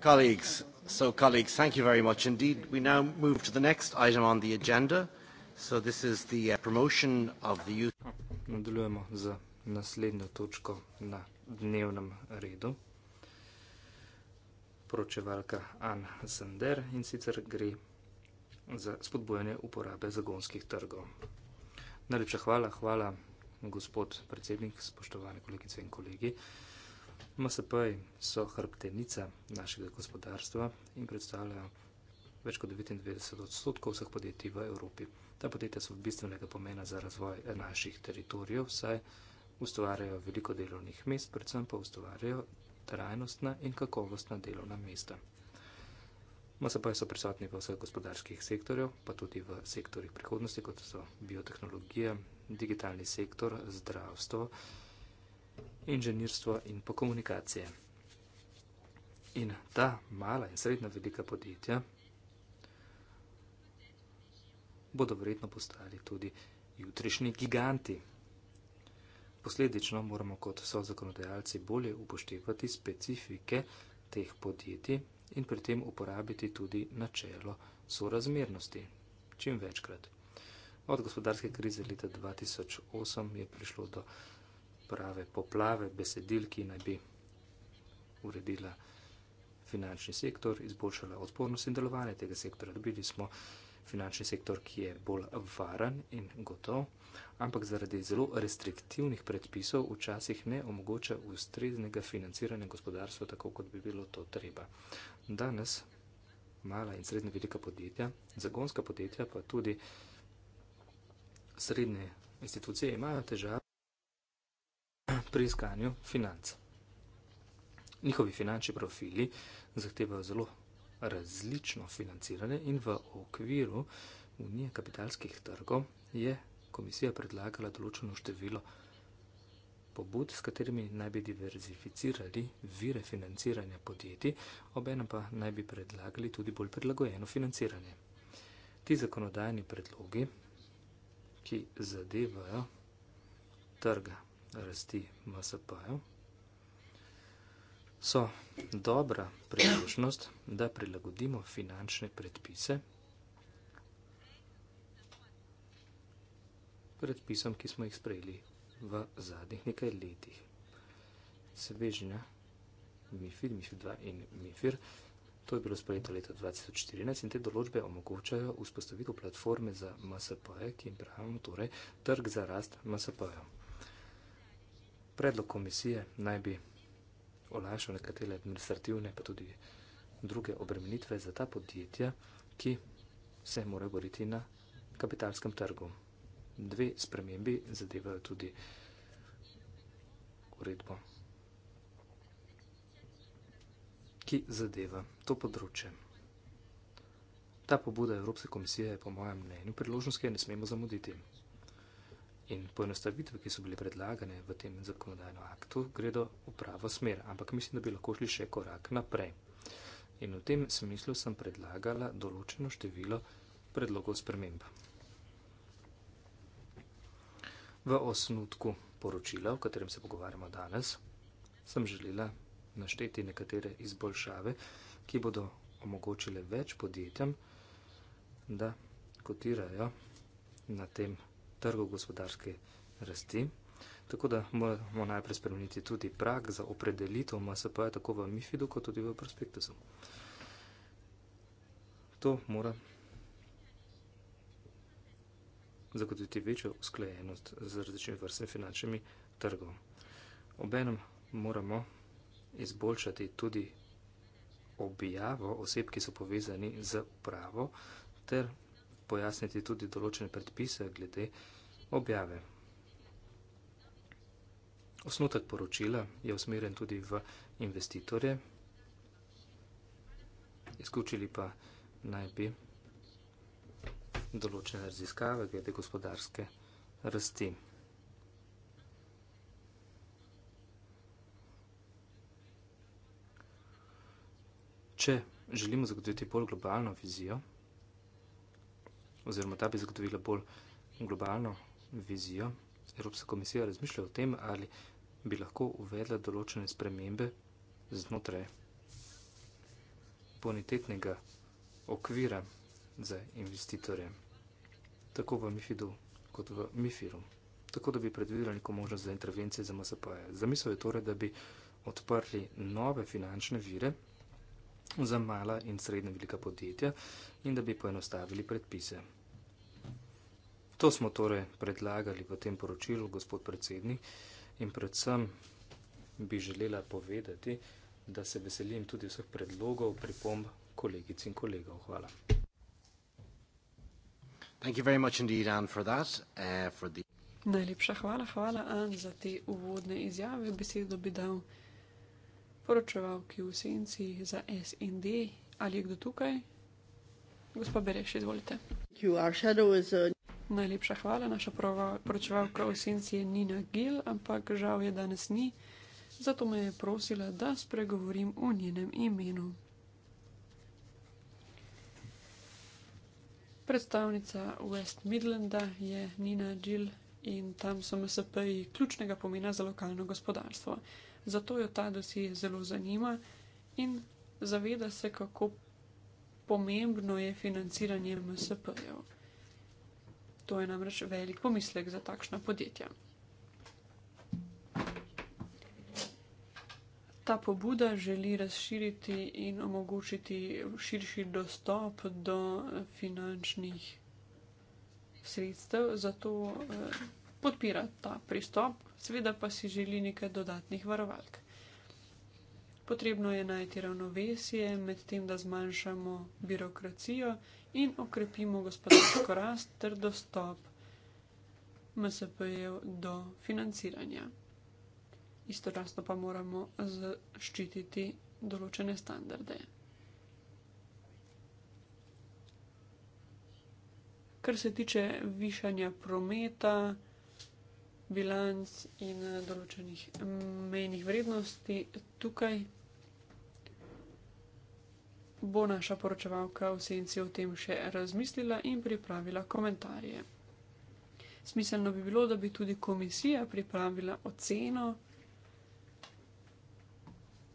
Speaker 6: Colleagues, so colleagues, thank you very much indeed. We now move to the next item on the agenda. So this is the uh, promotion of the youth.
Speaker 2: Nadaljujemo z naslednjo točko na dnevnem redu. Poročevalka Ann Sander in sicer gre za spodbujanje uporabe zagonskih trgov. Najlepša hvala, hvala gospod predsednik, spoštovane kolegice in kolegi. Uh, MSP so hrbtenica našega gospodarstva in predstavljajo več kot 99 odstotkov vseh podjetij v Evropi. Ta podjetja so bistvenega pomena za razvoj eh, naših teritorijev, saj ustvarjajo veliko delovnih mest, predvsem pa ustvarjajo trajnostna in kakovostna delovna mesta. MSP so prisotni v vseh gospodarskih sektorjev, pa tudi v sektorjih prihodnosti, kot so biotehnologija, digitalni sektor, zdravstvo inženirstvo in pa komunikacije. In ta mala in srednja velika podjetja bodo verjetno postali tudi jutrišnji giganti. Posledično moramo kot so zakonodajalci bolje upoštevati specifike teh podjetij in pri tem uporabiti tudi načelo sorazmernosti. Čim večkrat. Od gospodarske krize leta 2008 je prišlo do prave poplave besedil, ki naj bi uredila finančni sektor, izboljšala odpornost in delovanje tega sektora. Dobili smo finančni sektor, ki je bolj varen in gotov, ampak zaradi zelo restriktivnih predpisov včasih ne omogoča ustreznega financiranja gospodarstva, tako kot bi bilo to treba. Danes mala in srednje velika podjetja, zagonska podjetja pa tudi srednje institucije imajo težave pri iskanju financ. Njihovi finančni profili zahtevajo zelo različno financiranje in v okviru Unije kapitalskih trgov je komisija predlagala določeno število pobud, s katerimi naj bi diverzificirali vire financiranja podjetij, obenem pa naj bi predlagali tudi bolj prilagojeno financiranje. Ti zakonodajni predlogi, ki zadevajo trga rasti MSP, so dobra priložnost, da prilagodimo finančne predpise predpisom, ki smo jih sprejeli v zadnjih nekaj letih. Svežnja MIFID, MIFID 2 in MIFIR, to je bilo sprejeto leta 2014 in te določbe omogočajo vzpostavitev platforme za MSP, ki je pravno torej trg za rast MSP. -ja. Predlog komisije naj bi olajšal nekatere administrativne, pa tudi druge obremenitve za ta podjetja, ki se morajo boriti na kapitalskem trgu. Dve spremembi zadevajo tudi uredbo, ki zadeva to področje. Ta pobuda Evropske komisije je po mojem mnenju priložnost, ki je ne smemo zamuditi in poenostavitve, ki so bile predlagane v tem zakonodajnem aktu, gredo v pravo smer, ampak mislim, da bi lahko šli še korak naprej. In v tem smislu sem predlagala določeno število predlogov sprememb. V osnutku poročila, o katerem se pogovarjamo danes, sem želela našteti nekatere izboljšave, ki bodo omogočile več podjetjem, da kotirajo na tem področju trgov gospodarske rasti. Tako da moramo najprej spremeniti tudi prag za opredelitev MSP, tako v MIFID-u, kot tudi v prospektusu. To mora zagotoviti večjo usklejenost z različnimi vrstnimi finančnimi trgov. Obenem moramo izboljšati tudi objavo oseb, ki so povezani z upravo, ter pojasniti tudi določene predpise glede objave. Osnutek poročila je usmeren tudi v investitorje, izključili pa naj bi določene raziskave glede gospodarske rasti. Če želimo zagotoviti bolj globalno vizijo, oziroma da bi zagotovila bolj globalno vizijo. Evropska komisija razmišlja o tem, ali bi lahko uvedla določene spremembe znotraj bonitetnega okvira za investitorje, tako v MIFID-u kot v MIFIR-u, tako da bi predvidela neko možnost za intervencije za MSP-je. Zamisel je torej, da bi odprli nove finančne vire za mala in srednja velika podjetja in da bi poenostavili predpise. To smo torej predlagali v tem poročilu, gospod predsednik, in predvsem bi želela povedati, da se veselim tudi vseh predlogov, pripomb kolegic in kolegov. Hvala.
Speaker 6: Uh,
Speaker 3: Najlepša hvala, hvala Anne za te uvodne izjave. Besedo bi dal poročevalki v senci za SND. Ali je kdo tukaj? Gospod Bereš, izvolite. Thank you. Our shadow is, uh... Najlepša hvala, naša poročevalka o senci je Nina Gil, ampak žal je danes ni, zato me je prosila, da spregovorim v njenem imenu. Predstavnica West Midlanda je Nina Gil in tam so MSP-ji ključnega pomena za lokalno gospodarstvo. Zato jo ta dosi zelo zanima in zaveda se, kako pomembno je financiranje MSP-jev. To je namreč velik pomislek za takšna podjetja. Ta pobuda želi razširiti in omogočiti širši dostop do finančnih sredstev, zato eh, podpira ta pristop, seveda pa si želi nekaj dodatnih varovalk. Potrebno je najti ravnovesje med tem, da zmanjšamo birokracijo in okrepimo gospodarsko rast ter dostop MSP-jev do financiranja. Istočasno pa moramo zaščititi določene standarde. Kar se tiče višanja prometa, bilanc in eh, določenih menjih vrednosti, tukaj bo naša poročevalka v senci o tem še razmislila in pripravila komentarje. Smiselno bi bilo, da bi tudi komisija pripravila oceno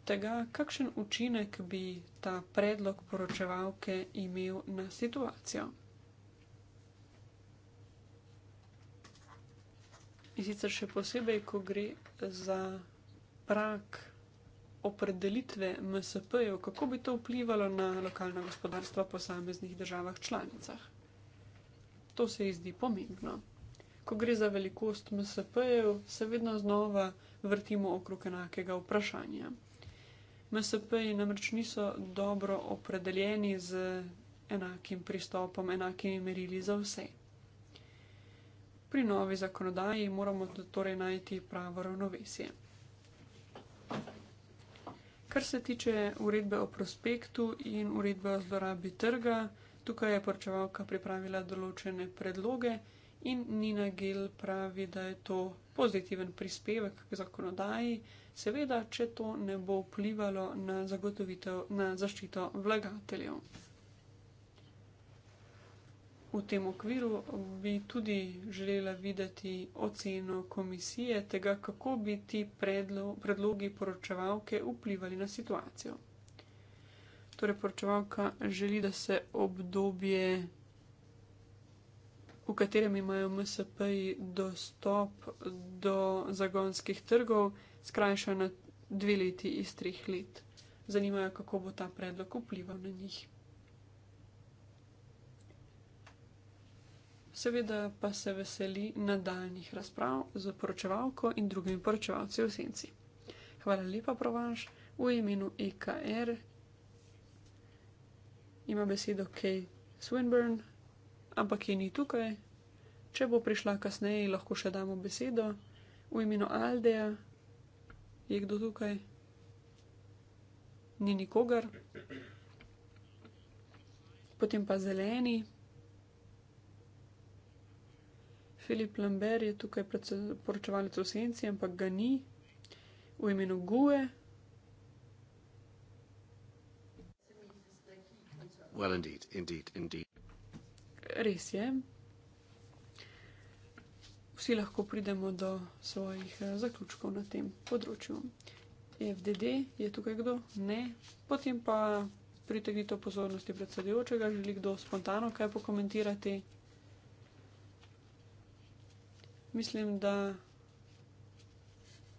Speaker 3: tega, kakšen učinek bi ta predlog poročevalke imel na situacijo. In sicer še posebej, ko gre za prak opredelitve MSP-jev, kako bi to vplivalo na lokalna gospodarstva v posameznih državah članicah? To se mi zdi pomembno. Ko gre za velikost MSP-jev, se vedno znova vrtimo okrog enakega vprašanja. MSP-ji namreč niso dobro opredeljeni z enakim pristopom, enakimi merili za vse. Pri novi zakonodaji moramo torej najti pravo ravnovesje. Kar se tiče uredbe o prospektu in uredbe o zlorabi trga, tukaj je poročevalka pripravila določene predloge in Nina Gil pravi, da je to pozitiven prispevek k zakonodaji, seveda, če to ne bo vplivalo na zagotovitev na zaščito vlagateljev. V tem okviru bi tudi želela videti oceno komisije tega, kako bi ti predlo predlogi poročevalke vplivali na situacijo. Torej, poročevalka želi, da se obdobje, v katerem imajo MSP-ji dostop do zagonskih trgov, skrajša na dve leti iz treh let. Zanima jo, kako bo ta predlog vplival na njih. seveda pa se veseli nadaljnih razprav z poročevalko in drugimi poročevalci v senci. Hvala lepa, Provanš, v imenu EKR ima besedo Kej Swinburn, ampak je ni tukaj. Če bo prišla kasneje, lahko še damo besedo. V imenu Aldeja je kdo tukaj? Ni nikogar. Potem pa zeleni. Filip Lambert je tukaj poročevalec o senci, ampak ga ni v imenu Gue.
Speaker 4: Well, indeed, indeed, indeed.
Speaker 3: Res je. Vsi lahko pridemo do svojih eh, zaključkov na tem področju. FDD je tukaj kdo? Ne. Potem pa pritegnitev pozornosti predsedujočega. Želi kdo spontano kaj pokomentirati? mislim, da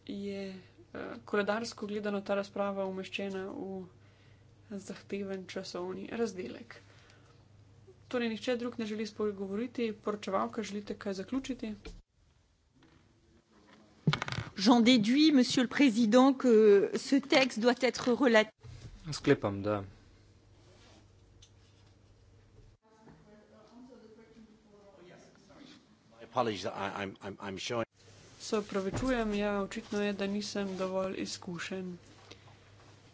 Speaker 3: je uh, koledarsko gledano ta razprava umeščena v zahteven časovni razdelek. Torej, nihče drug ne želi spogovoriti, poročevalka, želite kaj zaključiti? Deduit, le que ce texte doit être
Speaker 6: Sklepam, da. apologies that I, I'm, I'm showing.
Speaker 3: Se opravičujem, ja, očitno je, da nisem dovolj izkušen.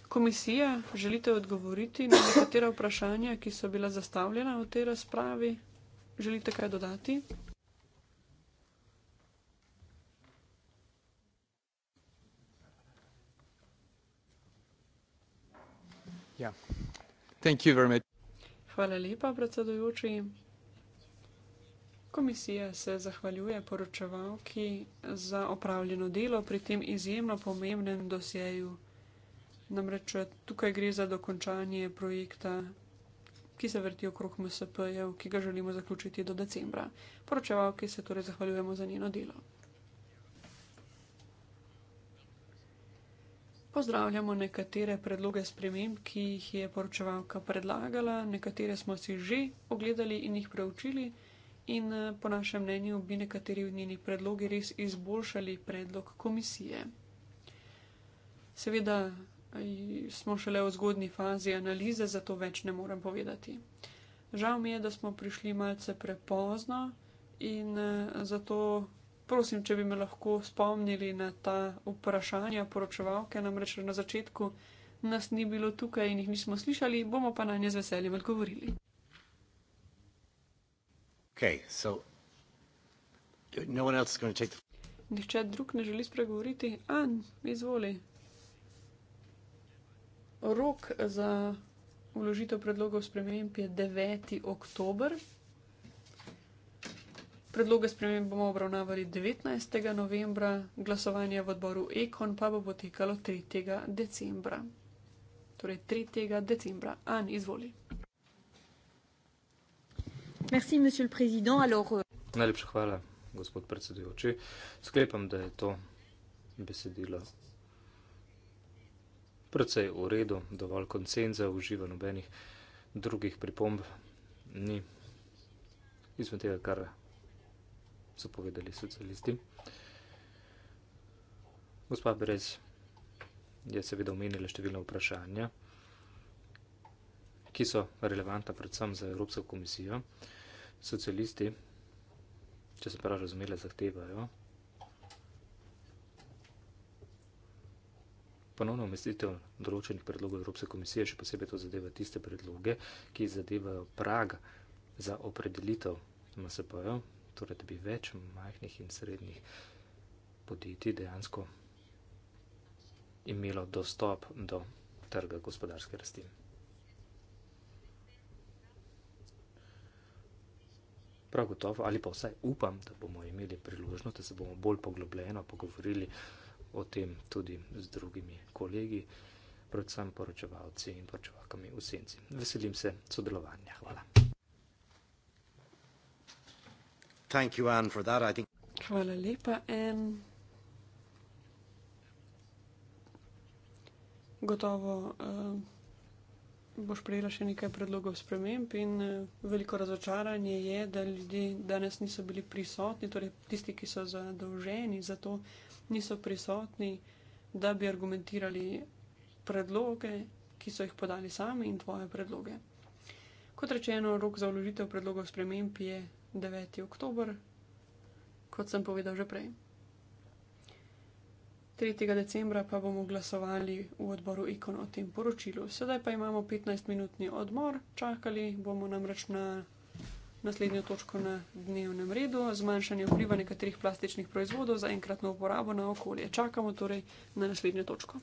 Speaker 3: Komisija, želite odgovoriti na nekatera vprašanja, ki so bila zastavljena v tej razpravi? Želite kaj dodati? Ja. Hvala lepa, predsedujoči. Komisija se zahvaljuje poročevalki za opravljeno delo pri tem izjemno pomembnem dosjeju. Namreč tukaj gre za dokončanje projekta, ki se vrti okrog MSP-jev, ki ga želimo zaključiti do decembra. Poročevalki se torej zahvaljujemo za njeno delo. Pozdravljamo nekatere predloge sprememb, ki jih je poročevalka predlagala, nekatere smo si že ogledali in jih preučili in eh, po našem mnenju bi nekateri v njeni predlogi res izboljšali predlog komisije. Seveda eh, smo šele v zgodni fazi analize, zato več ne morem povedati. Žal mi je, da smo prišli malce prepozno in eh, zato prosim, če bi me lahko spomnili na ta vprašanja poročevalke, namreč na začetku nas ni bilo tukaj in jih nismo slišali, bomo pa na nje z veseljem odgovorili.
Speaker 6: Okay, so, no one else is going to take the...
Speaker 3: Nihče drug ne želi spregovoriti. An, izvoli. Rok za uložitev predlogov sprememb je 9. oktober. Predloge sprememb bomo obravnavali 19. novembra, glasovanje v odboru Ekon pa bo potekalo 3. decembra. Torej 3. decembra. An, izvoli. Merci, monsieur le président. Alors, euh...
Speaker 2: Najlepša hvala, gospod predsedujoči. Sklepam, da je to besedilo precej v redu, dovolj koncenza, uživa nobenih drugih pripomb. Ni izmed tega, kar so povedali socialisti. Gospa Brez je seveda omenila številna vprašanja, ki so relevanta predvsem za Evropsko komisijo socialisti, če se prav razumele, zahtevajo ponovno umestitev določenih predlogov Evropske komisije, še posebej to zadeva tiste predloge, ki zadevajo prag za opredelitev MSP-ja, torej da bi več majhnih in srednjih podjetij dejansko imelo dostop do trga gospodarske rasti. prav gotovo, ali pa vsaj upam, da bomo imeli priložnost, da se bomo bolj poglobljeno pogovorili o tem tudi z drugimi kolegi, predvsem poročevalci in poročevalkami v senci. Veselim se sodelovanja. Hvala.
Speaker 6: Thank you, Anne, for that. I think...
Speaker 3: Hvala lepa, Anne. Gotovo. Uh boš prejela še nekaj predlogov sprememb in eh, veliko razočaranje je, da ljudje danes niso bili prisotni, torej tisti, ki so zadolženi za to, niso prisotni, da bi argumentirali predloge, ki so jih podali sami in tvoje predloge. Kot rečeno, rok za vložitev predlogov sprememb je 9. oktober, kot sem povedal že prej. 3. decembra pa bomo glasovali v odboru ikon o tem poročilu. Sedaj pa imamo 15-minutni odmor, čakali bomo namreč na naslednjo točko na dnevnem redu, zmanjšanje vpliva nekaterih plastičnih proizvodov za enkratno uporabo na okolje. Čakamo torej na naslednjo točko.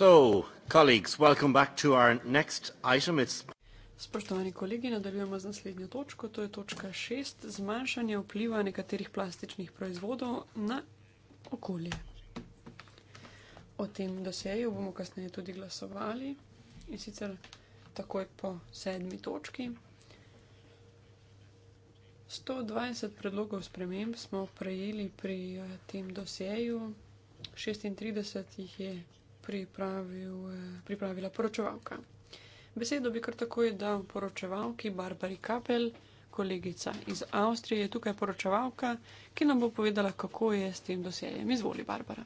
Speaker 1: So, colleagues, welcome back to our next item. It's...
Speaker 3: Spoštovani kolegi, nadaljujemo z naslednjo točko, to je točka 6, zmanjšanje vpliva nekaterih plastičnih proizvodov na okolje. O tem dosjeju bomo kasneje tudi glasovali in sicer takoj po sedmi točki. 120 predlogov sprememb smo prejeli pri eh, tem dosjeju, 36 jih je pripravil, eh, pripravila poročevalka. Besedo bi kar takoj dal poročevalki Barbari Kapel, kolegica iz Avstrije, je tukaj poročevalka, ki nam bo povedala, kako je s tem dosjejem. Izvoli, Barbara.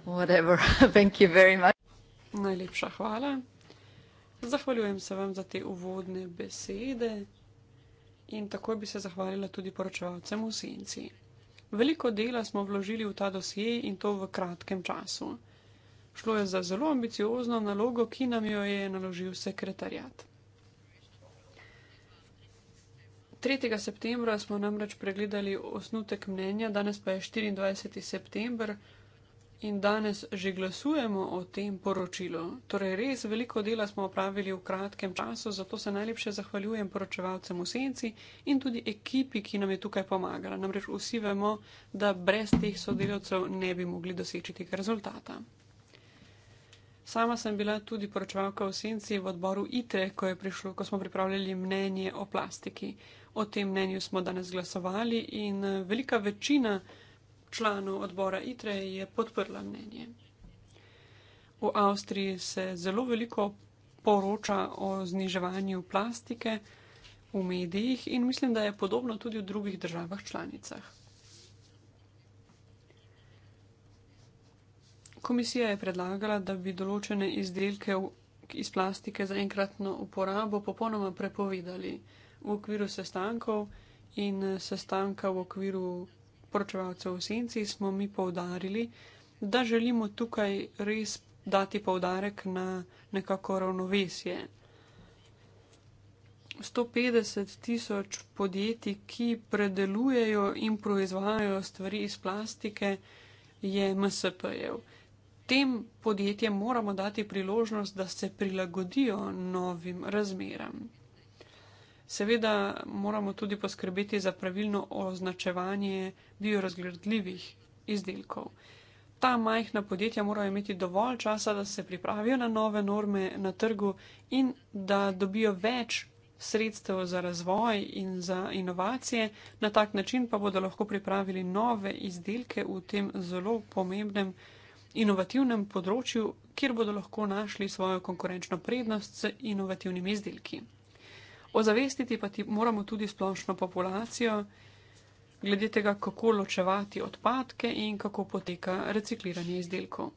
Speaker 6: *laughs*
Speaker 3: Najlepša hvala. Zahvaljujem se vam za te uvodne besede in takoj bi se zahvalila tudi poročevalcem v senci. Veliko dela smo vložili v ta dosje in to v kratkem času. Šlo je za zelo ambiciozno nalogo, ki nam jo je naložil sekretarjat. 3. septembra smo namreč pregledali osnutek mnenja, danes pa je 24. september in danes že glasujemo o tem poročilu. Torej, res veliko dela smo opravili v kratkem času, zato se najlepše zahvaljujem poročevalcem v senci in tudi ekipi, ki nam je tukaj pomagala. Namreč vsi vemo, da brez teh sodelavcev ne bi mogli doseči tega rezultata. Sama sem bila tudi poročevalka v senci v odboru ITRE, ko, prišlo, ko smo pripravljali mnenje o plastiki. O tem mnenju smo danes glasovali in eh, velika večina članov odbora ITRE je podprla mnenje. V Avstriji se zelo veliko poroča o zniževanju plastike v medijih in mislim, da je podobno tudi v drugih državah članicah. Komisija je predlagala, da bi določene izdelke iz plastike za enkratno uporabo popolnoma prepovedali v okviru sestankov in eh, sestanka v okviru poročevalcev v senci smo mi povdarili, da želimo tukaj res dati povdarek na nekako ravnovesje. 150 tisoč podjetij, ki predelujejo in proizvajajo stvari iz plastike, je MSP-jev tem podjetjem moramo dati priložnost, da se prilagodijo novim razmeram. Seveda moramo tudi poskrbeti za pravilno označevanje biorazgledljivih izdelkov. Ta majhna podjetja morajo imeti dovolj časa, da se pripravijo na nove norme na trgu in da dobijo več sredstev za razvoj in za inovacije. Na tak način pa bodo lahko pripravili nove izdelke v tem zelo pomembnem področju inovativnem področju, kjer bodo lahko našli svojo konkurenčno prednost z inovativnimi izdelki. Ozavestiti pa moramo tudi splošno populacijo glede tega, kako ločevati odpadke in kako poteka recikliranje izdelkov.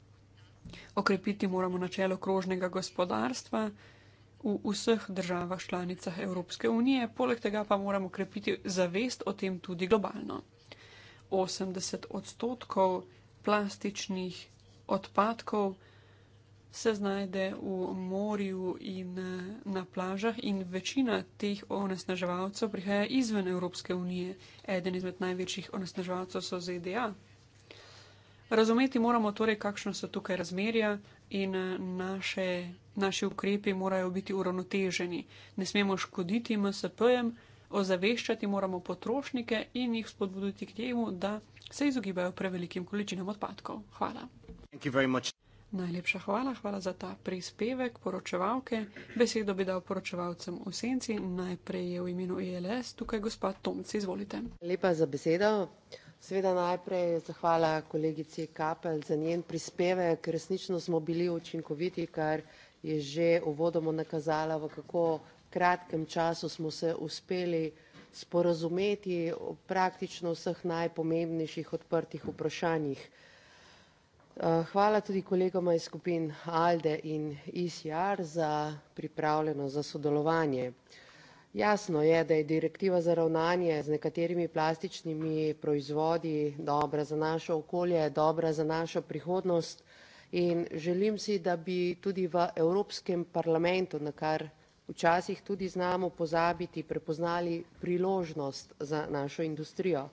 Speaker 3: Okrepiti moramo načelo krožnega gospodarstva v vseh državah članicah Evropske unije, poleg tega pa moramo krepiti zavest o tem tudi globalno. 80 odstotkov plastičnih odpadkov se znajde v morju in na plažah in večina teh onesnaževalcev prihaja izven Evropske unije. Eden izmed največjih onesnaževalcev so ZDA. Razumeti moramo torej, kakšno so tukaj razmerja in naše, naše ukrepi morajo biti uravnoteženi. Ne smemo škoditi MSP-jem, ozaveščati moramo potrošnike in jih spodbuditi k temu, da se izogibajo prevelikim količinam odpadkov. Hvala. Najlepša hvala, hvala za ta prispevek poročevalke. Besedo bi dal poročevalcem v senci, najprej je v imenu ELS, tukaj gospa Tomc, izvolite.
Speaker 6: Lepa za besedo. Sveda najprej zahvala kolegici Kapel za njen prispevek. Resnično smo bili učinkoviti, kar je že uvodoma nakazala, v kako kratkem času smo se uspeli sporazumeti o praktično vseh najpomembnejših odprtih vprašanjih. Eh, hvala tudi kolegoma iz skupin ALDE in ICR e za pripravljeno za sodelovanje. Jasno je, da je direktiva za ravnanje z nekaterimi plastičnimi proizvodi dobra za našo okolje, dobra za našo prihodnost in želim si, da bi tudi v Evropskem parlamentu, na kar včasih tudi znamo pozabiti, prepoznali priložnost za našo industrijo.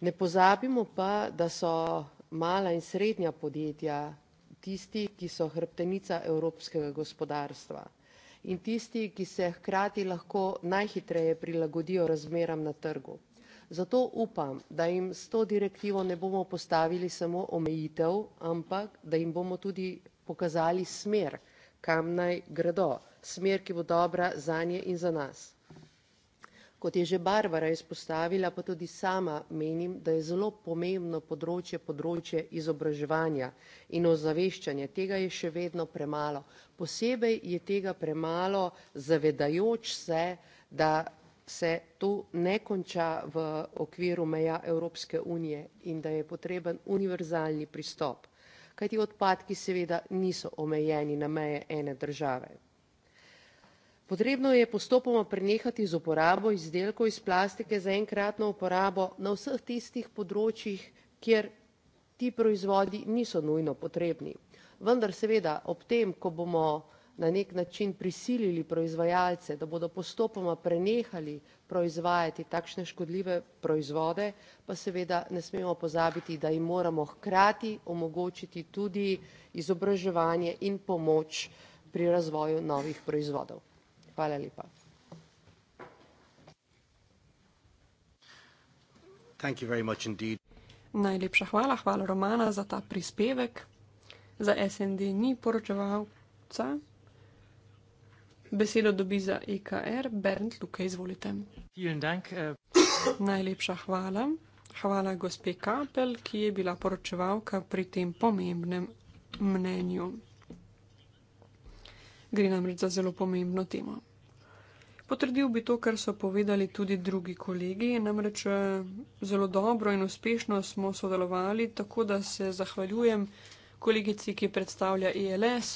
Speaker 6: Ne pozabimo pa, da so mala in srednja podjetja tisti, ki so hrbtenica evropskega gospodarstva in tisti, ki se hkrati lahko najhitreje prilagodijo razmeram na trgu. Zato upam, da jim s to direktivo ne bomo postavili samo omejitev, ampak da jim bomo tudi pokazali smer, kam naj gredo smer, ki bo dobra za nje in za nas. Kot je že Barbara izpostavila, pa tudi sama menim, da je zelo pomembno področje, področje izobraževanja in ozaveščanja. Tega je še vedno premalo. Posebej je tega premalo zavedajoč se, da se to ne konča v okviru meja Evropske unije in da je potreben univerzalni pristop. Kajti odpadki seveda niso omejeni na meje ene države. Potrebno je postopoma prenehati z uporabo izdelkov iz plastike za enkratno uporabo na vseh tistih področjih, kjer ti proizvodi niso nujno potrebni. Vendar seveda ob tem, ko bomo na nek način prisilili proizvajalce, da bodo postopoma prenehali proizvajati takšne škodljive proizvode, pa seveda ne smemo pozabiti, da jim moramo hkrati omogočiti tudi izobraževanje in pomoč pri razvoju novih proizvodov. Hvala lepa. Thank you very much
Speaker 3: Najlepša hvala, hvala Romana za ta prispevek. Za SND ni poročevalca. Besedo dobi za EKR Bernd Luke, izvolite. Dank, uh... Najlepša hvala. Hvala gospe Kapel, ki je bila poročevalka pri tem pomembnem mnenju. Gre namreč za zelo pomembno temo. Potrdil bi to, kar so povedali tudi drugi kolegi, namreč eh, zelo dobro in uspešno smo sodelovali, tako da se zahvaljujem kolegici, ki predstavlja ELS,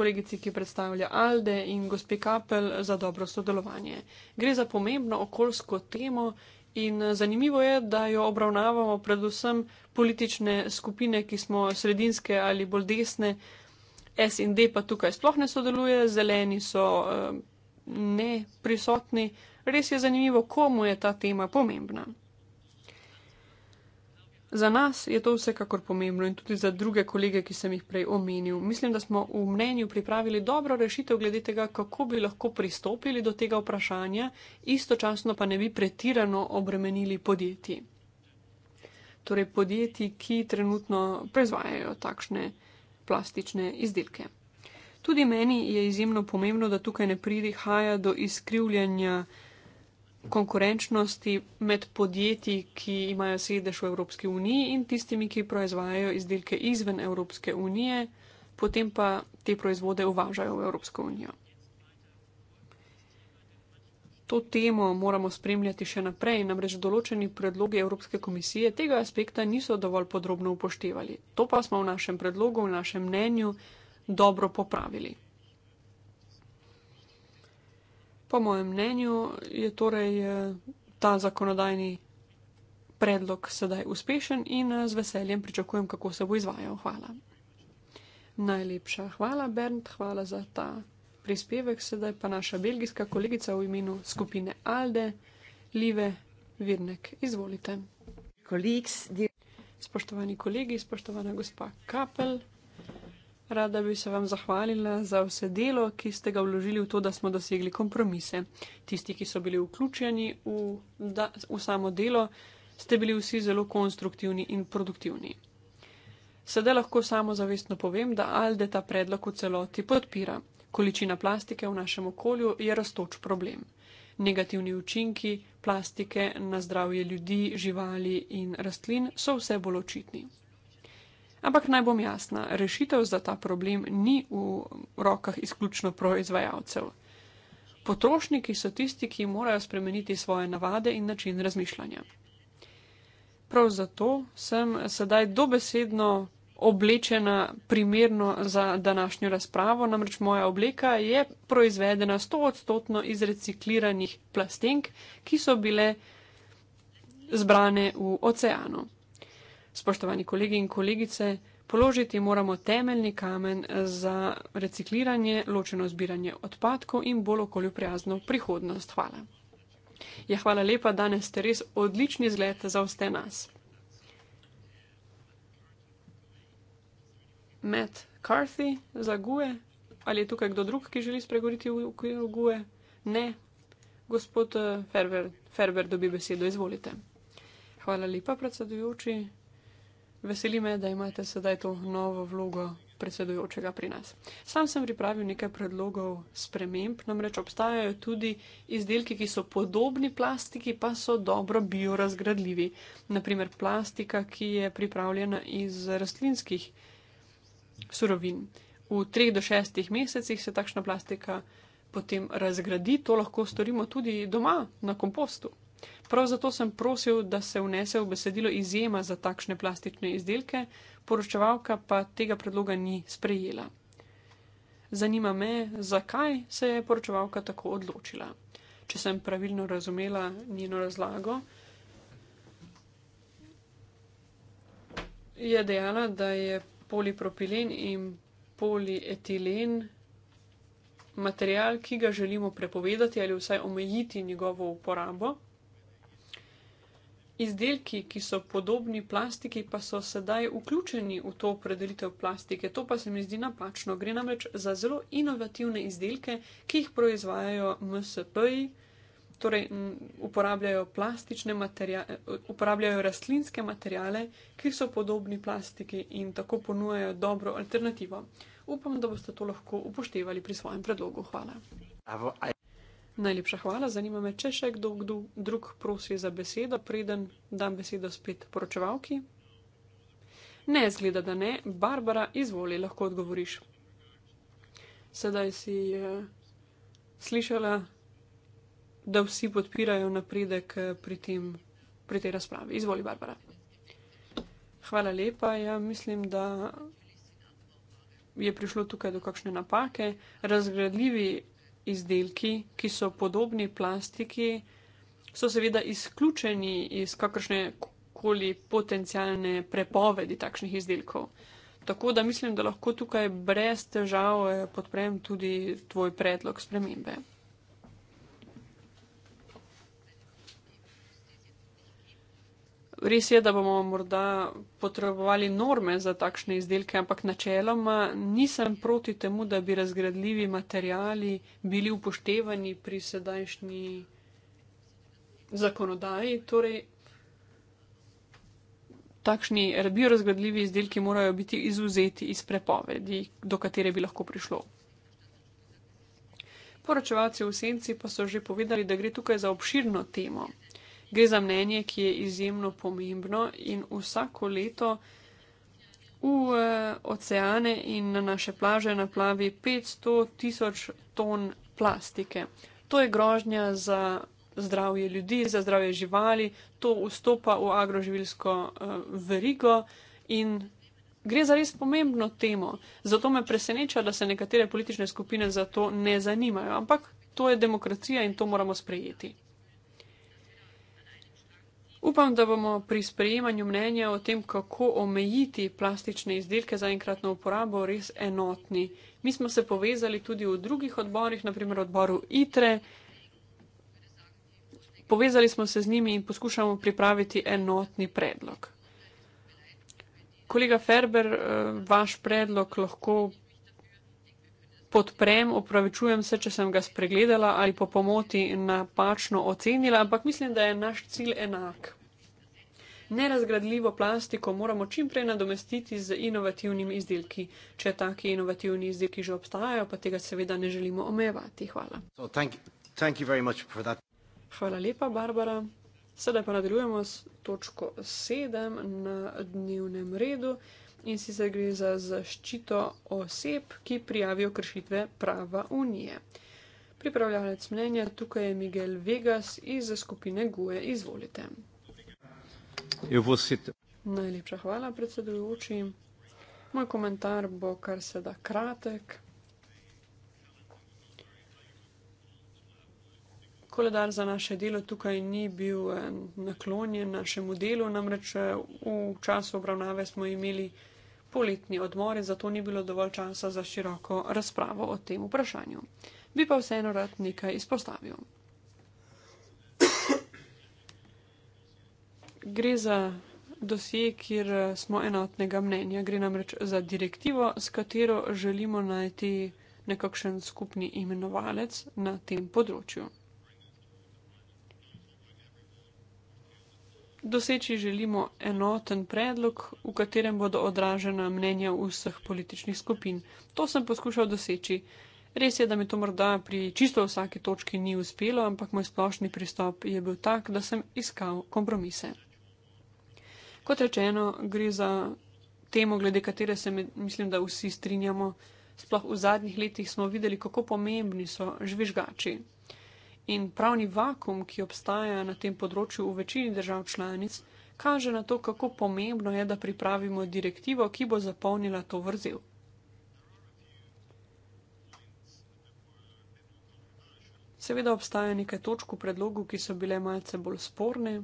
Speaker 3: kolegici, ki predstavlja ALDE in gospe Kapel za dobro sodelovanje. Gre za pomembno okoljsko temo in eh, zanimivo je, da jo obravnavamo predvsem politične skupine, ki smo sredinske ali bolj desne. SND pa tukaj sploh ne sodeluje, zeleni so. Eh, ne prisotni, res je zanimivo, komu je ta tema pomembna. Za nas je to vsekakor pomembno in tudi za druge kolege, ki sem jih prej omenil. Mislim, da smo v mnenju pripravili dobro rešitev glede tega, kako bi lahko pristopili do tega vprašanja, istočasno pa ne bi pretirano obremenili podjetji. Torej podjetji, ki trenutno proizvajajo takšne plastične izdelke. Tudi meni je izjemno pomembno, da tukaj ne pridihaja do izkrivljanja konkurenčnosti med podjetji, ki imajo sedež v Evropski uniji in tistimi, ki proizvajajo izdelke izven Evropske unije, potem pa te proizvode uvažajo v Evropsko unijo. To temo moramo spremljati še naprej, namreč določeni predlogi Evropske komisije tega aspekta niso dovolj podrobno upoštevali. To pa smo v našem predlogu, v našem mnenju dobro popravili. Po mojem mnenju je torej eh, ta zakonodajni predlog sedaj uspešen in eh, z veseljem pričakujem, kako se bo izvajal. Hvala. Najlepša hvala, Bernd, hvala za ta prispevek. Sedaj pa naša belgijska kolegica v imenu skupine Alde, Live Virnek. Izvolite. Kolegs, di... Spoštovani kolegi, spoštovana gospa Kapel. Rada bi se vam zahvalila za vse delo, ki ste ga vložili v to, da smo dosegli kompromise. Tisti, ki so bili vključeni v, da, v samo delo, ste bili vsi zelo konstruktivni in produktivni. Sedaj lahko samo zavestno povem, da Alde ta predlog v celoti podpira. Količina plastike v našem okolju je raztoč problem. Negativni učinki plastike na zdravje ljudi, živali in rastlin so vse bolj očitni. Ampak naj bom jasna, rešitev za ta problem ni v rokah izključno proizvajalcev. Potrošniki so tisti, ki morajo spremeniti svoje navade in način razmišljanja. Prav zato sem sedaj dobesedno oblečena primerno za današnjo razpravo, namreč moja obleka je proizvedena 100% iz recikliranih plastenk, ki so bile zbrane v oceanu spoštovani kolegi in kolegice, položiti moramo temeljni kamen za recikliranje, ločeno zbiranje odpadkov in bolj okolju prijazno prihodnost. Hvala. Ja, hvala lepa, danes ste res odlični zgled za vse nas. Matt Carthy za GUE, ali je tukaj kdo drug, ki želi spregovoriti v okviru GUE? Ne. Gospod eh, Ferber, Ferber dobi besedo, izvolite. Hvala lepa, predsedujoči. Veseli me, da imate sedaj to novo vlogo predsedujočega pri nas. Sam sem pripravil nekaj predlogov sprememb, namreč obstajajo tudi izdelki, ki so podobni plastiki, pa so dobro biorazgradljivi. Naprimer plastika, ki je pripravljena iz rastlinskih surovin. V treh do šestih mesecih se takšna plastika potem razgradi, to lahko storimo tudi doma na kompostu. Prav zato sem prosil, da se vnese v besedilo izjema za takšne plastične izdelke, poročevalka pa tega predloga ni sprejela. Zanima me, zakaj se je poročevalka tako odločila. Če sem pravilno razumela njeno razlago, je dejala, da je polipropilen in polietilen material, ki ga želimo prepovedati ali vsaj omejiti njegovo uporabo. Izdelki, ki so podobni plastiki, pa so sedaj vključeni v to predelitev plastike. To pa se mi zdi napačno. Gre namreč za zelo inovativne izdelke, ki jih proizvajajo MSP-ji, torej uporabljajo, uporabljajo rastlinske materijale, ki so podobni plastiki in tako ponujajo dobro alternativo. Upam, da boste to lahko upoštevali pri svojem predlogu. Hvala. Najlepša hvala, zanima me, če še kdo, kdo drug prosi za besedo, preden dam besedo spet poročevalki. Ne, zgleda, da ne. Barbara, izvoli, lahko odgovoriš. Sedaj si eh, slišala, da vsi podpirajo napredek eh, pri, tem, pri tej razpravi. Izvoli, Barbara. Hvala lepa. Ja, mislim, da je prišlo tukaj do kakšne napake. Razgradljivi izdelki, ki so podobni plastiki, so seveda izključeni iz kakršne koli potencijalne prepovedi takšnih izdelkov. Tako da mislim, da lahko tukaj brez težav eh, podprem tudi tvoj predlog spremembe. res je, da bomo morda potrebovali norme za takšne izdelke, ampak načeloma nisem proti temu, da bi razgradljivi materijali bili upoštevani pri sedajšnji zakonodaji. Torej, takšni biorazgradljivi izdelki morajo biti izuzeti iz prepovedi, do katere bi lahko prišlo. Poročevalci v senci pa so že povedali, da gre tukaj za obširno temo gre za mnenje, ki je izjemno pomembno in vsako leto v uh, oceane in na naše plaže naplavi 500 tisoč ton plastike. To je grožnja za zdravje ljudi, za zdravje živali, to vstopa v agroživilsko uh, verigo in gre za res pomembno temo. Zato me preseneča, da se nekatere politične skupine za to ne zanimajo, ampak to je demokracija in to moramo sprejeti. Upam, da bomo pri sprejemanju mnenja o tem, kako omejiti plastične izdelke za enkratno uporabo, res enotni. Mi smo se povezali tudi v drugih odborih, naprimer odboru ITRE. Povezali smo se z njimi in poskušamo pripraviti enotni predlog. Kolega Ferber, eh, vaš predlog lahko podprem, opravičujem se, če sem ga spregledala ali po pomoti napačno ocenila, ampak mislim, da je naš cilj enak. Nerazgradljivo plastiko moramo čim prej nadomestiti z inovativnimi izdelki. Če taki inovativni izdelki že obstajajo, pa tega seveda ne želimo omejevati. Hvala.
Speaker 6: So, thank you, thank you
Speaker 3: Hvala lepa, Barbara. Sedaj pa nadaljujemo s točko 7 na dnevnem redu in sicer gre za zaščito oseb, ki prijavijo kršitve prava unije. Pripravljalec mnenja, tukaj je Miguel Vegas iz skupine GUE. Izvolite. Najlepša hvala, predsedujoči. Moj komentar bo kar se da kratek. Koledar za naše delo tukaj ni bil eh, naklonjen našemu delu, namreč eh, v času obravnave smo imeli poletni odmor in zato ni bilo dovolj časa za široko razpravo o tem vprašanju. Bi pa vseeno rad nekaj izpostavil. Gre za dosje, kjer smo enotnega mnenja. Gre namreč za direktivo, s katero želimo najti nekakšen skupni imenovalec na tem področju. Doseči želimo enoten predlog, v katerem bodo odražena mnenja vseh političnih skupin. To sem poskušal doseči. Res je, da mi to morda pri čisto vsaki točki ni uspelo, ampak moj splošni pristop je bil tak, da sem iskal kompromise. Kot rečeno, gre za temo, glede katere se med, mislim, da vsi strinjamo. Sploh v zadnjih letih smo videli, kako pomembni so žvižgači in pravni vakum, ki obstaja na tem področju v večini držav članic, kaže na to, kako pomembno je, da pripravimo direktivo, ki bo zapolnila to vrzel. Seveda obstaja nekaj točk v predlogu, ki so bile malce bolj sporne,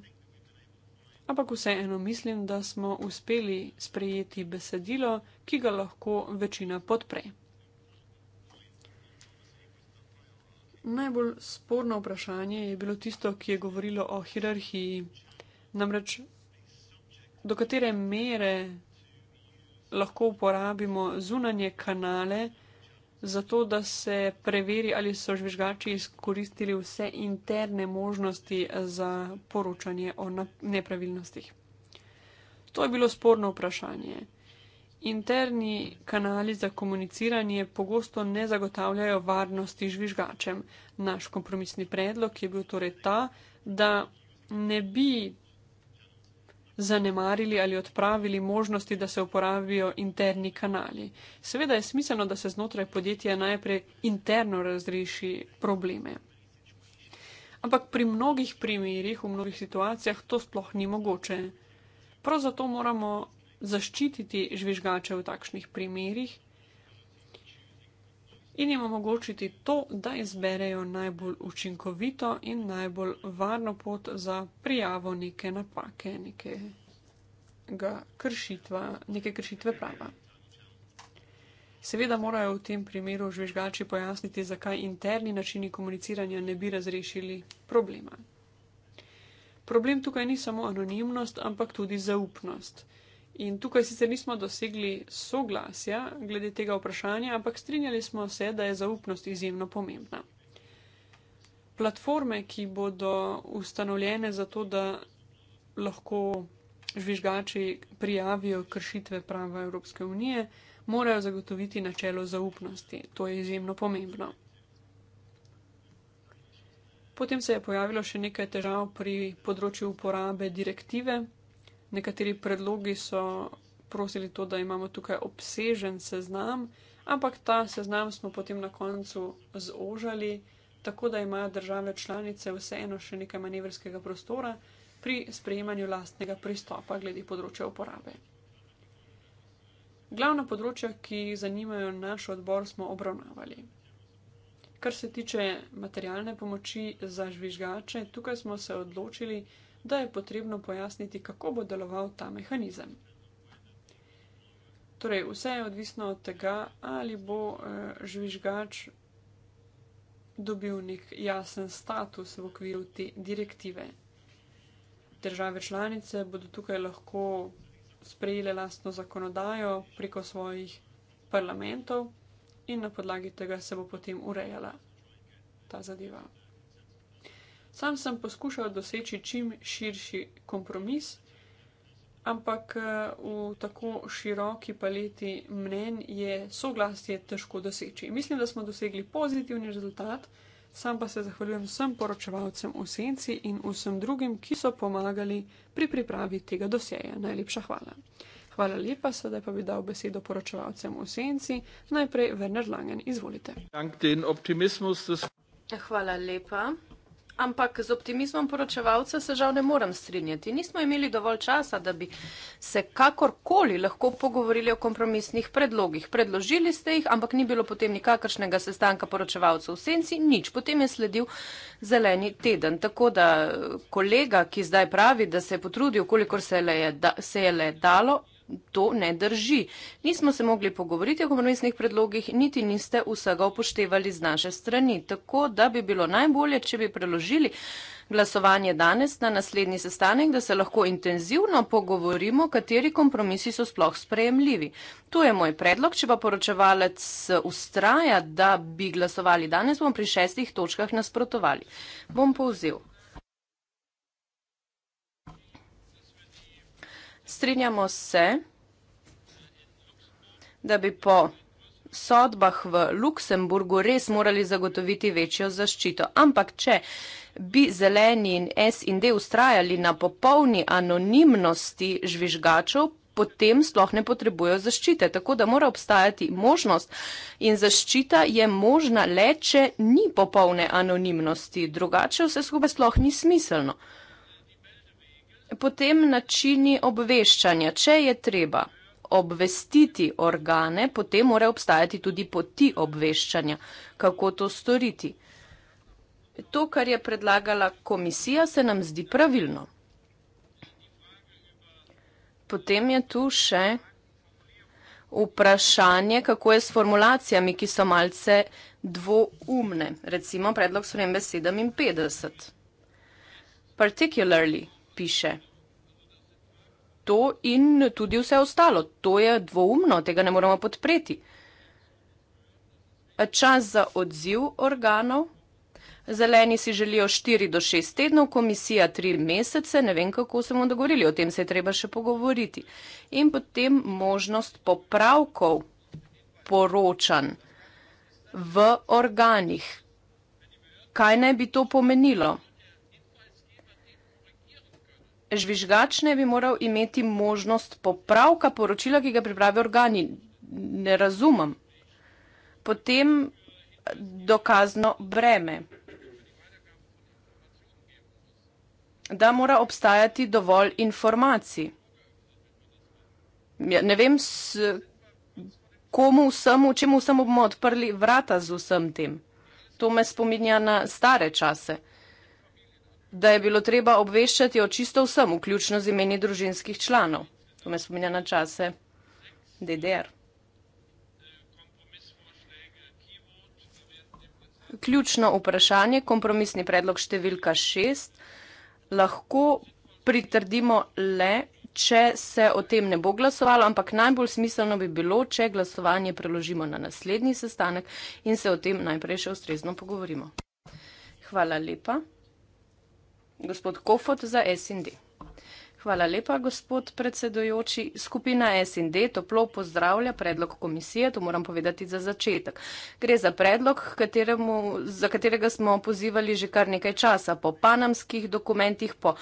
Speaker 3: ampak vseeno mislim, da smo uspeli sprejeti besedilo, ki ga lahko večina podpre. Najbolj sporno vprašanje je bilo tisto, ki je govorilo o hierarhiji. Namreč, do katere mere lahko uporabimo zunanje kanale, zato da se preveri, ali so žvižgači izkoristili vse interne možnosti za poročanje o nepravilnostih. To je bilo sporno vprašanje. Interni kanali za komuniciranje pogosto ne zagotavljajo varnosti žvižgačem. Naš kompromisni predlog je bil torej ta, da ne bi zanemarili ali odpravili možnosti, da se uporabijo interni kanali. Seveda je smiselno, da se znotraj podjetja najprej interno razreši probleme. Ampak pri mnogih primerjih, v mnogih situacijah to sploh ni mogoče. Prav zato moramo zaščititi žvižgače v takšnih primerjih in jim omogočiti to, da izberejo najbolj učinkovito in najbolj varno pot za prijavo neke napake, nekega kršitva, neke kršitve prava. Seveda morajo v tem primeru žvižgači pojasniti, zakaj interni načini komuniciranja ne bi razrešili problema. Problem tukaj ni samo anonimnost, ampak tudi zaupnost. In tukaj sicer nismo dosegli soglasja glede tega vprašanja, ampak strinjali smo se, da je zaupnost izjemno pomembna. Platforme, ki bodo ustanovljene za to, da lahko žvižgači prijavijo kršitve prava Evropske unije, morajo zagotoviti načelo zaupnosti. To je izjemno pomembno. Potem se je pojavilo še nekaj težav pri področju uporabe direktive nekateri predlogi so prosili to, da imamo tukaj obsežen seznam, ampak ta seznam smo potem na koncu zožali, tako da imajo države članice vseeno še nekaj manevrskega prostora pri sprejemanju lastnega pristopa glede področja uporabe. Glavna področja, ki zanimajo naš odbor, smo obravnavali. Kar se tiče materialne pomoči za žvižgače, tukaj smo se odločili, da je potrebno pojasniti, kako bo deloval ta mehanizem. Torej, vse je odvisno od tega, ali bo eh, žvižgač dobil nek jasen status v okviru te direktive. Države članice bodo tukaj lahko sprejele lastno zakonodajo preko svojih parlamentov in na podlagi tega se bo potem urejala ta zadeva. Sam sem poskušal doseči čim širši kompromis, ampak eh, v tako široki paleti mnen je soglasje težko doseči. Mislim, da smo dosegli pozitivni rezultat, sam pa se zahvaljujem vsem poročevalcem v senci in vsem drugim, ki so pomagali pri pripravi tega dosjeja. Najlepša hvala. Hvala lepa, sedaj pa bi dal besedo poročevalcem v senci. Najprej Werner Langen, izvolite. Hvala lepa
Speaker 4: ampak z optimizmom poročevalca se žal ne morem strinjati. Nismo imeli dovolj časa, da bi se kakorkoli lahko pogovorili o kompromisnih predlogih. Predložili ste jih, ampak ni bilo potem nikakršnega sestanka poročevalcev v senci, nič. Potem je sledil zeleni teden. Tako da kolega, ki zdaj pravi, da se je potrudil, kolikor se je le, da, se je le dalo, To ne drži. Nismo se mogli pogovoriti o kompromisnih predlogih, niti niste vsega upoštevali z naše strani. Tako da bi bilo najbolje, če bi preložili glasovanje danes na naslednji sestanek, da se lahko intenzivno pogovorimo, kateri kompromisi so sploh sprejemljivi. To je moj predlog. Če pa poročevalec ustraja, da bi glasovali danes, bom pri šestih točkah nasprotovali. Bom povzel. Strinjamo se, da bi po sodbah v Luksemburgu res morali zagotoviti večjo zaščito. Ampak, če bi zeleni in SND ustrajali na popolni anonimnosti žvižgačev, potem sploh ne potrebujo zaščite. Tako da mora obstajati možnost in zaščita je možna le, če ni popolne anonimnosti. Drugače vse skupaj sploh ni smiselno potem načini obveščanja. Če je treba obvestiti organe, potem morajo obstajati tudi poti obveščanja, kako to storiti. To, kar je predlagala komisija, se nam zdi pravilno. Potem je tu še vprašanje, kako je s formulacijami, ki so malce dvoumne. Recimo predlog spremembe 57. Particularly, piše. To in tudi vse ostalo, to je dvoumno, tega ne moramo podpreti. Čas za odziv organov. Zeleni si želijo 4 do 6 tednov, komisija 3 mesece, ne vem, kako se bomo dogovorili, o tem se je treba še pogovoriti. In potem možnost popravkov poročan v organih. Kaj naj bi to pomenilo? žvižgač ne bi moral imeti možnost popravka poročila, ki ga pripravi organi. Ne razumem. Potem dokazno breme. Da mora obstajati dovolj informacij. Ja, ne vem, s, komu vsemu, čemu vsemu bomo odprli vrata z vsem tem. To me spominja na stare čase da je bilo treba obveščati o čisto vsem, vključno z imeni družinskih članov. To me spominja na čase DDR. Ključno vprašanje, kompromisni predlog številka šest, lahko pritrdimo le, če se o tem ne bo glasovalo, ampak najbolj smiselno bi bilo, če glasovanje preložimo na naslednji sestanek in se o tem najprej še ustrezno pogovorimo. Hvala lepa gospod Kofot za SND. Hvala lepa, gospod predsedujoči. Skupina SND toplo pozdravlja predlog komisije, to moram povedati za začetek. Gre za predlog, kateremu, za katerega smo pozivali že kar nekaj časa po panamskih dokumentih, po uh,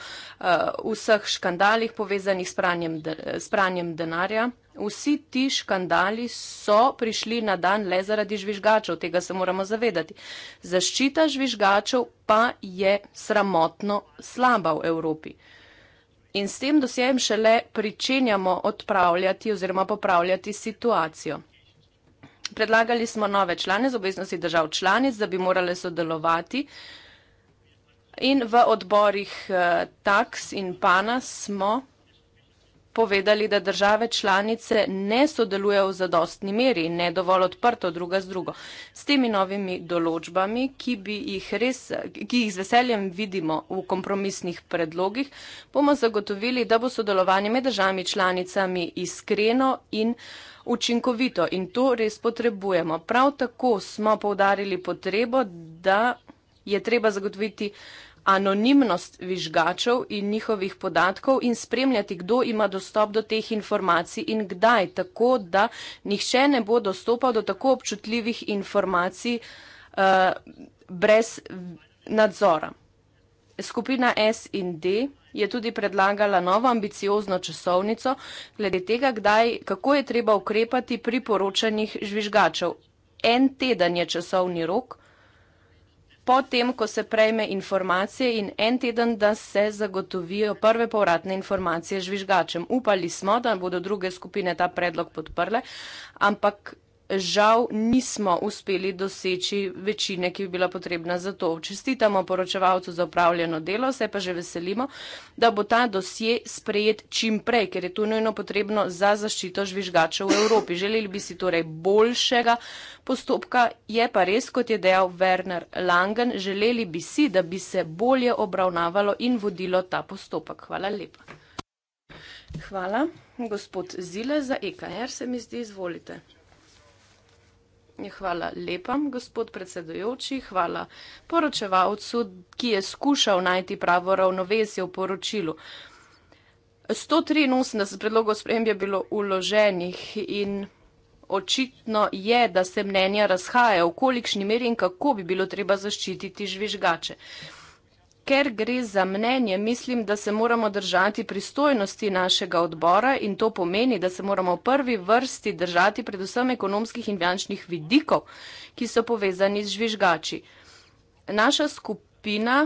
Speaker 4: vseh škandalih povezanih s pranjem, de, s pranjem denarja. Vsi ti škandali so prišli na dan le zaradi žvižgačev, tega se moramo zavedati. Zaščita žvižgačev pa je sramotno slaba v Evropi in s tem dosjejem šele pričenjamo odpravljati oziroma popravljati situacijo. Predlagali smo nove člane z obveznosti držav članic, da bi morale sodelovati in v odborih eh, taks in pana smo povedali, da države članice ne sodelujejo v zadostni meri in ne dovolj odprto druga z drugo. S temi novimi določbami, ki, jih, res, ki jih z veseljem vidimo v kompromisnih predlogih, bomo zagotovili, da bo sodelovanje med državami članicami iskreno in učinkovito in to res potrebujemo. Prav tako smo povdarili potrebo, da je treba zagotoviti anonimnost vižgačev in njihovih podatkov in spremljati, kdo ima dostop do teh informacij in kdaj, tako da nihče ne bo dostopal do tako občutljivih informacij uh, brez nadzora. Skupina S in D je tudi predlagala novo ambiciozno časovnico glede tega, kdaj, kako je treba ukrepati pri poročanjih žvižgačev. En teden je časovni rok, potem, ko se prejme informacije in en teden, da se zagotovijo prve povratne informacije žvižgačem. Upali smo, da bodo druge skupine ta predlog podprle, ampak žal nismo uspeli doseči večine, ki bi bila potrebna za to. Čestitamo poročevalcu za upravljeno delo, se pa že veselimo, da bo ta dosje sprejet čim prej, ker je to nujno potrebno za zaščito žvižgačev v Evropi. Želeli bi si torej boljšega postopka, je pa res, kot je dejal Werner Langen, želeli bi si, da bi se bolje obravnavalo in vodilo ta postopek. Hvala lepa. Hvala. Gospod Zile za EKR, se mi zdi, izvolite. Hvala lepa, gospod predsedujoči. Hvala poročevalcu, ki je skušal najti pravo ravnovesje v poročilu. 183 predlogov sprem je bilo uloženih in očitno je, da se mnenja razhaja, v kolikšni meri in kako bi bilo treba zaščititi žvižgače ker gre za mnenje, mislim, da se moramo držati pristojnosti našega odbora in to pomeni, da se moramo v prvi vrsti držati predvsem ekonomskih in finančnih vidikov, ki so povezani z žvižgači. Naša skupina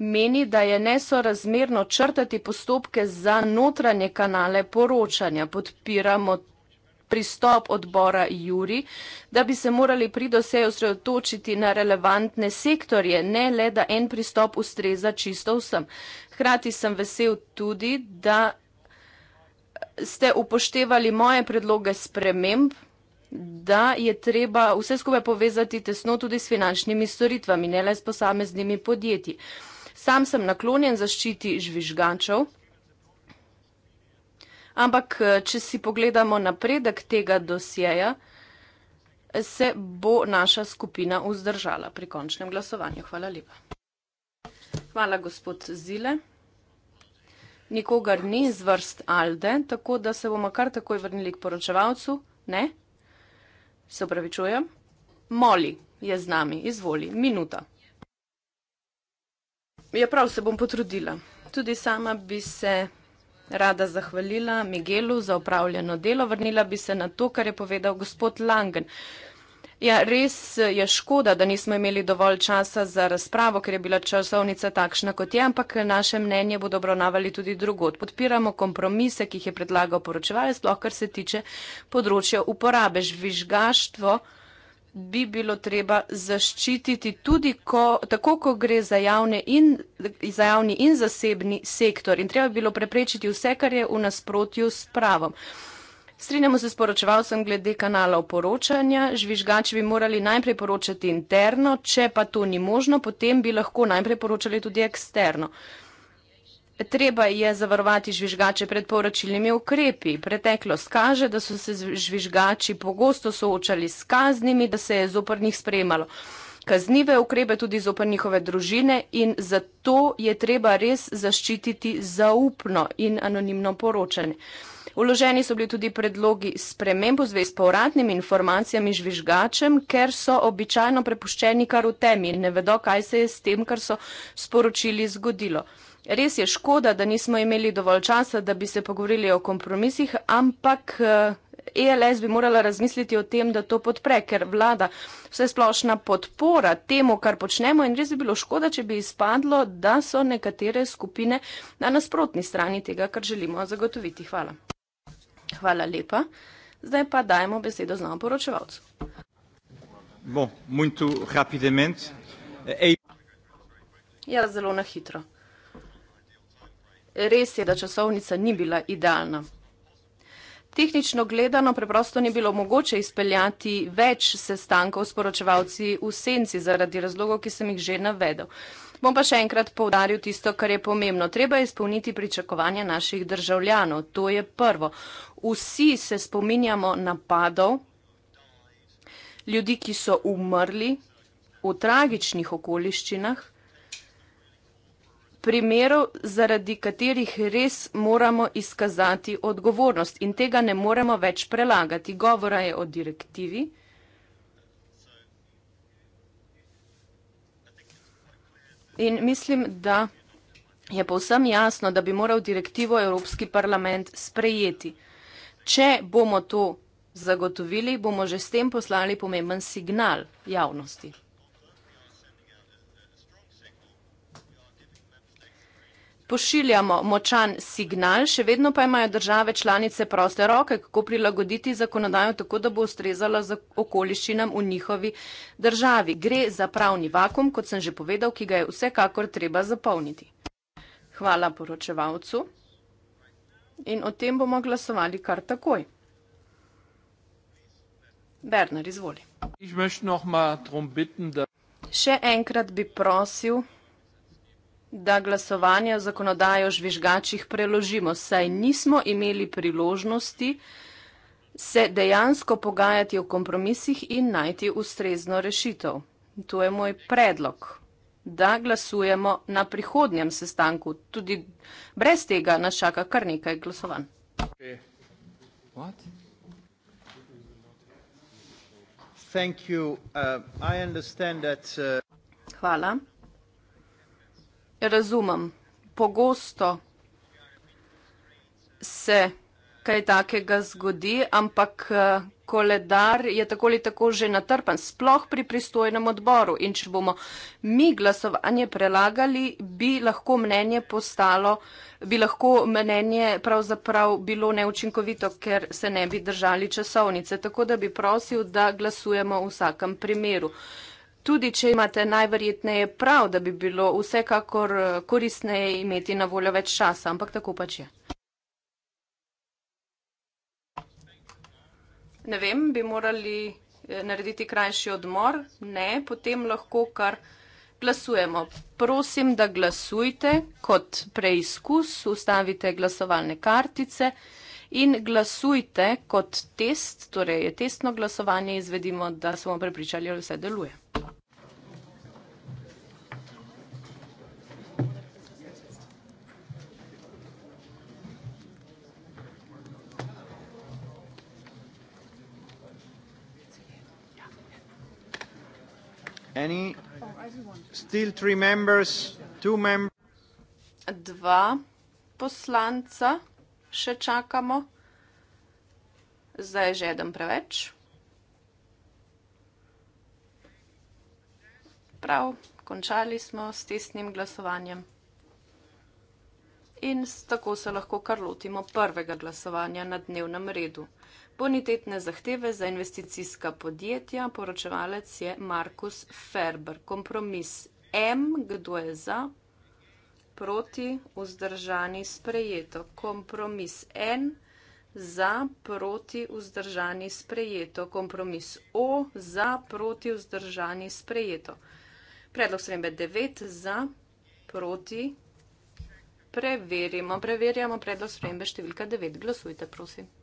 Speaker 4: meni, da je nesorazmerno črtati postopke za notranje kanale poročanja. Podpiramo pristop odbora Juri, da bi se morali pri doseju sredotočiti na relevantne sektorje, ne le, da en pristop ustreza čisto vsem. Hkrati sem vesel tudi, da ste upoštevali moje predloge sprememb, da je treba vse skupaj povezati tesno tudi s finančnimi storitvami, ne le s posameznimi podjetji. Sam sem naklonjen zaščiti žvižgačev. Ampak, eh, če si pogledamo napredek tega dosjeja, se bo naša skupina vzdržala pri končnem glasovanju. Hvala lepa. Hvala, gospod Zile. Nikogar ni z vrst Alde, tako da se bomo kar takoj vrnili k poročevalcu. Ne? Se upravičujem. Moli je z nami, izvoli, minuta. Ja, prav se bom potrudila. Tudi sama bi se rada zahvalila Miguelu za upravljeno delo, vrnila bi se na to, kar je povedal gospod Langen. Ja, res je škoda, da nismo imeli dovolj časa za razpravo, ker je bila časovnica takšna, kot je, ampak naše mnenje bodo obravnavali tudi drugot. Podpiramo kompromise, ki jih je predlagal poročevalec, lahko kar se tiče področja uporabe žvižgaštvo bi bilo treba zaščititi tudi ko, tako, ko gre za, in, za javni in zasebni sektor in treba bi bilo preprečiti vse, kar je v nasprotju s pravom. Strinjamo se s poročevalcem glede kanalov poročanja. Žvižgači bi morali najprej poročati interno, če pa to ni možno, potem bi lahko najprej poročali tudi eksterno. Uh, Treba je zavarovati žvižgače pred poročilnimi ukrepi. Preteklost kaže, da so se žvižgači pogosto soočali s kaznimi, da se je zopr njih spremalo. Kaznive ukrepe tudi zopr njihove družine in zato je treba res zaščititi zaupno in anonimno poročanje. Uloženi so bili tudi predlogi sprememb v zvezi s povratnim informacijami žvižgačem, ker so običajno prepuščeni kar v temi in ne vedo, kaj se je s tem, kar so sporočili, zgodilo. Res je škoda, da nismo imeli dovolj časa, da bi se pogovorili o kompromisih, ampak ELS eh, e bi morala razmisliti o tem, da to podpre, ker vlada vse splošna podpora temu, kar počnemo in res bi bilo škoda, če bi izpadlo, da so nekatere skupine na nasprotni strani tega, kar želimo zagotoviti. Hvala. Hvala lepa. Zdaj pa dajemo besedo znam poročevalcu.
Speaker 1: Bon, muito rapidamente.
Speaker 4: Ja, zelo na hitro. Res je, da časovnica ni bila idealna. Tehnično gledano preprosto ni bilo mogoče izpeljati več sestankov s poročevalci v senci zaradi razlogov, ki sem jih že navedel. Bom pa še enkrat povdaril tisto, kar je pomembno. Treba je izpolniti pričakovanja naših državljanov. To je prvo. Vsi se spominjamo napadov, ljudi, ki so umrli v tragičnih okoliščinah primerov, zaradi katerih res moramo izkazati odgovornost in tega ne moremo več prelagati. Govora je o direktivi. In mislim, da je povsem jasno, da bi moral direktivo Evropski parlament sprejeti. Če bomo to zagotovili, bomo že s tem poslali pomemben signal javnosti. pošiljamo močan signal, še vedno pa imajo države članice proste roke, kako prilagoditi zakonodajo tako, da bo ustrezala za okoliščinam v njihovi državi. Gre za pravni vakum, kot sem že povedal, ki ga je vsekakor treba zapolniti. Hvala poročevalcu. In o tem bomo glasovali kar takoj. Werner, izvoli. Še enkrat bi prosil, da glasovanje o zakonodaji o žvižgačih preložimo, saj nismo imeli priložnosti se dejansko pogajati o kompromisih in najti ustrezno rešitev. To je moj predlog, da glasujemo na prihodnjem sestanku. Tudi brez tega nas čaka kar nekaj glasovanj.
Speaker 2: Uh, uh,
Speaker 4: Hvala. Razumem. Pogosto se kaj takega zgodi, ampak eh, koledar je tako ali tako že natrpan, sploh pri pristojnem odboru. In če bomo mi glasovanje prelagali, bi lahko mnenje postalo, bi lahko mnenje pravzaprav bilo neučinkovito, ker se ne bi držali časovnice. Tako da bi prosil, da glasujemo v vsakem primeru. Tudi če imate najverjetneje prav, da bi bilo vsekakor eh, koristneje imeti na voljo več časa, ampak tako pač je. Ne vem, bi morali eh, narediti krajši odmor? Ne, potem lahko kar glasujemo. Prosim, da glasujte kot preizkus, ustavite glasovalne kartice in glasujte kot test, torej je testno glasovanje, izvedimo, da smo prepričali, ali vse deluje.
Speaker 1: Any? Still three members, two members.
Speaker 4: Dva poslanca še čakamo. Zdaj je že eden preveč. Prav, končali smo s tesnim glasovanjem. In tako se lahko kar lotimo prvega glasovanja na dnevnem redu. Bonitetne zahteve za investicijska podjetja, poročevalec je Markus Ferber. Kompromis M, kdo je za, proti, vzdržani, sprejeto. Kompromis N, za, proti, vzdržani, sprejeto. Kompromis O, za, proti, vzdržani, sprejeto. Predlog srembe 9, za, proti, preverimo, preverjamo predlog srembe številka 9. Glasujte, prosim.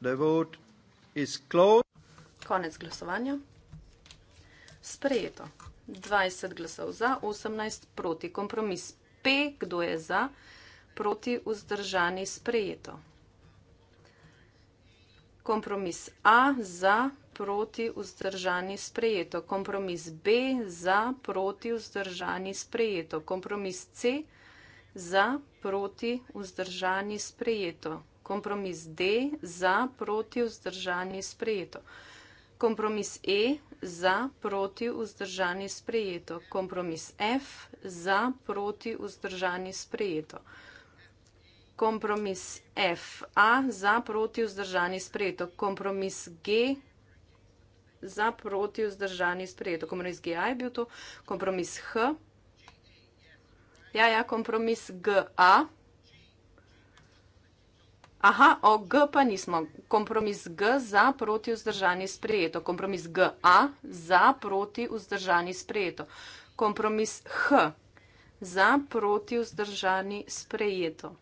Speaker 1: The vote is closed.
Speaker 4: Konec glasovanja. Sprejeto. 20 glasov za, 18 proti. Kompromis P, kdo je za, proti vzdržani sprejeto. Kompromis A za, proti vzdržani sprejeto. Kompromis B za, proti vzdržani sprejeto. Kompromis C za, proti vzdržani sprejeto. Kompromis D za, proti, vzdržani, sprejeto. Kompromis E za, proti, vzdržani, sprejeto. Kompromis F za, proti, vzdržani, sprejeto. Kompromis F A za, proti, vzdržani, sprejeto. Kompromis G za, proti, vzdržani, sprejeto. Kompromis G A je bil to. Kompromis H. Ja, ja, kompromis G A. Kompromis G A. Aha, o G pa nismo. Kompromis G za proti vzdržani sprejeto. Kompromis G A za proti vzdržani sprejeto. Kompromis H za proti vzdržani sprejeto.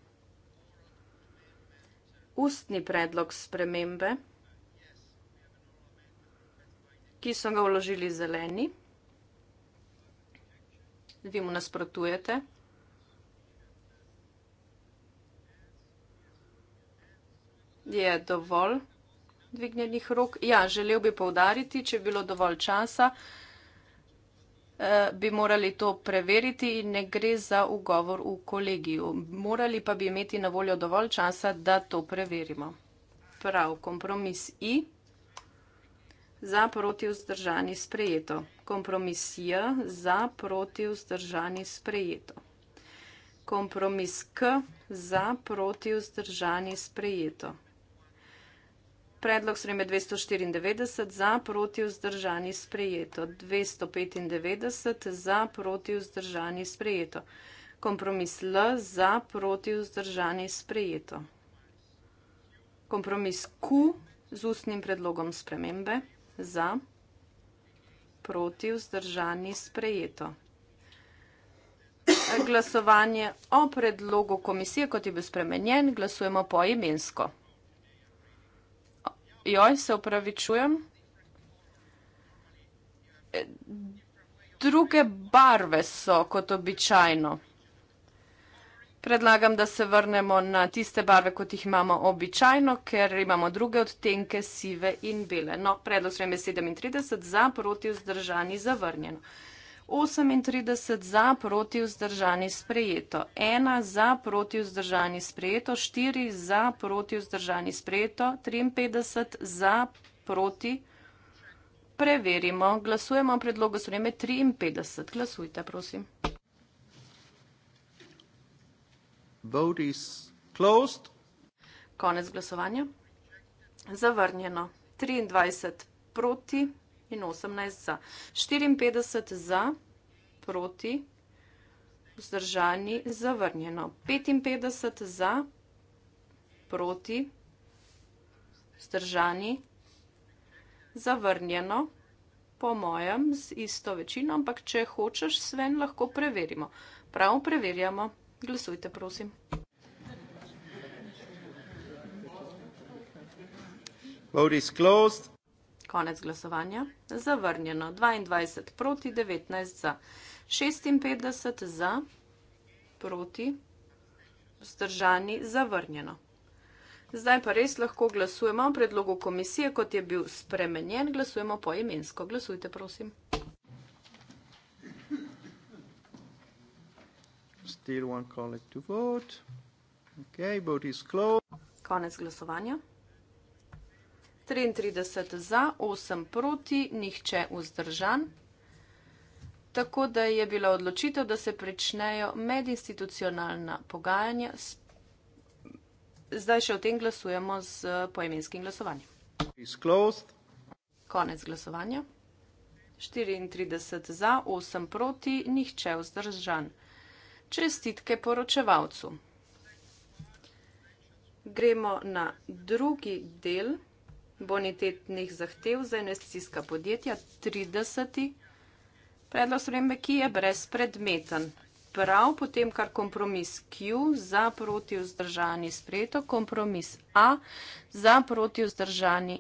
Speaker 4: Ustni predlog spremembe, ki so ga vložili zeleni. Vi mu nasprotujete. je dovolj dvignjenih rok. Ja, želel bi povdariti, če je bilo dovolj časa, eh, bi morali to preveriti in ne gre za ugovor v kolegiju. Morali pa bi imeti na voljo dovolj časa, da to preverimo. Prav, kompromis I. Za proti vzdržani sprejeto. Kompromis J za proti vzdržani sprejeto. Kompromis K za proti vzdržani sprejeto. Predlog sreme 294 za proti vzdržani sprejeto. 295 za proti vzdržani sprejeto. Kompromis L za proti vzdržani sprejeto. Kompromis Q z ustnim predlogom spremembe za proti vzdržani sprejeto. Glasovanje o predlogu komisije, kot je bil spremenjen, glasujemo poimensko joj, se upravičujem. E, druge barve so kot običajno. Predlagam, da se vrnemo na tiste barve, kot jih imamo običajno, ker imamo druge odtenke, sive in bele. No, predlog sveme 37 za, proti vzdržani zavrnjeno. 38 za, proti vzdržani sprejeto. 1 za, proti vzdržani sprejeto. 4 za, proti vzdržani sprejeto. 53 za, proti. Preverimo. Glasujemo o predlogu sprejeme 53. Glasujte, prosim.
Speaker 1: Vote is closed.
Speaker 4: Konec glasovanja. Zavrnjeno. 23 proti in 18 za. 54 za, proti, vzdržani, zavrnjeno. 55 za, proti, vzdržani, zavrnjeno. Po mojem, z isto večino, ampak če hočeš, sven lahko preverimo. Prav preverjamo. Glasujte, prosim.
Speaker 1: Vote is closed.
Speaker 4: Konec glasovanja. Zavrnjeno. 22 proti 19 za. 56 za, proti, vzdržani, zavrnjeno. Zdaj pa res lahko glasujemo o predlogu komisije, kot je bil spremenjen. Glasujemo po imensko. Glasujte, prosim. Konec glasovanja. 33 za, 8 proti, nihče vzdržan. Tako da je bila odločitev, da se pričnejo medinstitucionalna pogajanja. Zdaj še o tem glasujemo z eh, poemenskim glasovanjem. Konec glasovanja. 34 za, 8 proti, nihče vzdržan. Čestitke poročevalcu. Gremo na drugi del bonitetnih zahtev za investicijska podjetja, 30. predlog spremembe, ki je brezpredmeten. Prav potem, kar kompromis Q za protivzdržani sprejeto, kompromis A za protivzdržani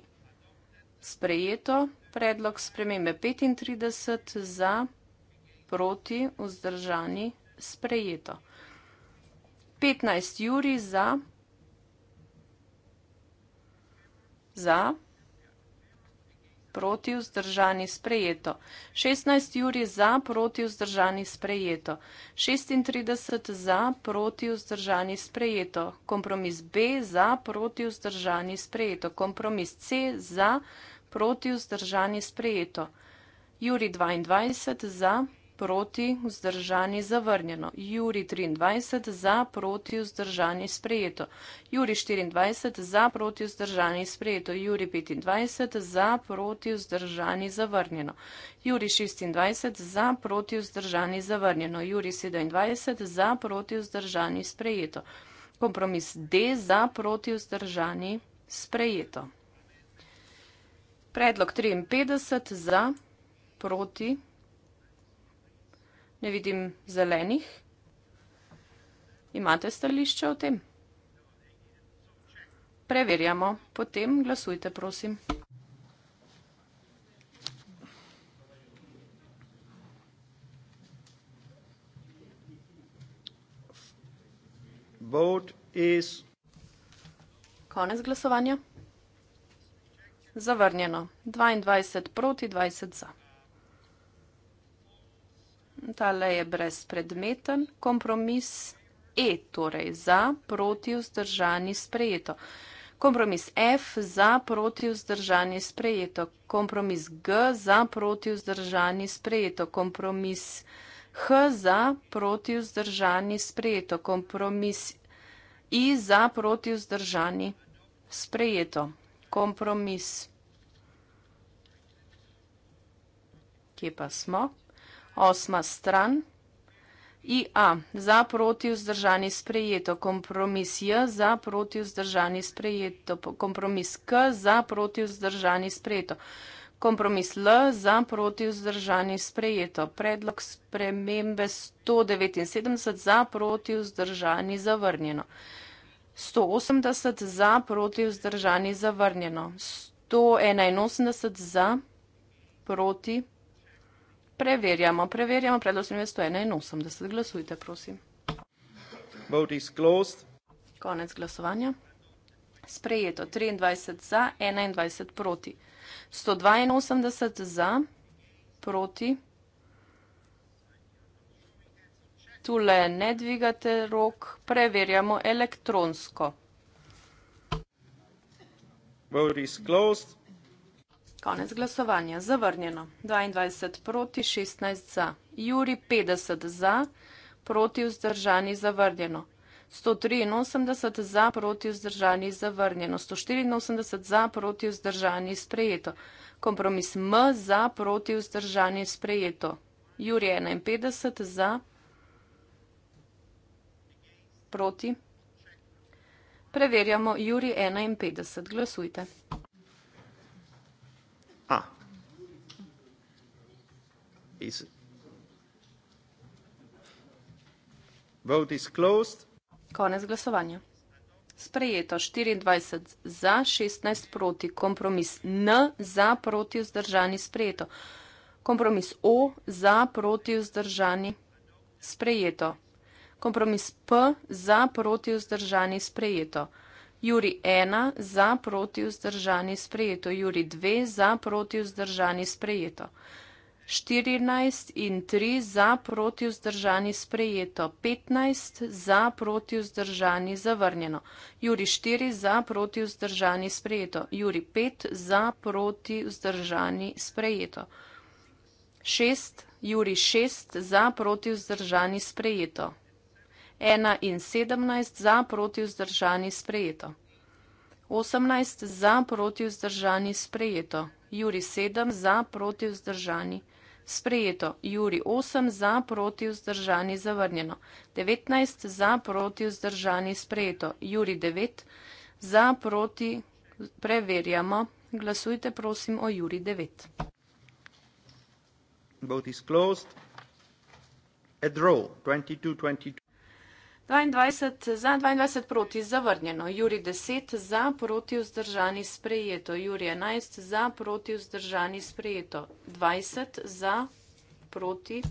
Speaker 4: sprejeto, predlog spremembe 35 za protivzdržani sprejeto. 15 juri za za, proti vzdržani sprejeto. 16 juri za, proti vzdržani sprejeto. 36 za, proti vzdržani sprejeto. Kompromis B za, proti vzdržani sprejeto. Kompromis C za, proti vzdržani sprejeto. Juri 22 za, proti vzdržani sprejeto proti, vzdržani, zavrnjeno. Juri 23, za, proti, vzdržani, sprejeto. Juri 24, za, proti, vzdržani, sprejeto. Juri 25, za, proti, vzdržani, zavrnjeno. Juri 26, za, proti, vzdržani, zavrnjeno. Juri 27, za, proti, vzdržani, sprejeto. Kompromis D, za, proti, vzdržani, sprejeto. Predlog 53 za, proti, vzdržani ne vidim zelenih. Imate stališče o tem? Preverjamo, potem glasujte, prosim. Is... Konec glasovanja. Zavrnjeno. 22 proti 20 za. Tale je brezpredmeten kompromis E, torej za, proti, vzdržani, sprejeto. Kompromis F za, proti, vzdržani, sprejeto. Kompromis G za, proti, vzdržani, sprejeto. Kompromis H za, proti, vzdržani, sprejeto. Kompromis I za, proti, vzdržani, sprejeto. Kompromis. Kje pa smo? Osma stran. IA za proti vzdržani sprejeto kompromis J za proti vzdržani sprejeto kompromis K za proti vzdržani sprejeto kompromis L za proti vzdržani sprejeto predlog spremembe 179 za proti vzdržani zavrnjeno 180 za proti vzdržani zavrnjeno 181 za proti vzdržani. Preverjamo, preverjamo, predlog sem vesto 81. Glasujte, prosim.
Speaker 1: Vote is closed.
Speaker 4: Konec glasovanja. Sprejeto 23 za, 21 proti. 182 za, proti. Tule ne dvigate rok, preverjamo elektronsko.
Speaker 1: Vote is closed.
Speaker 4: Konec glasovanja. Zavrnjeno. 22 proti, 16 za. Juri 50 za, proti vzdržani zavrnjeno. 183 za, proti vzdržani zavrnjeno. 184 za, proti vzdržani sprejeto. Kompromis M za, proti vzdržani sprejeto. Juri 51 za, proti. Preverjamo Juri 51. Glasujte.
Speaker 1: is. Vote is closed.
Speaker 4: Konec glasovanja. Sprejeto 24 za, 16 proti, kompromis N za, proti vzdržani, sprejeto. Kompromis O za, proti vzdržani, sprejeto. Kompromis P za, proti vzdržani, sprejeto. Juri 1 za, proti vzdržani, sprejeto. Juri 2 za, proti vzdržani, sprejeto štirinajst in tri za, proti vzdržani sprejeto, petnajst za, proti vzdržani zavrnjeno, Juri štiri za, proti vzdržani sprejeto, Juri pet za, proti vzdržani sprejeto, šest, Juri šest za, proti vzdržani sprejeto, ena in sedemnajst za, proti vzdržani sprejeto, osemnajst za, proti vzdržani sprejeto, Juri sedem za, proti vzdržani sprejeto sprejeto, Juri 8 za, proti vzdržani zavrnjeno, 19 za, proti vzdržani sprejeto, Juri 9 za, proti preverjamo, glasujte prosim o Juri 9.
Speaker 1: Vote is closed. A draw, 22, 22.
Speaker 4: 22, za 22 proti zavrnjeno, Juri 10 za proti vzdržani sprejeto, Juri 11 za proti vzdržani sprejeto, 20 za proti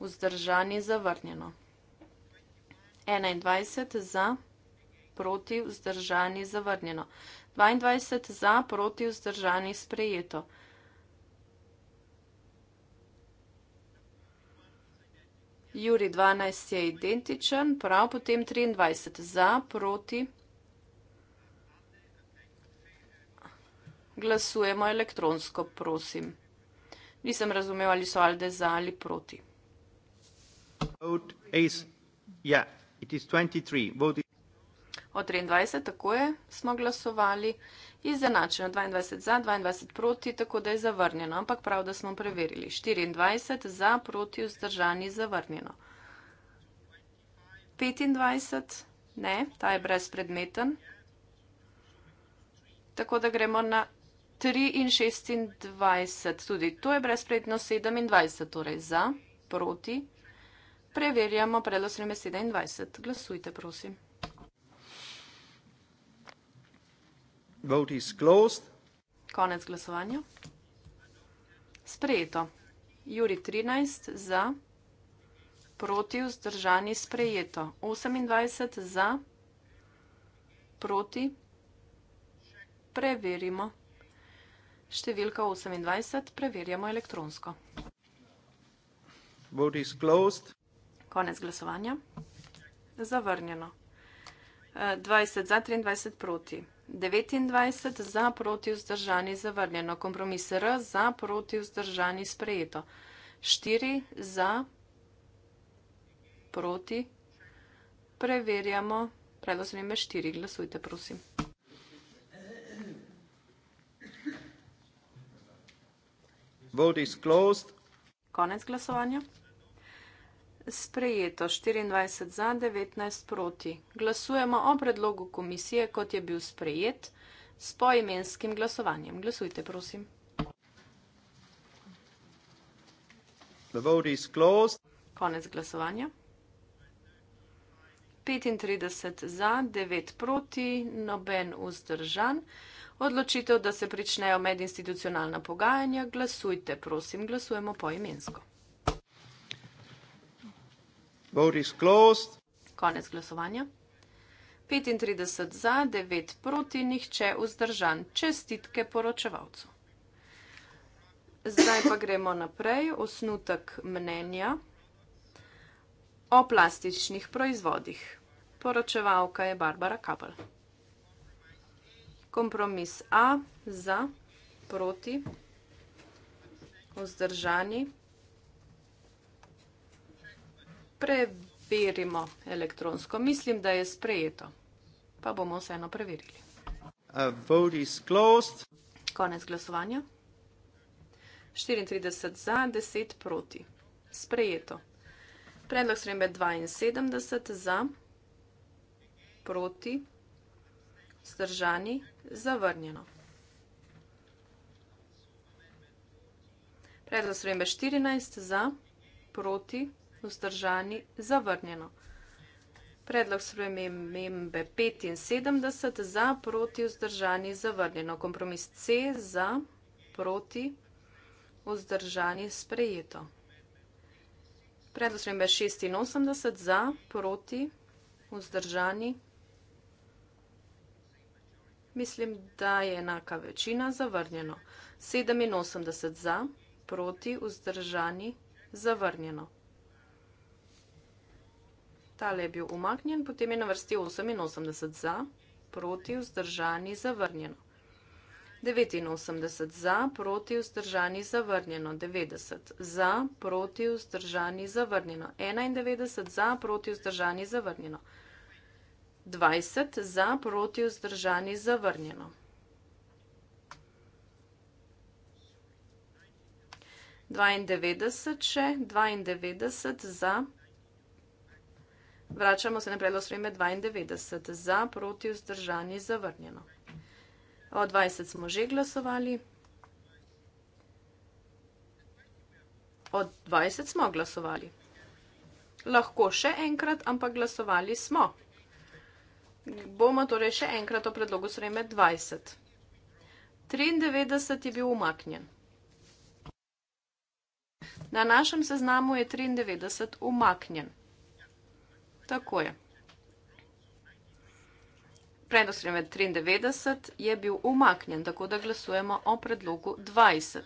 Speaker 4: vzdržani zavrnjeno, 21 za proti vzdržani zavrnjeno, 22 za proti vzdržani sprejeto. Juri 12 je identičen, prav potem 23 za, proti. Glasujemo elektronsko, prosim. Nisem razumel, ali so alde za ali proti.
Speaker 1: Is, yeah, is 23.
Speaker 4: O 23, tako je, smo glasovali izenačeno 22 za, 22 proti, tako da je zavrnjeno, ampak prav, da smo preverili. 24 za, proti, vzdržani, zavrnjeno. 25, ne, ta je brezpredmeten. Tako da gremo na 3 in 26, tudi to je brezpredno 27, torej za, proti. Preverjamo predlog 27. Glasujte, prosim.
Speaker 1: Vote is closed.
Speaker 4: Konec glasovanja. Sprejeto. Juri 13 za, proti vzdržani sprejeto. 28 za, proti, preverimo. Številka 28 preverjamo elektronsko.
Speaker 1: Vote is closed.
Speaker 4: Konec glasovanja. Zavrnjeno. 20 eh, za, 23 proti. 29 za, proti vzdržani zavrnjeno. Kompromis R za, proti vzdržani sprejeto. 4 za, proti. Preverjamo. Predlog se ime 4. Glasujte, prosim.
Speaker 1: Vote is closed.
Speaker 4: Konec glasovanja. Sprejeto 24 za 19 proti. Glasujemo o predlogu komisije, kot je bil sprejet, s poimenskim glasovanjem. Glasujte, prosim. Konec glasovanja. 35 za, 9 proti, noben vzdržan. Odločitev, da se pričnejo medinstitucionalna pogajanja. Glasujte, prosim, glasujemo poimensko. Konec glasovanja. 35 za, 9 proti, nihče vzdržan. Čestitke poročevalcu. Zdaj pa gremo naprej. Osnutek mnenja o plastičnih proizvodih. Poročevalka je Barbara Kapel. Kompromis A za, proti, vzdržani preverimo elektronsko. Mislim, da je sprejeto. Pa bomo vseeno preverili. Konec glasovanja. 34 za, 10 proti. Sprejeto. Predlog srembe 72 za, proti, zdržani, zavrnjeno. Predlog srembe 14 za, proti, zdržani vzdržani zavrnjeno. Predlog spremembe 75 za proti vzdržani zavrnjeno. Kompromis C za proti vzdržani sprejeto. Predlog spremembe 86 za proti vzdržani. Mislim, da je enaka večina zavrnjeno. 87 za proti vzdržani zavrnjeno tale je bil umaknjen, potem je na vrsti 88 za, proti, vzdržani, zavrnjeno. 89 za, proti, vzdržani, zavrnjeno. 90 za, proti, vzdržani, zavrnjeno. 91 za, proti, vzdržani, zavrnjeno. 20 za, proti, vzdržani, zavrnjeno. 92 še, 92 za, proti, vzdržani, zavrnjeno. Vračamo se na predlog sprejme 92. Za, proti, vzdržani, zavrnjeno. O 20 smo že glasovali. O 20 smo glasovali. Lahko še enkrat, ampak glasovali smo. Bomo torej še enkrat o predlogu sprejme 20. 93 je bil umaknjen. Na našem seznamu je 93 umaknjen. Tako je. Predlog spremembe 93 je bil umaknjen, tako da glasujemo o predlogu 20.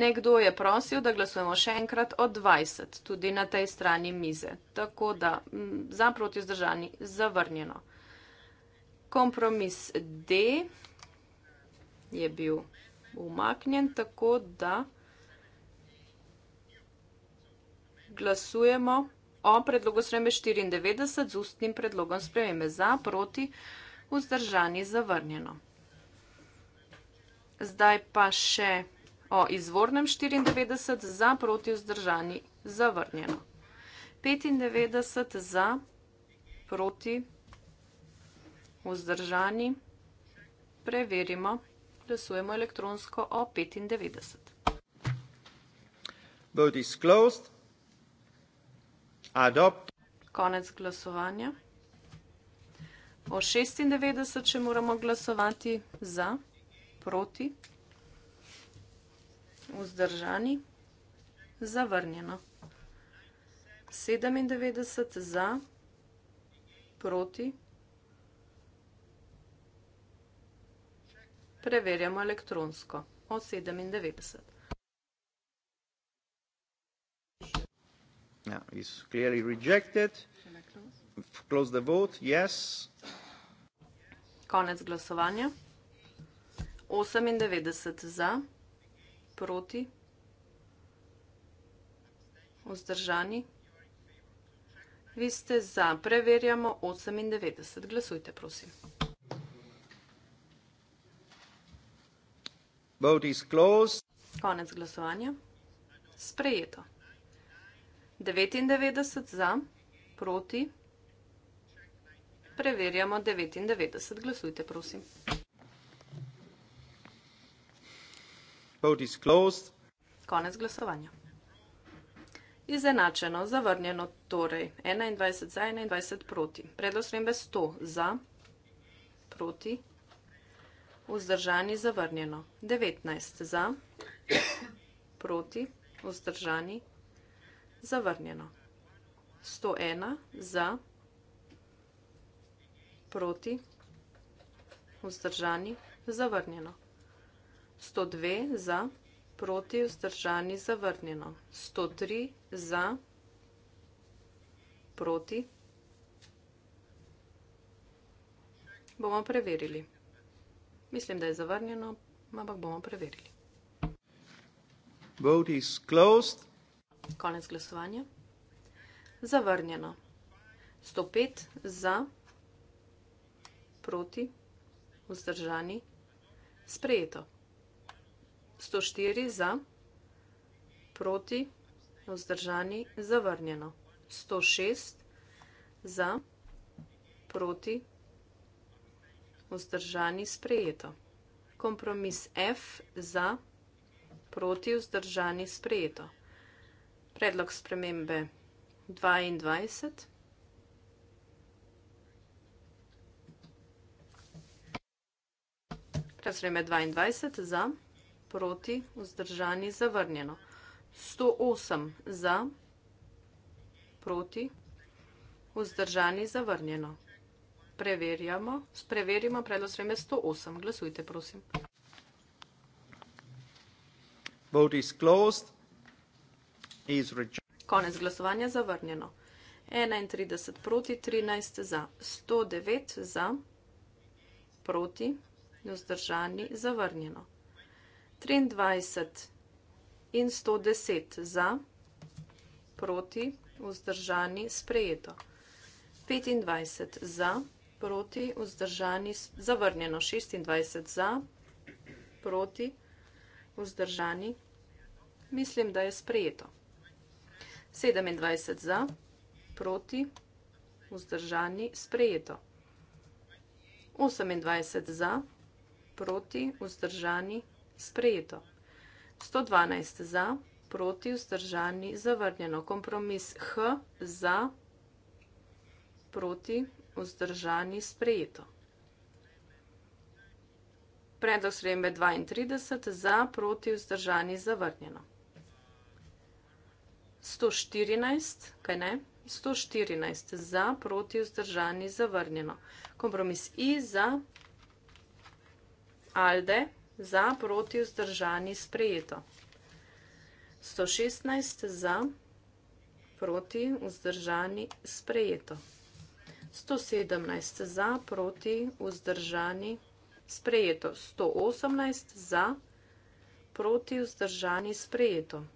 Speaker 4: Nekdo je prosil, da glasujemo še enkrat o 20, tudi na tej strani mize. Tako da za proti zdržani zavrnjeno. Kompromis D je bil umaknjen, tako da glasujemo o predlogu spreme 94 z ustnim predlogom spreme za, proti, vzdržani, zavrnjeno. Zdaj pa še o izvornem 94 za, proti, vzdržani, zavrnjeno. 95 za, proti, vzdržani, preverimo, glasujemo elektronsko o 95.
Speaker 1: Vote is closed. Adopt.
Speaker 4: Konec glasovanja. O 96, če moramo glasovati za, proti, vzdržani, zavrnjeno. 97 za, proti. Preverjamo elektronsko. O 97.
Speaker 6: Yeah, is
Speaker 1: clearly rejected. Close? close the vote. Yes.
Speaker 4: Konec glasovanja. 98 za, proti, vzdržani. Vi ste za, preverjamo 98. Glasujte, prosim.
Speaker 1: Vote is closed.
Speaker 4: Konec glasovanja. Sprejeto. 99 za, proti. Preverjamo 99. Glasujte, prosim. Konec glasovanja. Izenačeno, zavrnjeno torej 21 za, 21 proti. Predlog srembe 100 za, proti. Vzdržani zavrnjeno 19 za, proti. Vzdržani 19 zavrnjeno. 101 za, proti, vzdržani, zavrnjeno. 102 za, proti, vzdržani, zavrnjeno. 103 za, proti, bomo preverili. Mislim, da je zavrnjeno, ampak bomo preverili.
Speaker 1: Vote is closed.
Speaker 4: Konec glasovanja. Zavrnjeno. 105 za, proti, vzdržani, sprejeto. 104 za, proti, vzdržani, zavrnjeno. 106 za, proti, vzdržani, sprejeto. Kompromis F za, proti, vzdržani, sprejeto predlog spremembe 22. Razreme 22 za, proti, vzdržani, zavrnjeno. 108 za, proti, vzdržani, zavrnjeno. Preverjamo, spreverimo predlog sreme 108. Glasujte, prosim.
Speaker 1: Vote is closed.
Speaker 4: Konec glasovanja zavrnjeno. 31 proti 13 za, 109 za, proti, vzdržani, zavrnjeno. 23 in 110 za, proti, vzdržani, sprejeto. 25 za, proti, vzdržani, zavrnjeno. 26 za, proti, vzdržani, mislim, da je sprejeto. 27 za, proti, vzdržani, sprejeto. 28 za, proti, vzdržani, sprejeto. 112 za, proti, vzdržani, zavrnjeno. Kompromis H za, proti, vzdržani, sprejeto. Predlog sredembe 32 za, proti, vzdržani, zavrnjeno. 114, kaj ne? 114 za, proti, vzdržani, zavrnjeno. Kompromis I za, ALDE, za, proti, vzdržani, sprejeto. 116 za, proti, vzdržani, sprejeto. 117 za, proti, vzdržani, sprejeto. 118 za, proti, vzdržani, sprejeto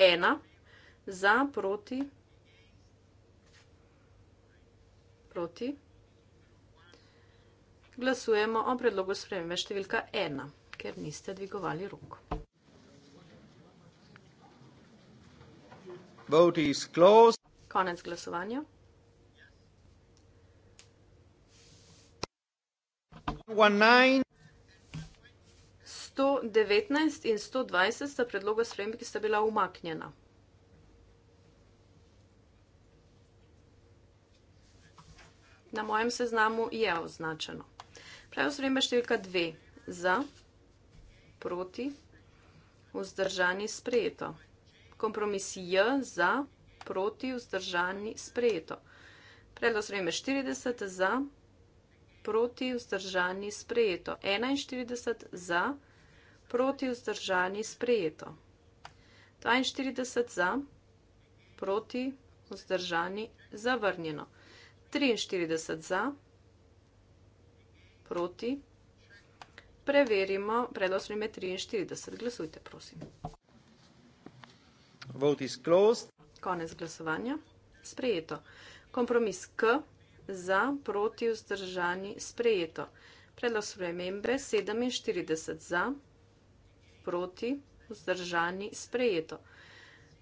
Speaker 4: ena, za, proti, proti, glasujemo o predlogu spremembe številka ena, ker niste dvigovali rok.
Speaker 1: Vote is closed.
Speaker 4: Konec glasovanja. One nine. 119 in 120 sta predloga sprejem, ki sta bila umaknjena. Na mojem seznamu je označeno. Pravo sprejemba številka 2 za, proti, vzdržani sprejeto. Kompromis J za, proti, vzdržani sprejeto. Predlog sprejeme 40 za, proti, vzdržani sprejeto. 41 za, proti, vzdržani sprejeto proti vzdržani sprejeto. 42 za, proti vzdržani zavrnjeno. 43 za, proti. Preverimo predlog sprejme 43. Glasujte, prosim.
Speaker 1: Vote is closed.
Speaker 4: Konec glasovanja. Sprejeto. Kompromis K za, proti vzdržani sprejeto. Predlog sprejme 47 za, proti vzdržani zavrnjeno proti, vzdržani, sprejeto.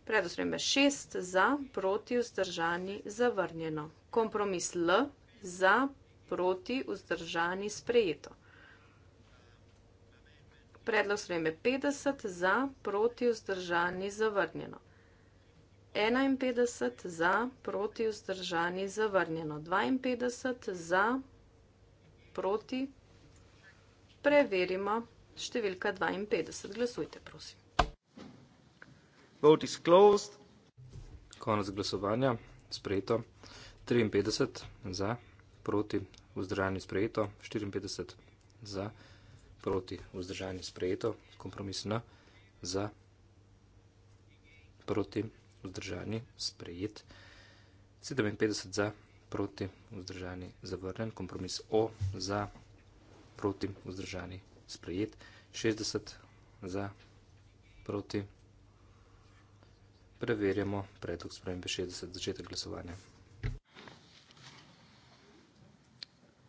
Speaker 4: Predosprejme 6 za, proti, vzdržani, zavrnjeno. Kompromis L za, proti, vzdržani, sprejeto. Predlog sprejme 50 za, proti, vzdržani, zavrnjeno. 51 za, proti, vzdržani, zavrnjeno. 52 za, proti, preverimo številka 52. Glasujte, prosim.
Speaker 2: Vote is closed. Konec glasovanja. Sprejeto. 53 za, proti, vzdržanje sprejeto. 54 za, proti, vzdržanje sprejeto. Kompromis na, za, proti, vzdržanje sprejet. 57 za, proti, vzdržanje zavrnen. Kompromis o, za, proti, vzdržanje sprejeto sprejet, 60 za proti. Preverjamo predlog spremembe 60 začetek glasovanja.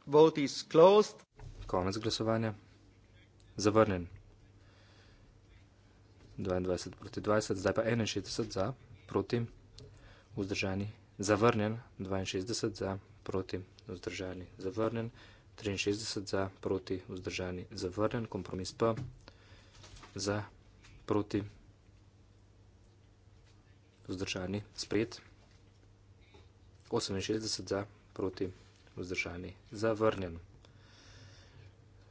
Speaker 2: Vote is closed. Konec glasovanja. Zavrnen. 22 proti 20, zdaj pa 61 za proti vzdržani. Zavrnen. 62 za proti vzdržani. Zavrnen. 63 za, proti vzdržani zavrnen, kompromis P za, proti vzdržani sprejet, 68 za, proti vzdržani zavrnjen.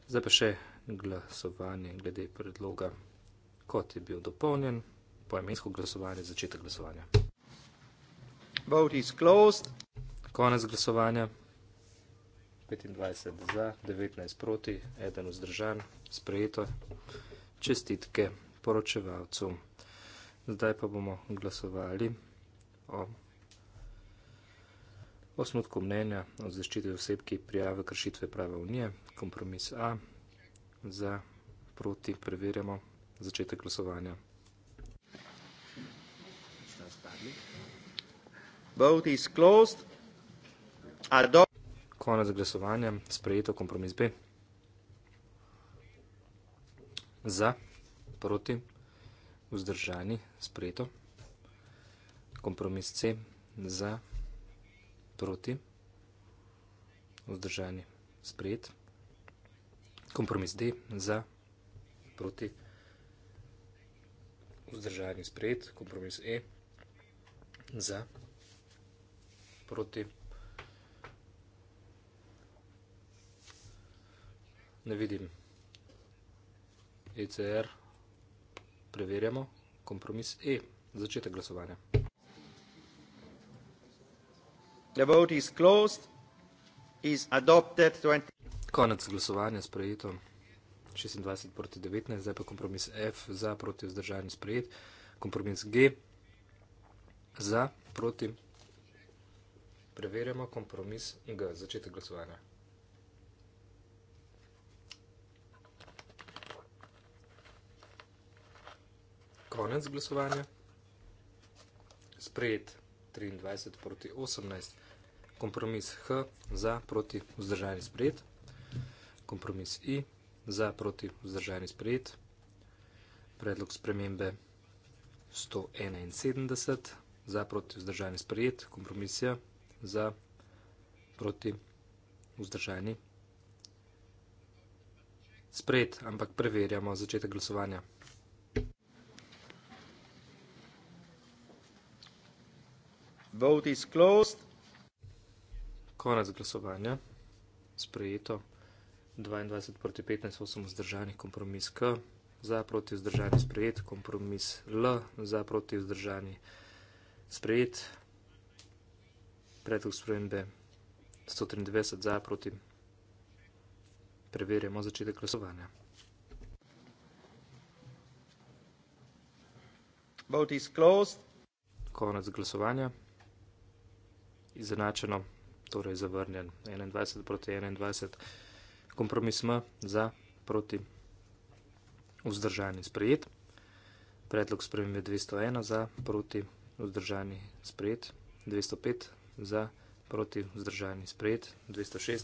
Speaker 2: Zdaj pa še glasovanje glede predloga, kot je bil dopolnjen, poemensko glasovanje, začetek glasovanja. Vote is closed. Konec glasovanja. 25 za, 19 proti, eden vzdržan, sprejeto. Čestitke poročevalcu. Zdaj pa bomo glasovali o osnutku mnenja o zaščiti oseb, ki prijave kršitve prava unije. Kompromis A za, proti, preverjamo začetek glasovanja. Vote is closed. Ardo konec glasovanja, sprejeto kompromis B. Za, proti, vzdržani, sprejeto. Kompromis C, za, proti, vzdržani, sprejet. Kompromis D, za, proti, vzdržani, sprejet. Kompromis E, za, proti, vzdržani, sprejet. ne vidim. ECR, preverjamo, kompromis E, začetek glasovanja. The vote is closed, is adopted 20... Konec glasovanja sprejeto 26 proti 19, zdaj pa kompromis F za proti vzdržanje sprejet, kompromis G za proti, preverjamo kompromis G, začetek glasovanja. konec glasovanja. Sprejet 23 proti 18, kompromis H za proti vzdržajni sprejet, kompromis I za proti vzdržajni sprejet, predlog spremembe 171 za proti vzdržajni sprejet, kompromisija za proti vzdržajni sprejet, ampak preverjamo začetek glasovanja. Vote is closed. Konec glasovanja. Sprejeto. 22 proti 15, 8 vzdržanih, kompromis K, za proti vzdržanih sprejet, kompromis L, za proti vzdržanih sprejet, predlog spremembe 193, za proti. Preverjamo začetek glasovanja. Vote is closed. Konec glasovanja izenačeno, torej zavrnjen 21 proti 21. Kompromis M za proti vzdržani sprejet. Predlog spremembe 201 za proti vzdržani sprejet. 205 za proti vzdržani sprejet. 206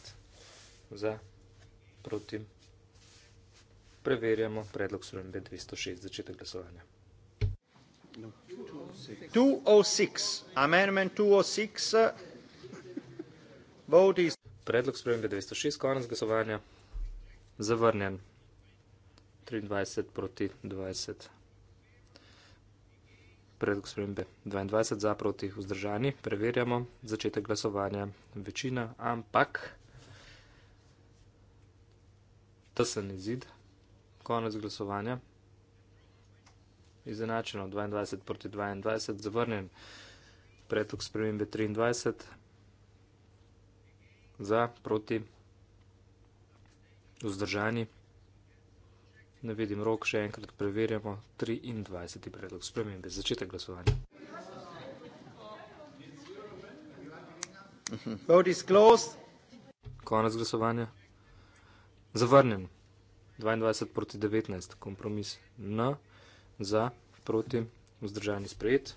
Speaker 2: za proti. Preverjamo predlog spremembe 206 začetek glasovanja. 206. Amendment 206. Is... Predlog spremembe 206, konec glasovanja, zavrnjen. 23 proti 20. Predlog spremembe 22 za proti vzdržani. Preverjamo začetek glasovanja. Večina, ampak tesen izid. Konec glasovanja izenačeno 22 proti 22, zavrnjen predlog spremembe 23 za proti vzdržani. Ne vidim rok, še enkrat preverjamo 23. predlog spremembe. Začetek glasovanja. Vote is closed. Konec glasovanja. Zavrnjen. 22 proti 19. Kompromis N. No za, proti, vzdržani sprejet,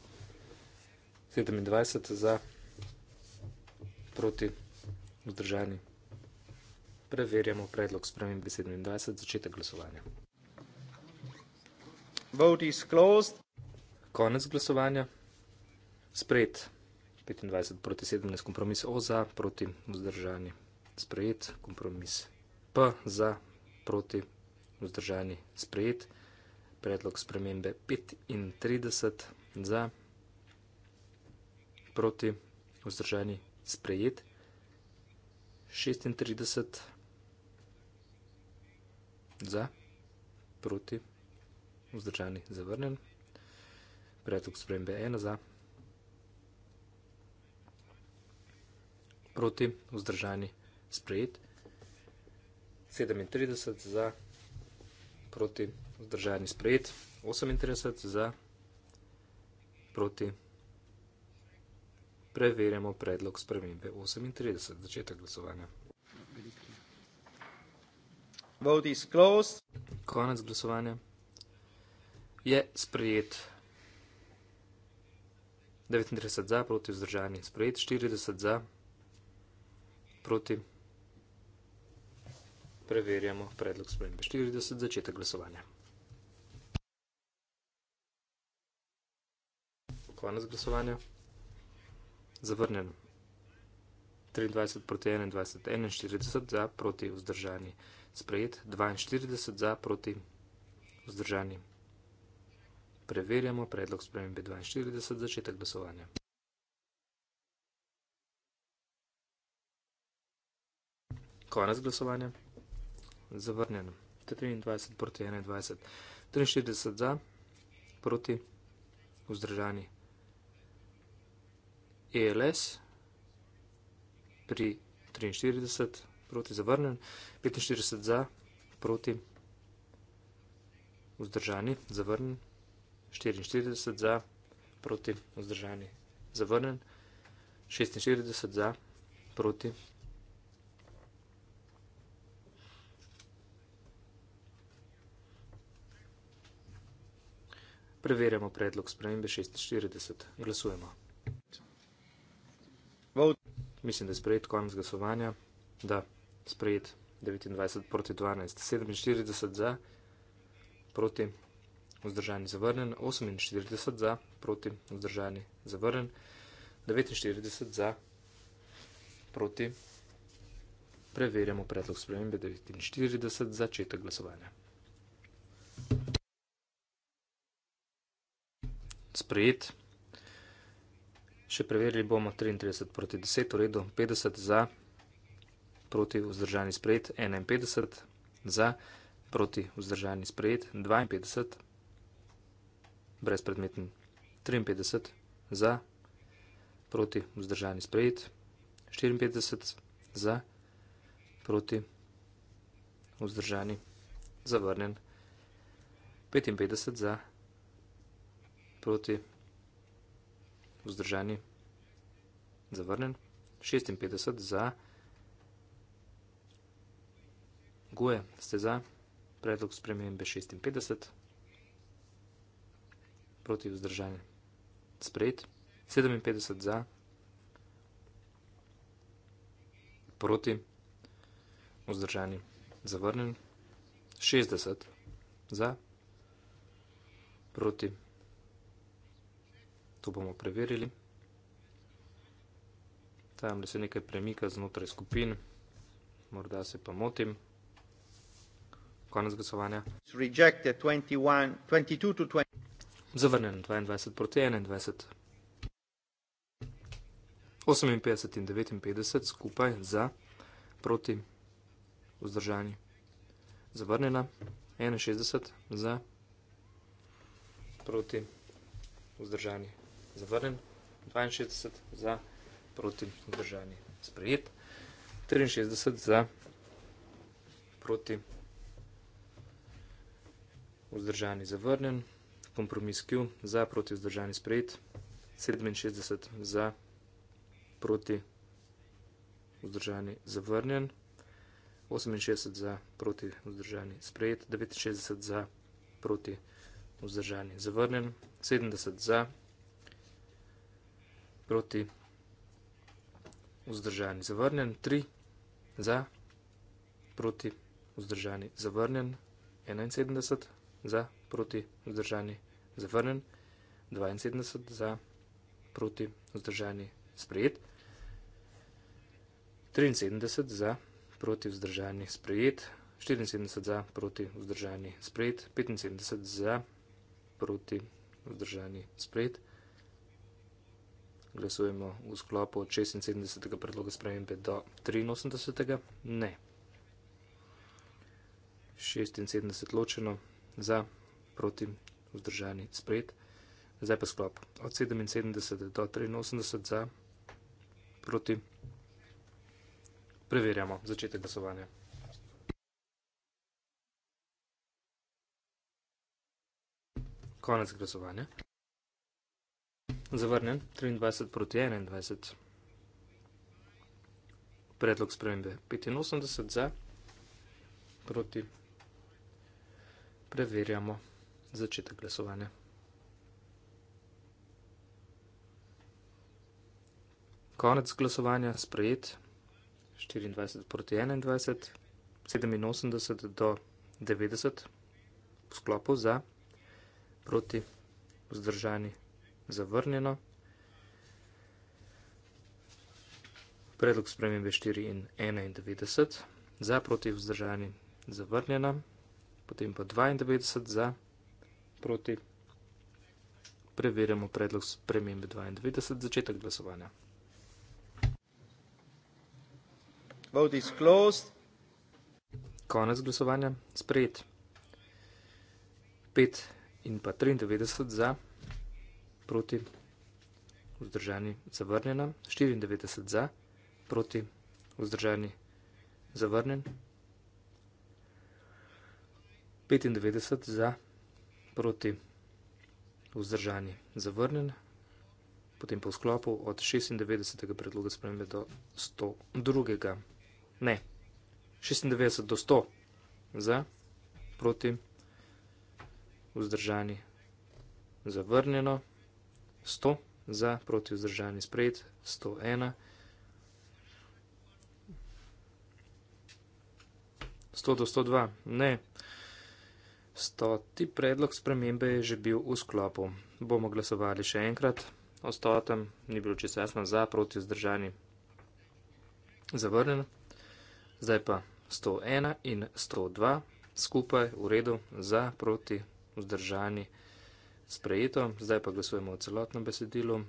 Speaker 2: 27 za, proti, vzdržani. Preverjamo predlog spremem B27, začetek glasovanja. Vote is closed. Konec glasovanja. Sprejet. 25 proti 17, kompromis O za, proti vzdržani. Sprejet. Kompromis P za, proti vzdržani. Sprejet predlog spremembe 35 za, proti, vzdržani, sprejet 36 za, proti, vzdržani, zavrnjen, predlog spremembe 1 za, proti, vzdržani, sprejet 37 za, proti, vzdržani, vzdržani sprejet 38 za proti. Preverjamo predlog spremembe 38. Začetek glasovanja. Vote is closed. Konec glasovanja. Je sprejet 39 za proti vzdržani sprejet 40 za proti. Preverjamo predlog spremembe 40. Začetek glasovanja. konec glasovanja. Zavrnjen. 23 proti 21, 41 za proti vzdržani. Sprejet 42 za proti vzdržani. Preverjamo predlog spremembe 42 začetek glasovanja. Konec glasovanja. Zavrnjen. 23 proti 21, 43 za proti vzdržani. ELS pri 43 proti zavrnen, 45 za proti vzdržani zavrnen, 44 za proti vzdržani zavrnen, 46 za proti Preverjamo predlog spremembe 46. Glasujemo vote. Mislim, da je sprejet konec glasovanja. Da, sprejet 29 proti 12, 47 za, proti vzdržani zavrnen, 48 za, proti vzdržani zavrnen, 49 za, proti. Preverjamo predlog spremembe 49 za začetek glasovanja. Sprejet. Še preverili bomo 33 proti 10, v redu 50 za, proti vzdržani sprejet 51 za, proti vzdržani sprejet 52, brezpredmeten 53 za, proti vzdržani sprejet 54 za, proti vzdržani zavrnen 55 za, proti vzdržani sprejet vzdržani, zavrnen, 56 za, guje ste za, predlog spremembe 56, proti vzdržanje, sprejet, 57 za, proti, vzdržanje, zavrnen, 60 za, proti, vzdržanje, To bomo preverili. Tam se nekaj premika znotraj skupin, morda se pa motim. Konec glasovanja. Zavrnjen 22 proti 21. 58 in 59 skupaj za, proti, vzdržani. Zavrnjena 61 za, proti, vzdržani zavrnjen, 62 za proti držanje sprejet, 63 za proti vzdržanje zavrnjen, kompromis Q za proti vzdržanje sprejet, 67 za proti vzdržanje zavrnjen, 68 za proti vzdržanje sprejet, 69 za proti vzdržanje zavrnjen, 70 za proti vzdržanje sprejet, proti, vzdržani, zavrnjen, tri, za, proti, vzdržani, zavrnjen, 71, za, proti, vzdržani, zavrnjen, 72, za, proti, vzdržani, sprejet, 73, za, proti, vzdržani, sprejet, 74, za, proti, vzdržani, sprejet, 75, za, proti, vzdržani, sprejet, glasujemo v sklopu 76. predloga spremembe do 83. Ne. 76 ločeno za, proti, vzdržani, spred. Zdaj pa sklop od 77 do 83 za, proti. Preverjamo začetek glasovanja. Konec glasovanja. Zavrnjen 23 proti 21. Predlog spremembe 85 za proti. Preverjamo začetek glasovanja. Konec glasovanja sprejet 24 proti 21, 87 do 90 v sklopu za proti vzdržani zavrnjeno. Predlog spremembe 4 in 91 za proti vzdržani zavrnjena, potem pa 92 za proti. Preverjamo predlog spremembe 92, začetek glasovanja. Vote is closed. Konec glasovanja, sprejet. 5 in pa 93 za proti, vzdržani, zavrnjena, 94 za, proti, vzdržani, zavrnjen, 95 za, proti, vzdržani, zavrnjen, potem pa v sklopu od 96. predloga spremembe do 102. Ne, 96 do 100 za, proti, vzdržani, zavrnjeno. 100 za, proti vzdržanje sprejet 101, 100 do 102, ne. Stoti predlog spremembe je že bil v sklopu. Bomo glasovali še enkrat. O stotem ni bilo čisto jasno za, proti vzdržanje zavrnjeno. Zdaj pa 101 in 102 skupaj v redu za, proti vzdržanje zavrnjeno sprejeto, zdaj pa glasujemo o celotnem besedilu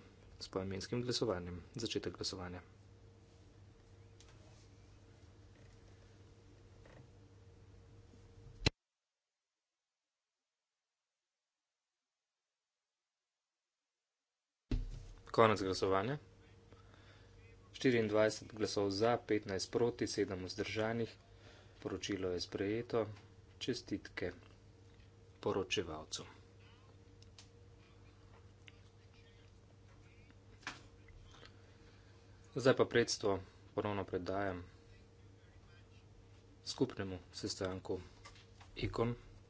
Speaker 2: s poimenskim glasovanjem. Začetek glasovanja. Konec glasovanja. 24 glasov za, 15 proti, 7 vzdržanih. Poročilo je sprejeto. Čestitke poročevalcu. Zdaj pa predstvo ponovno predajam skupnemu sestanku ikon.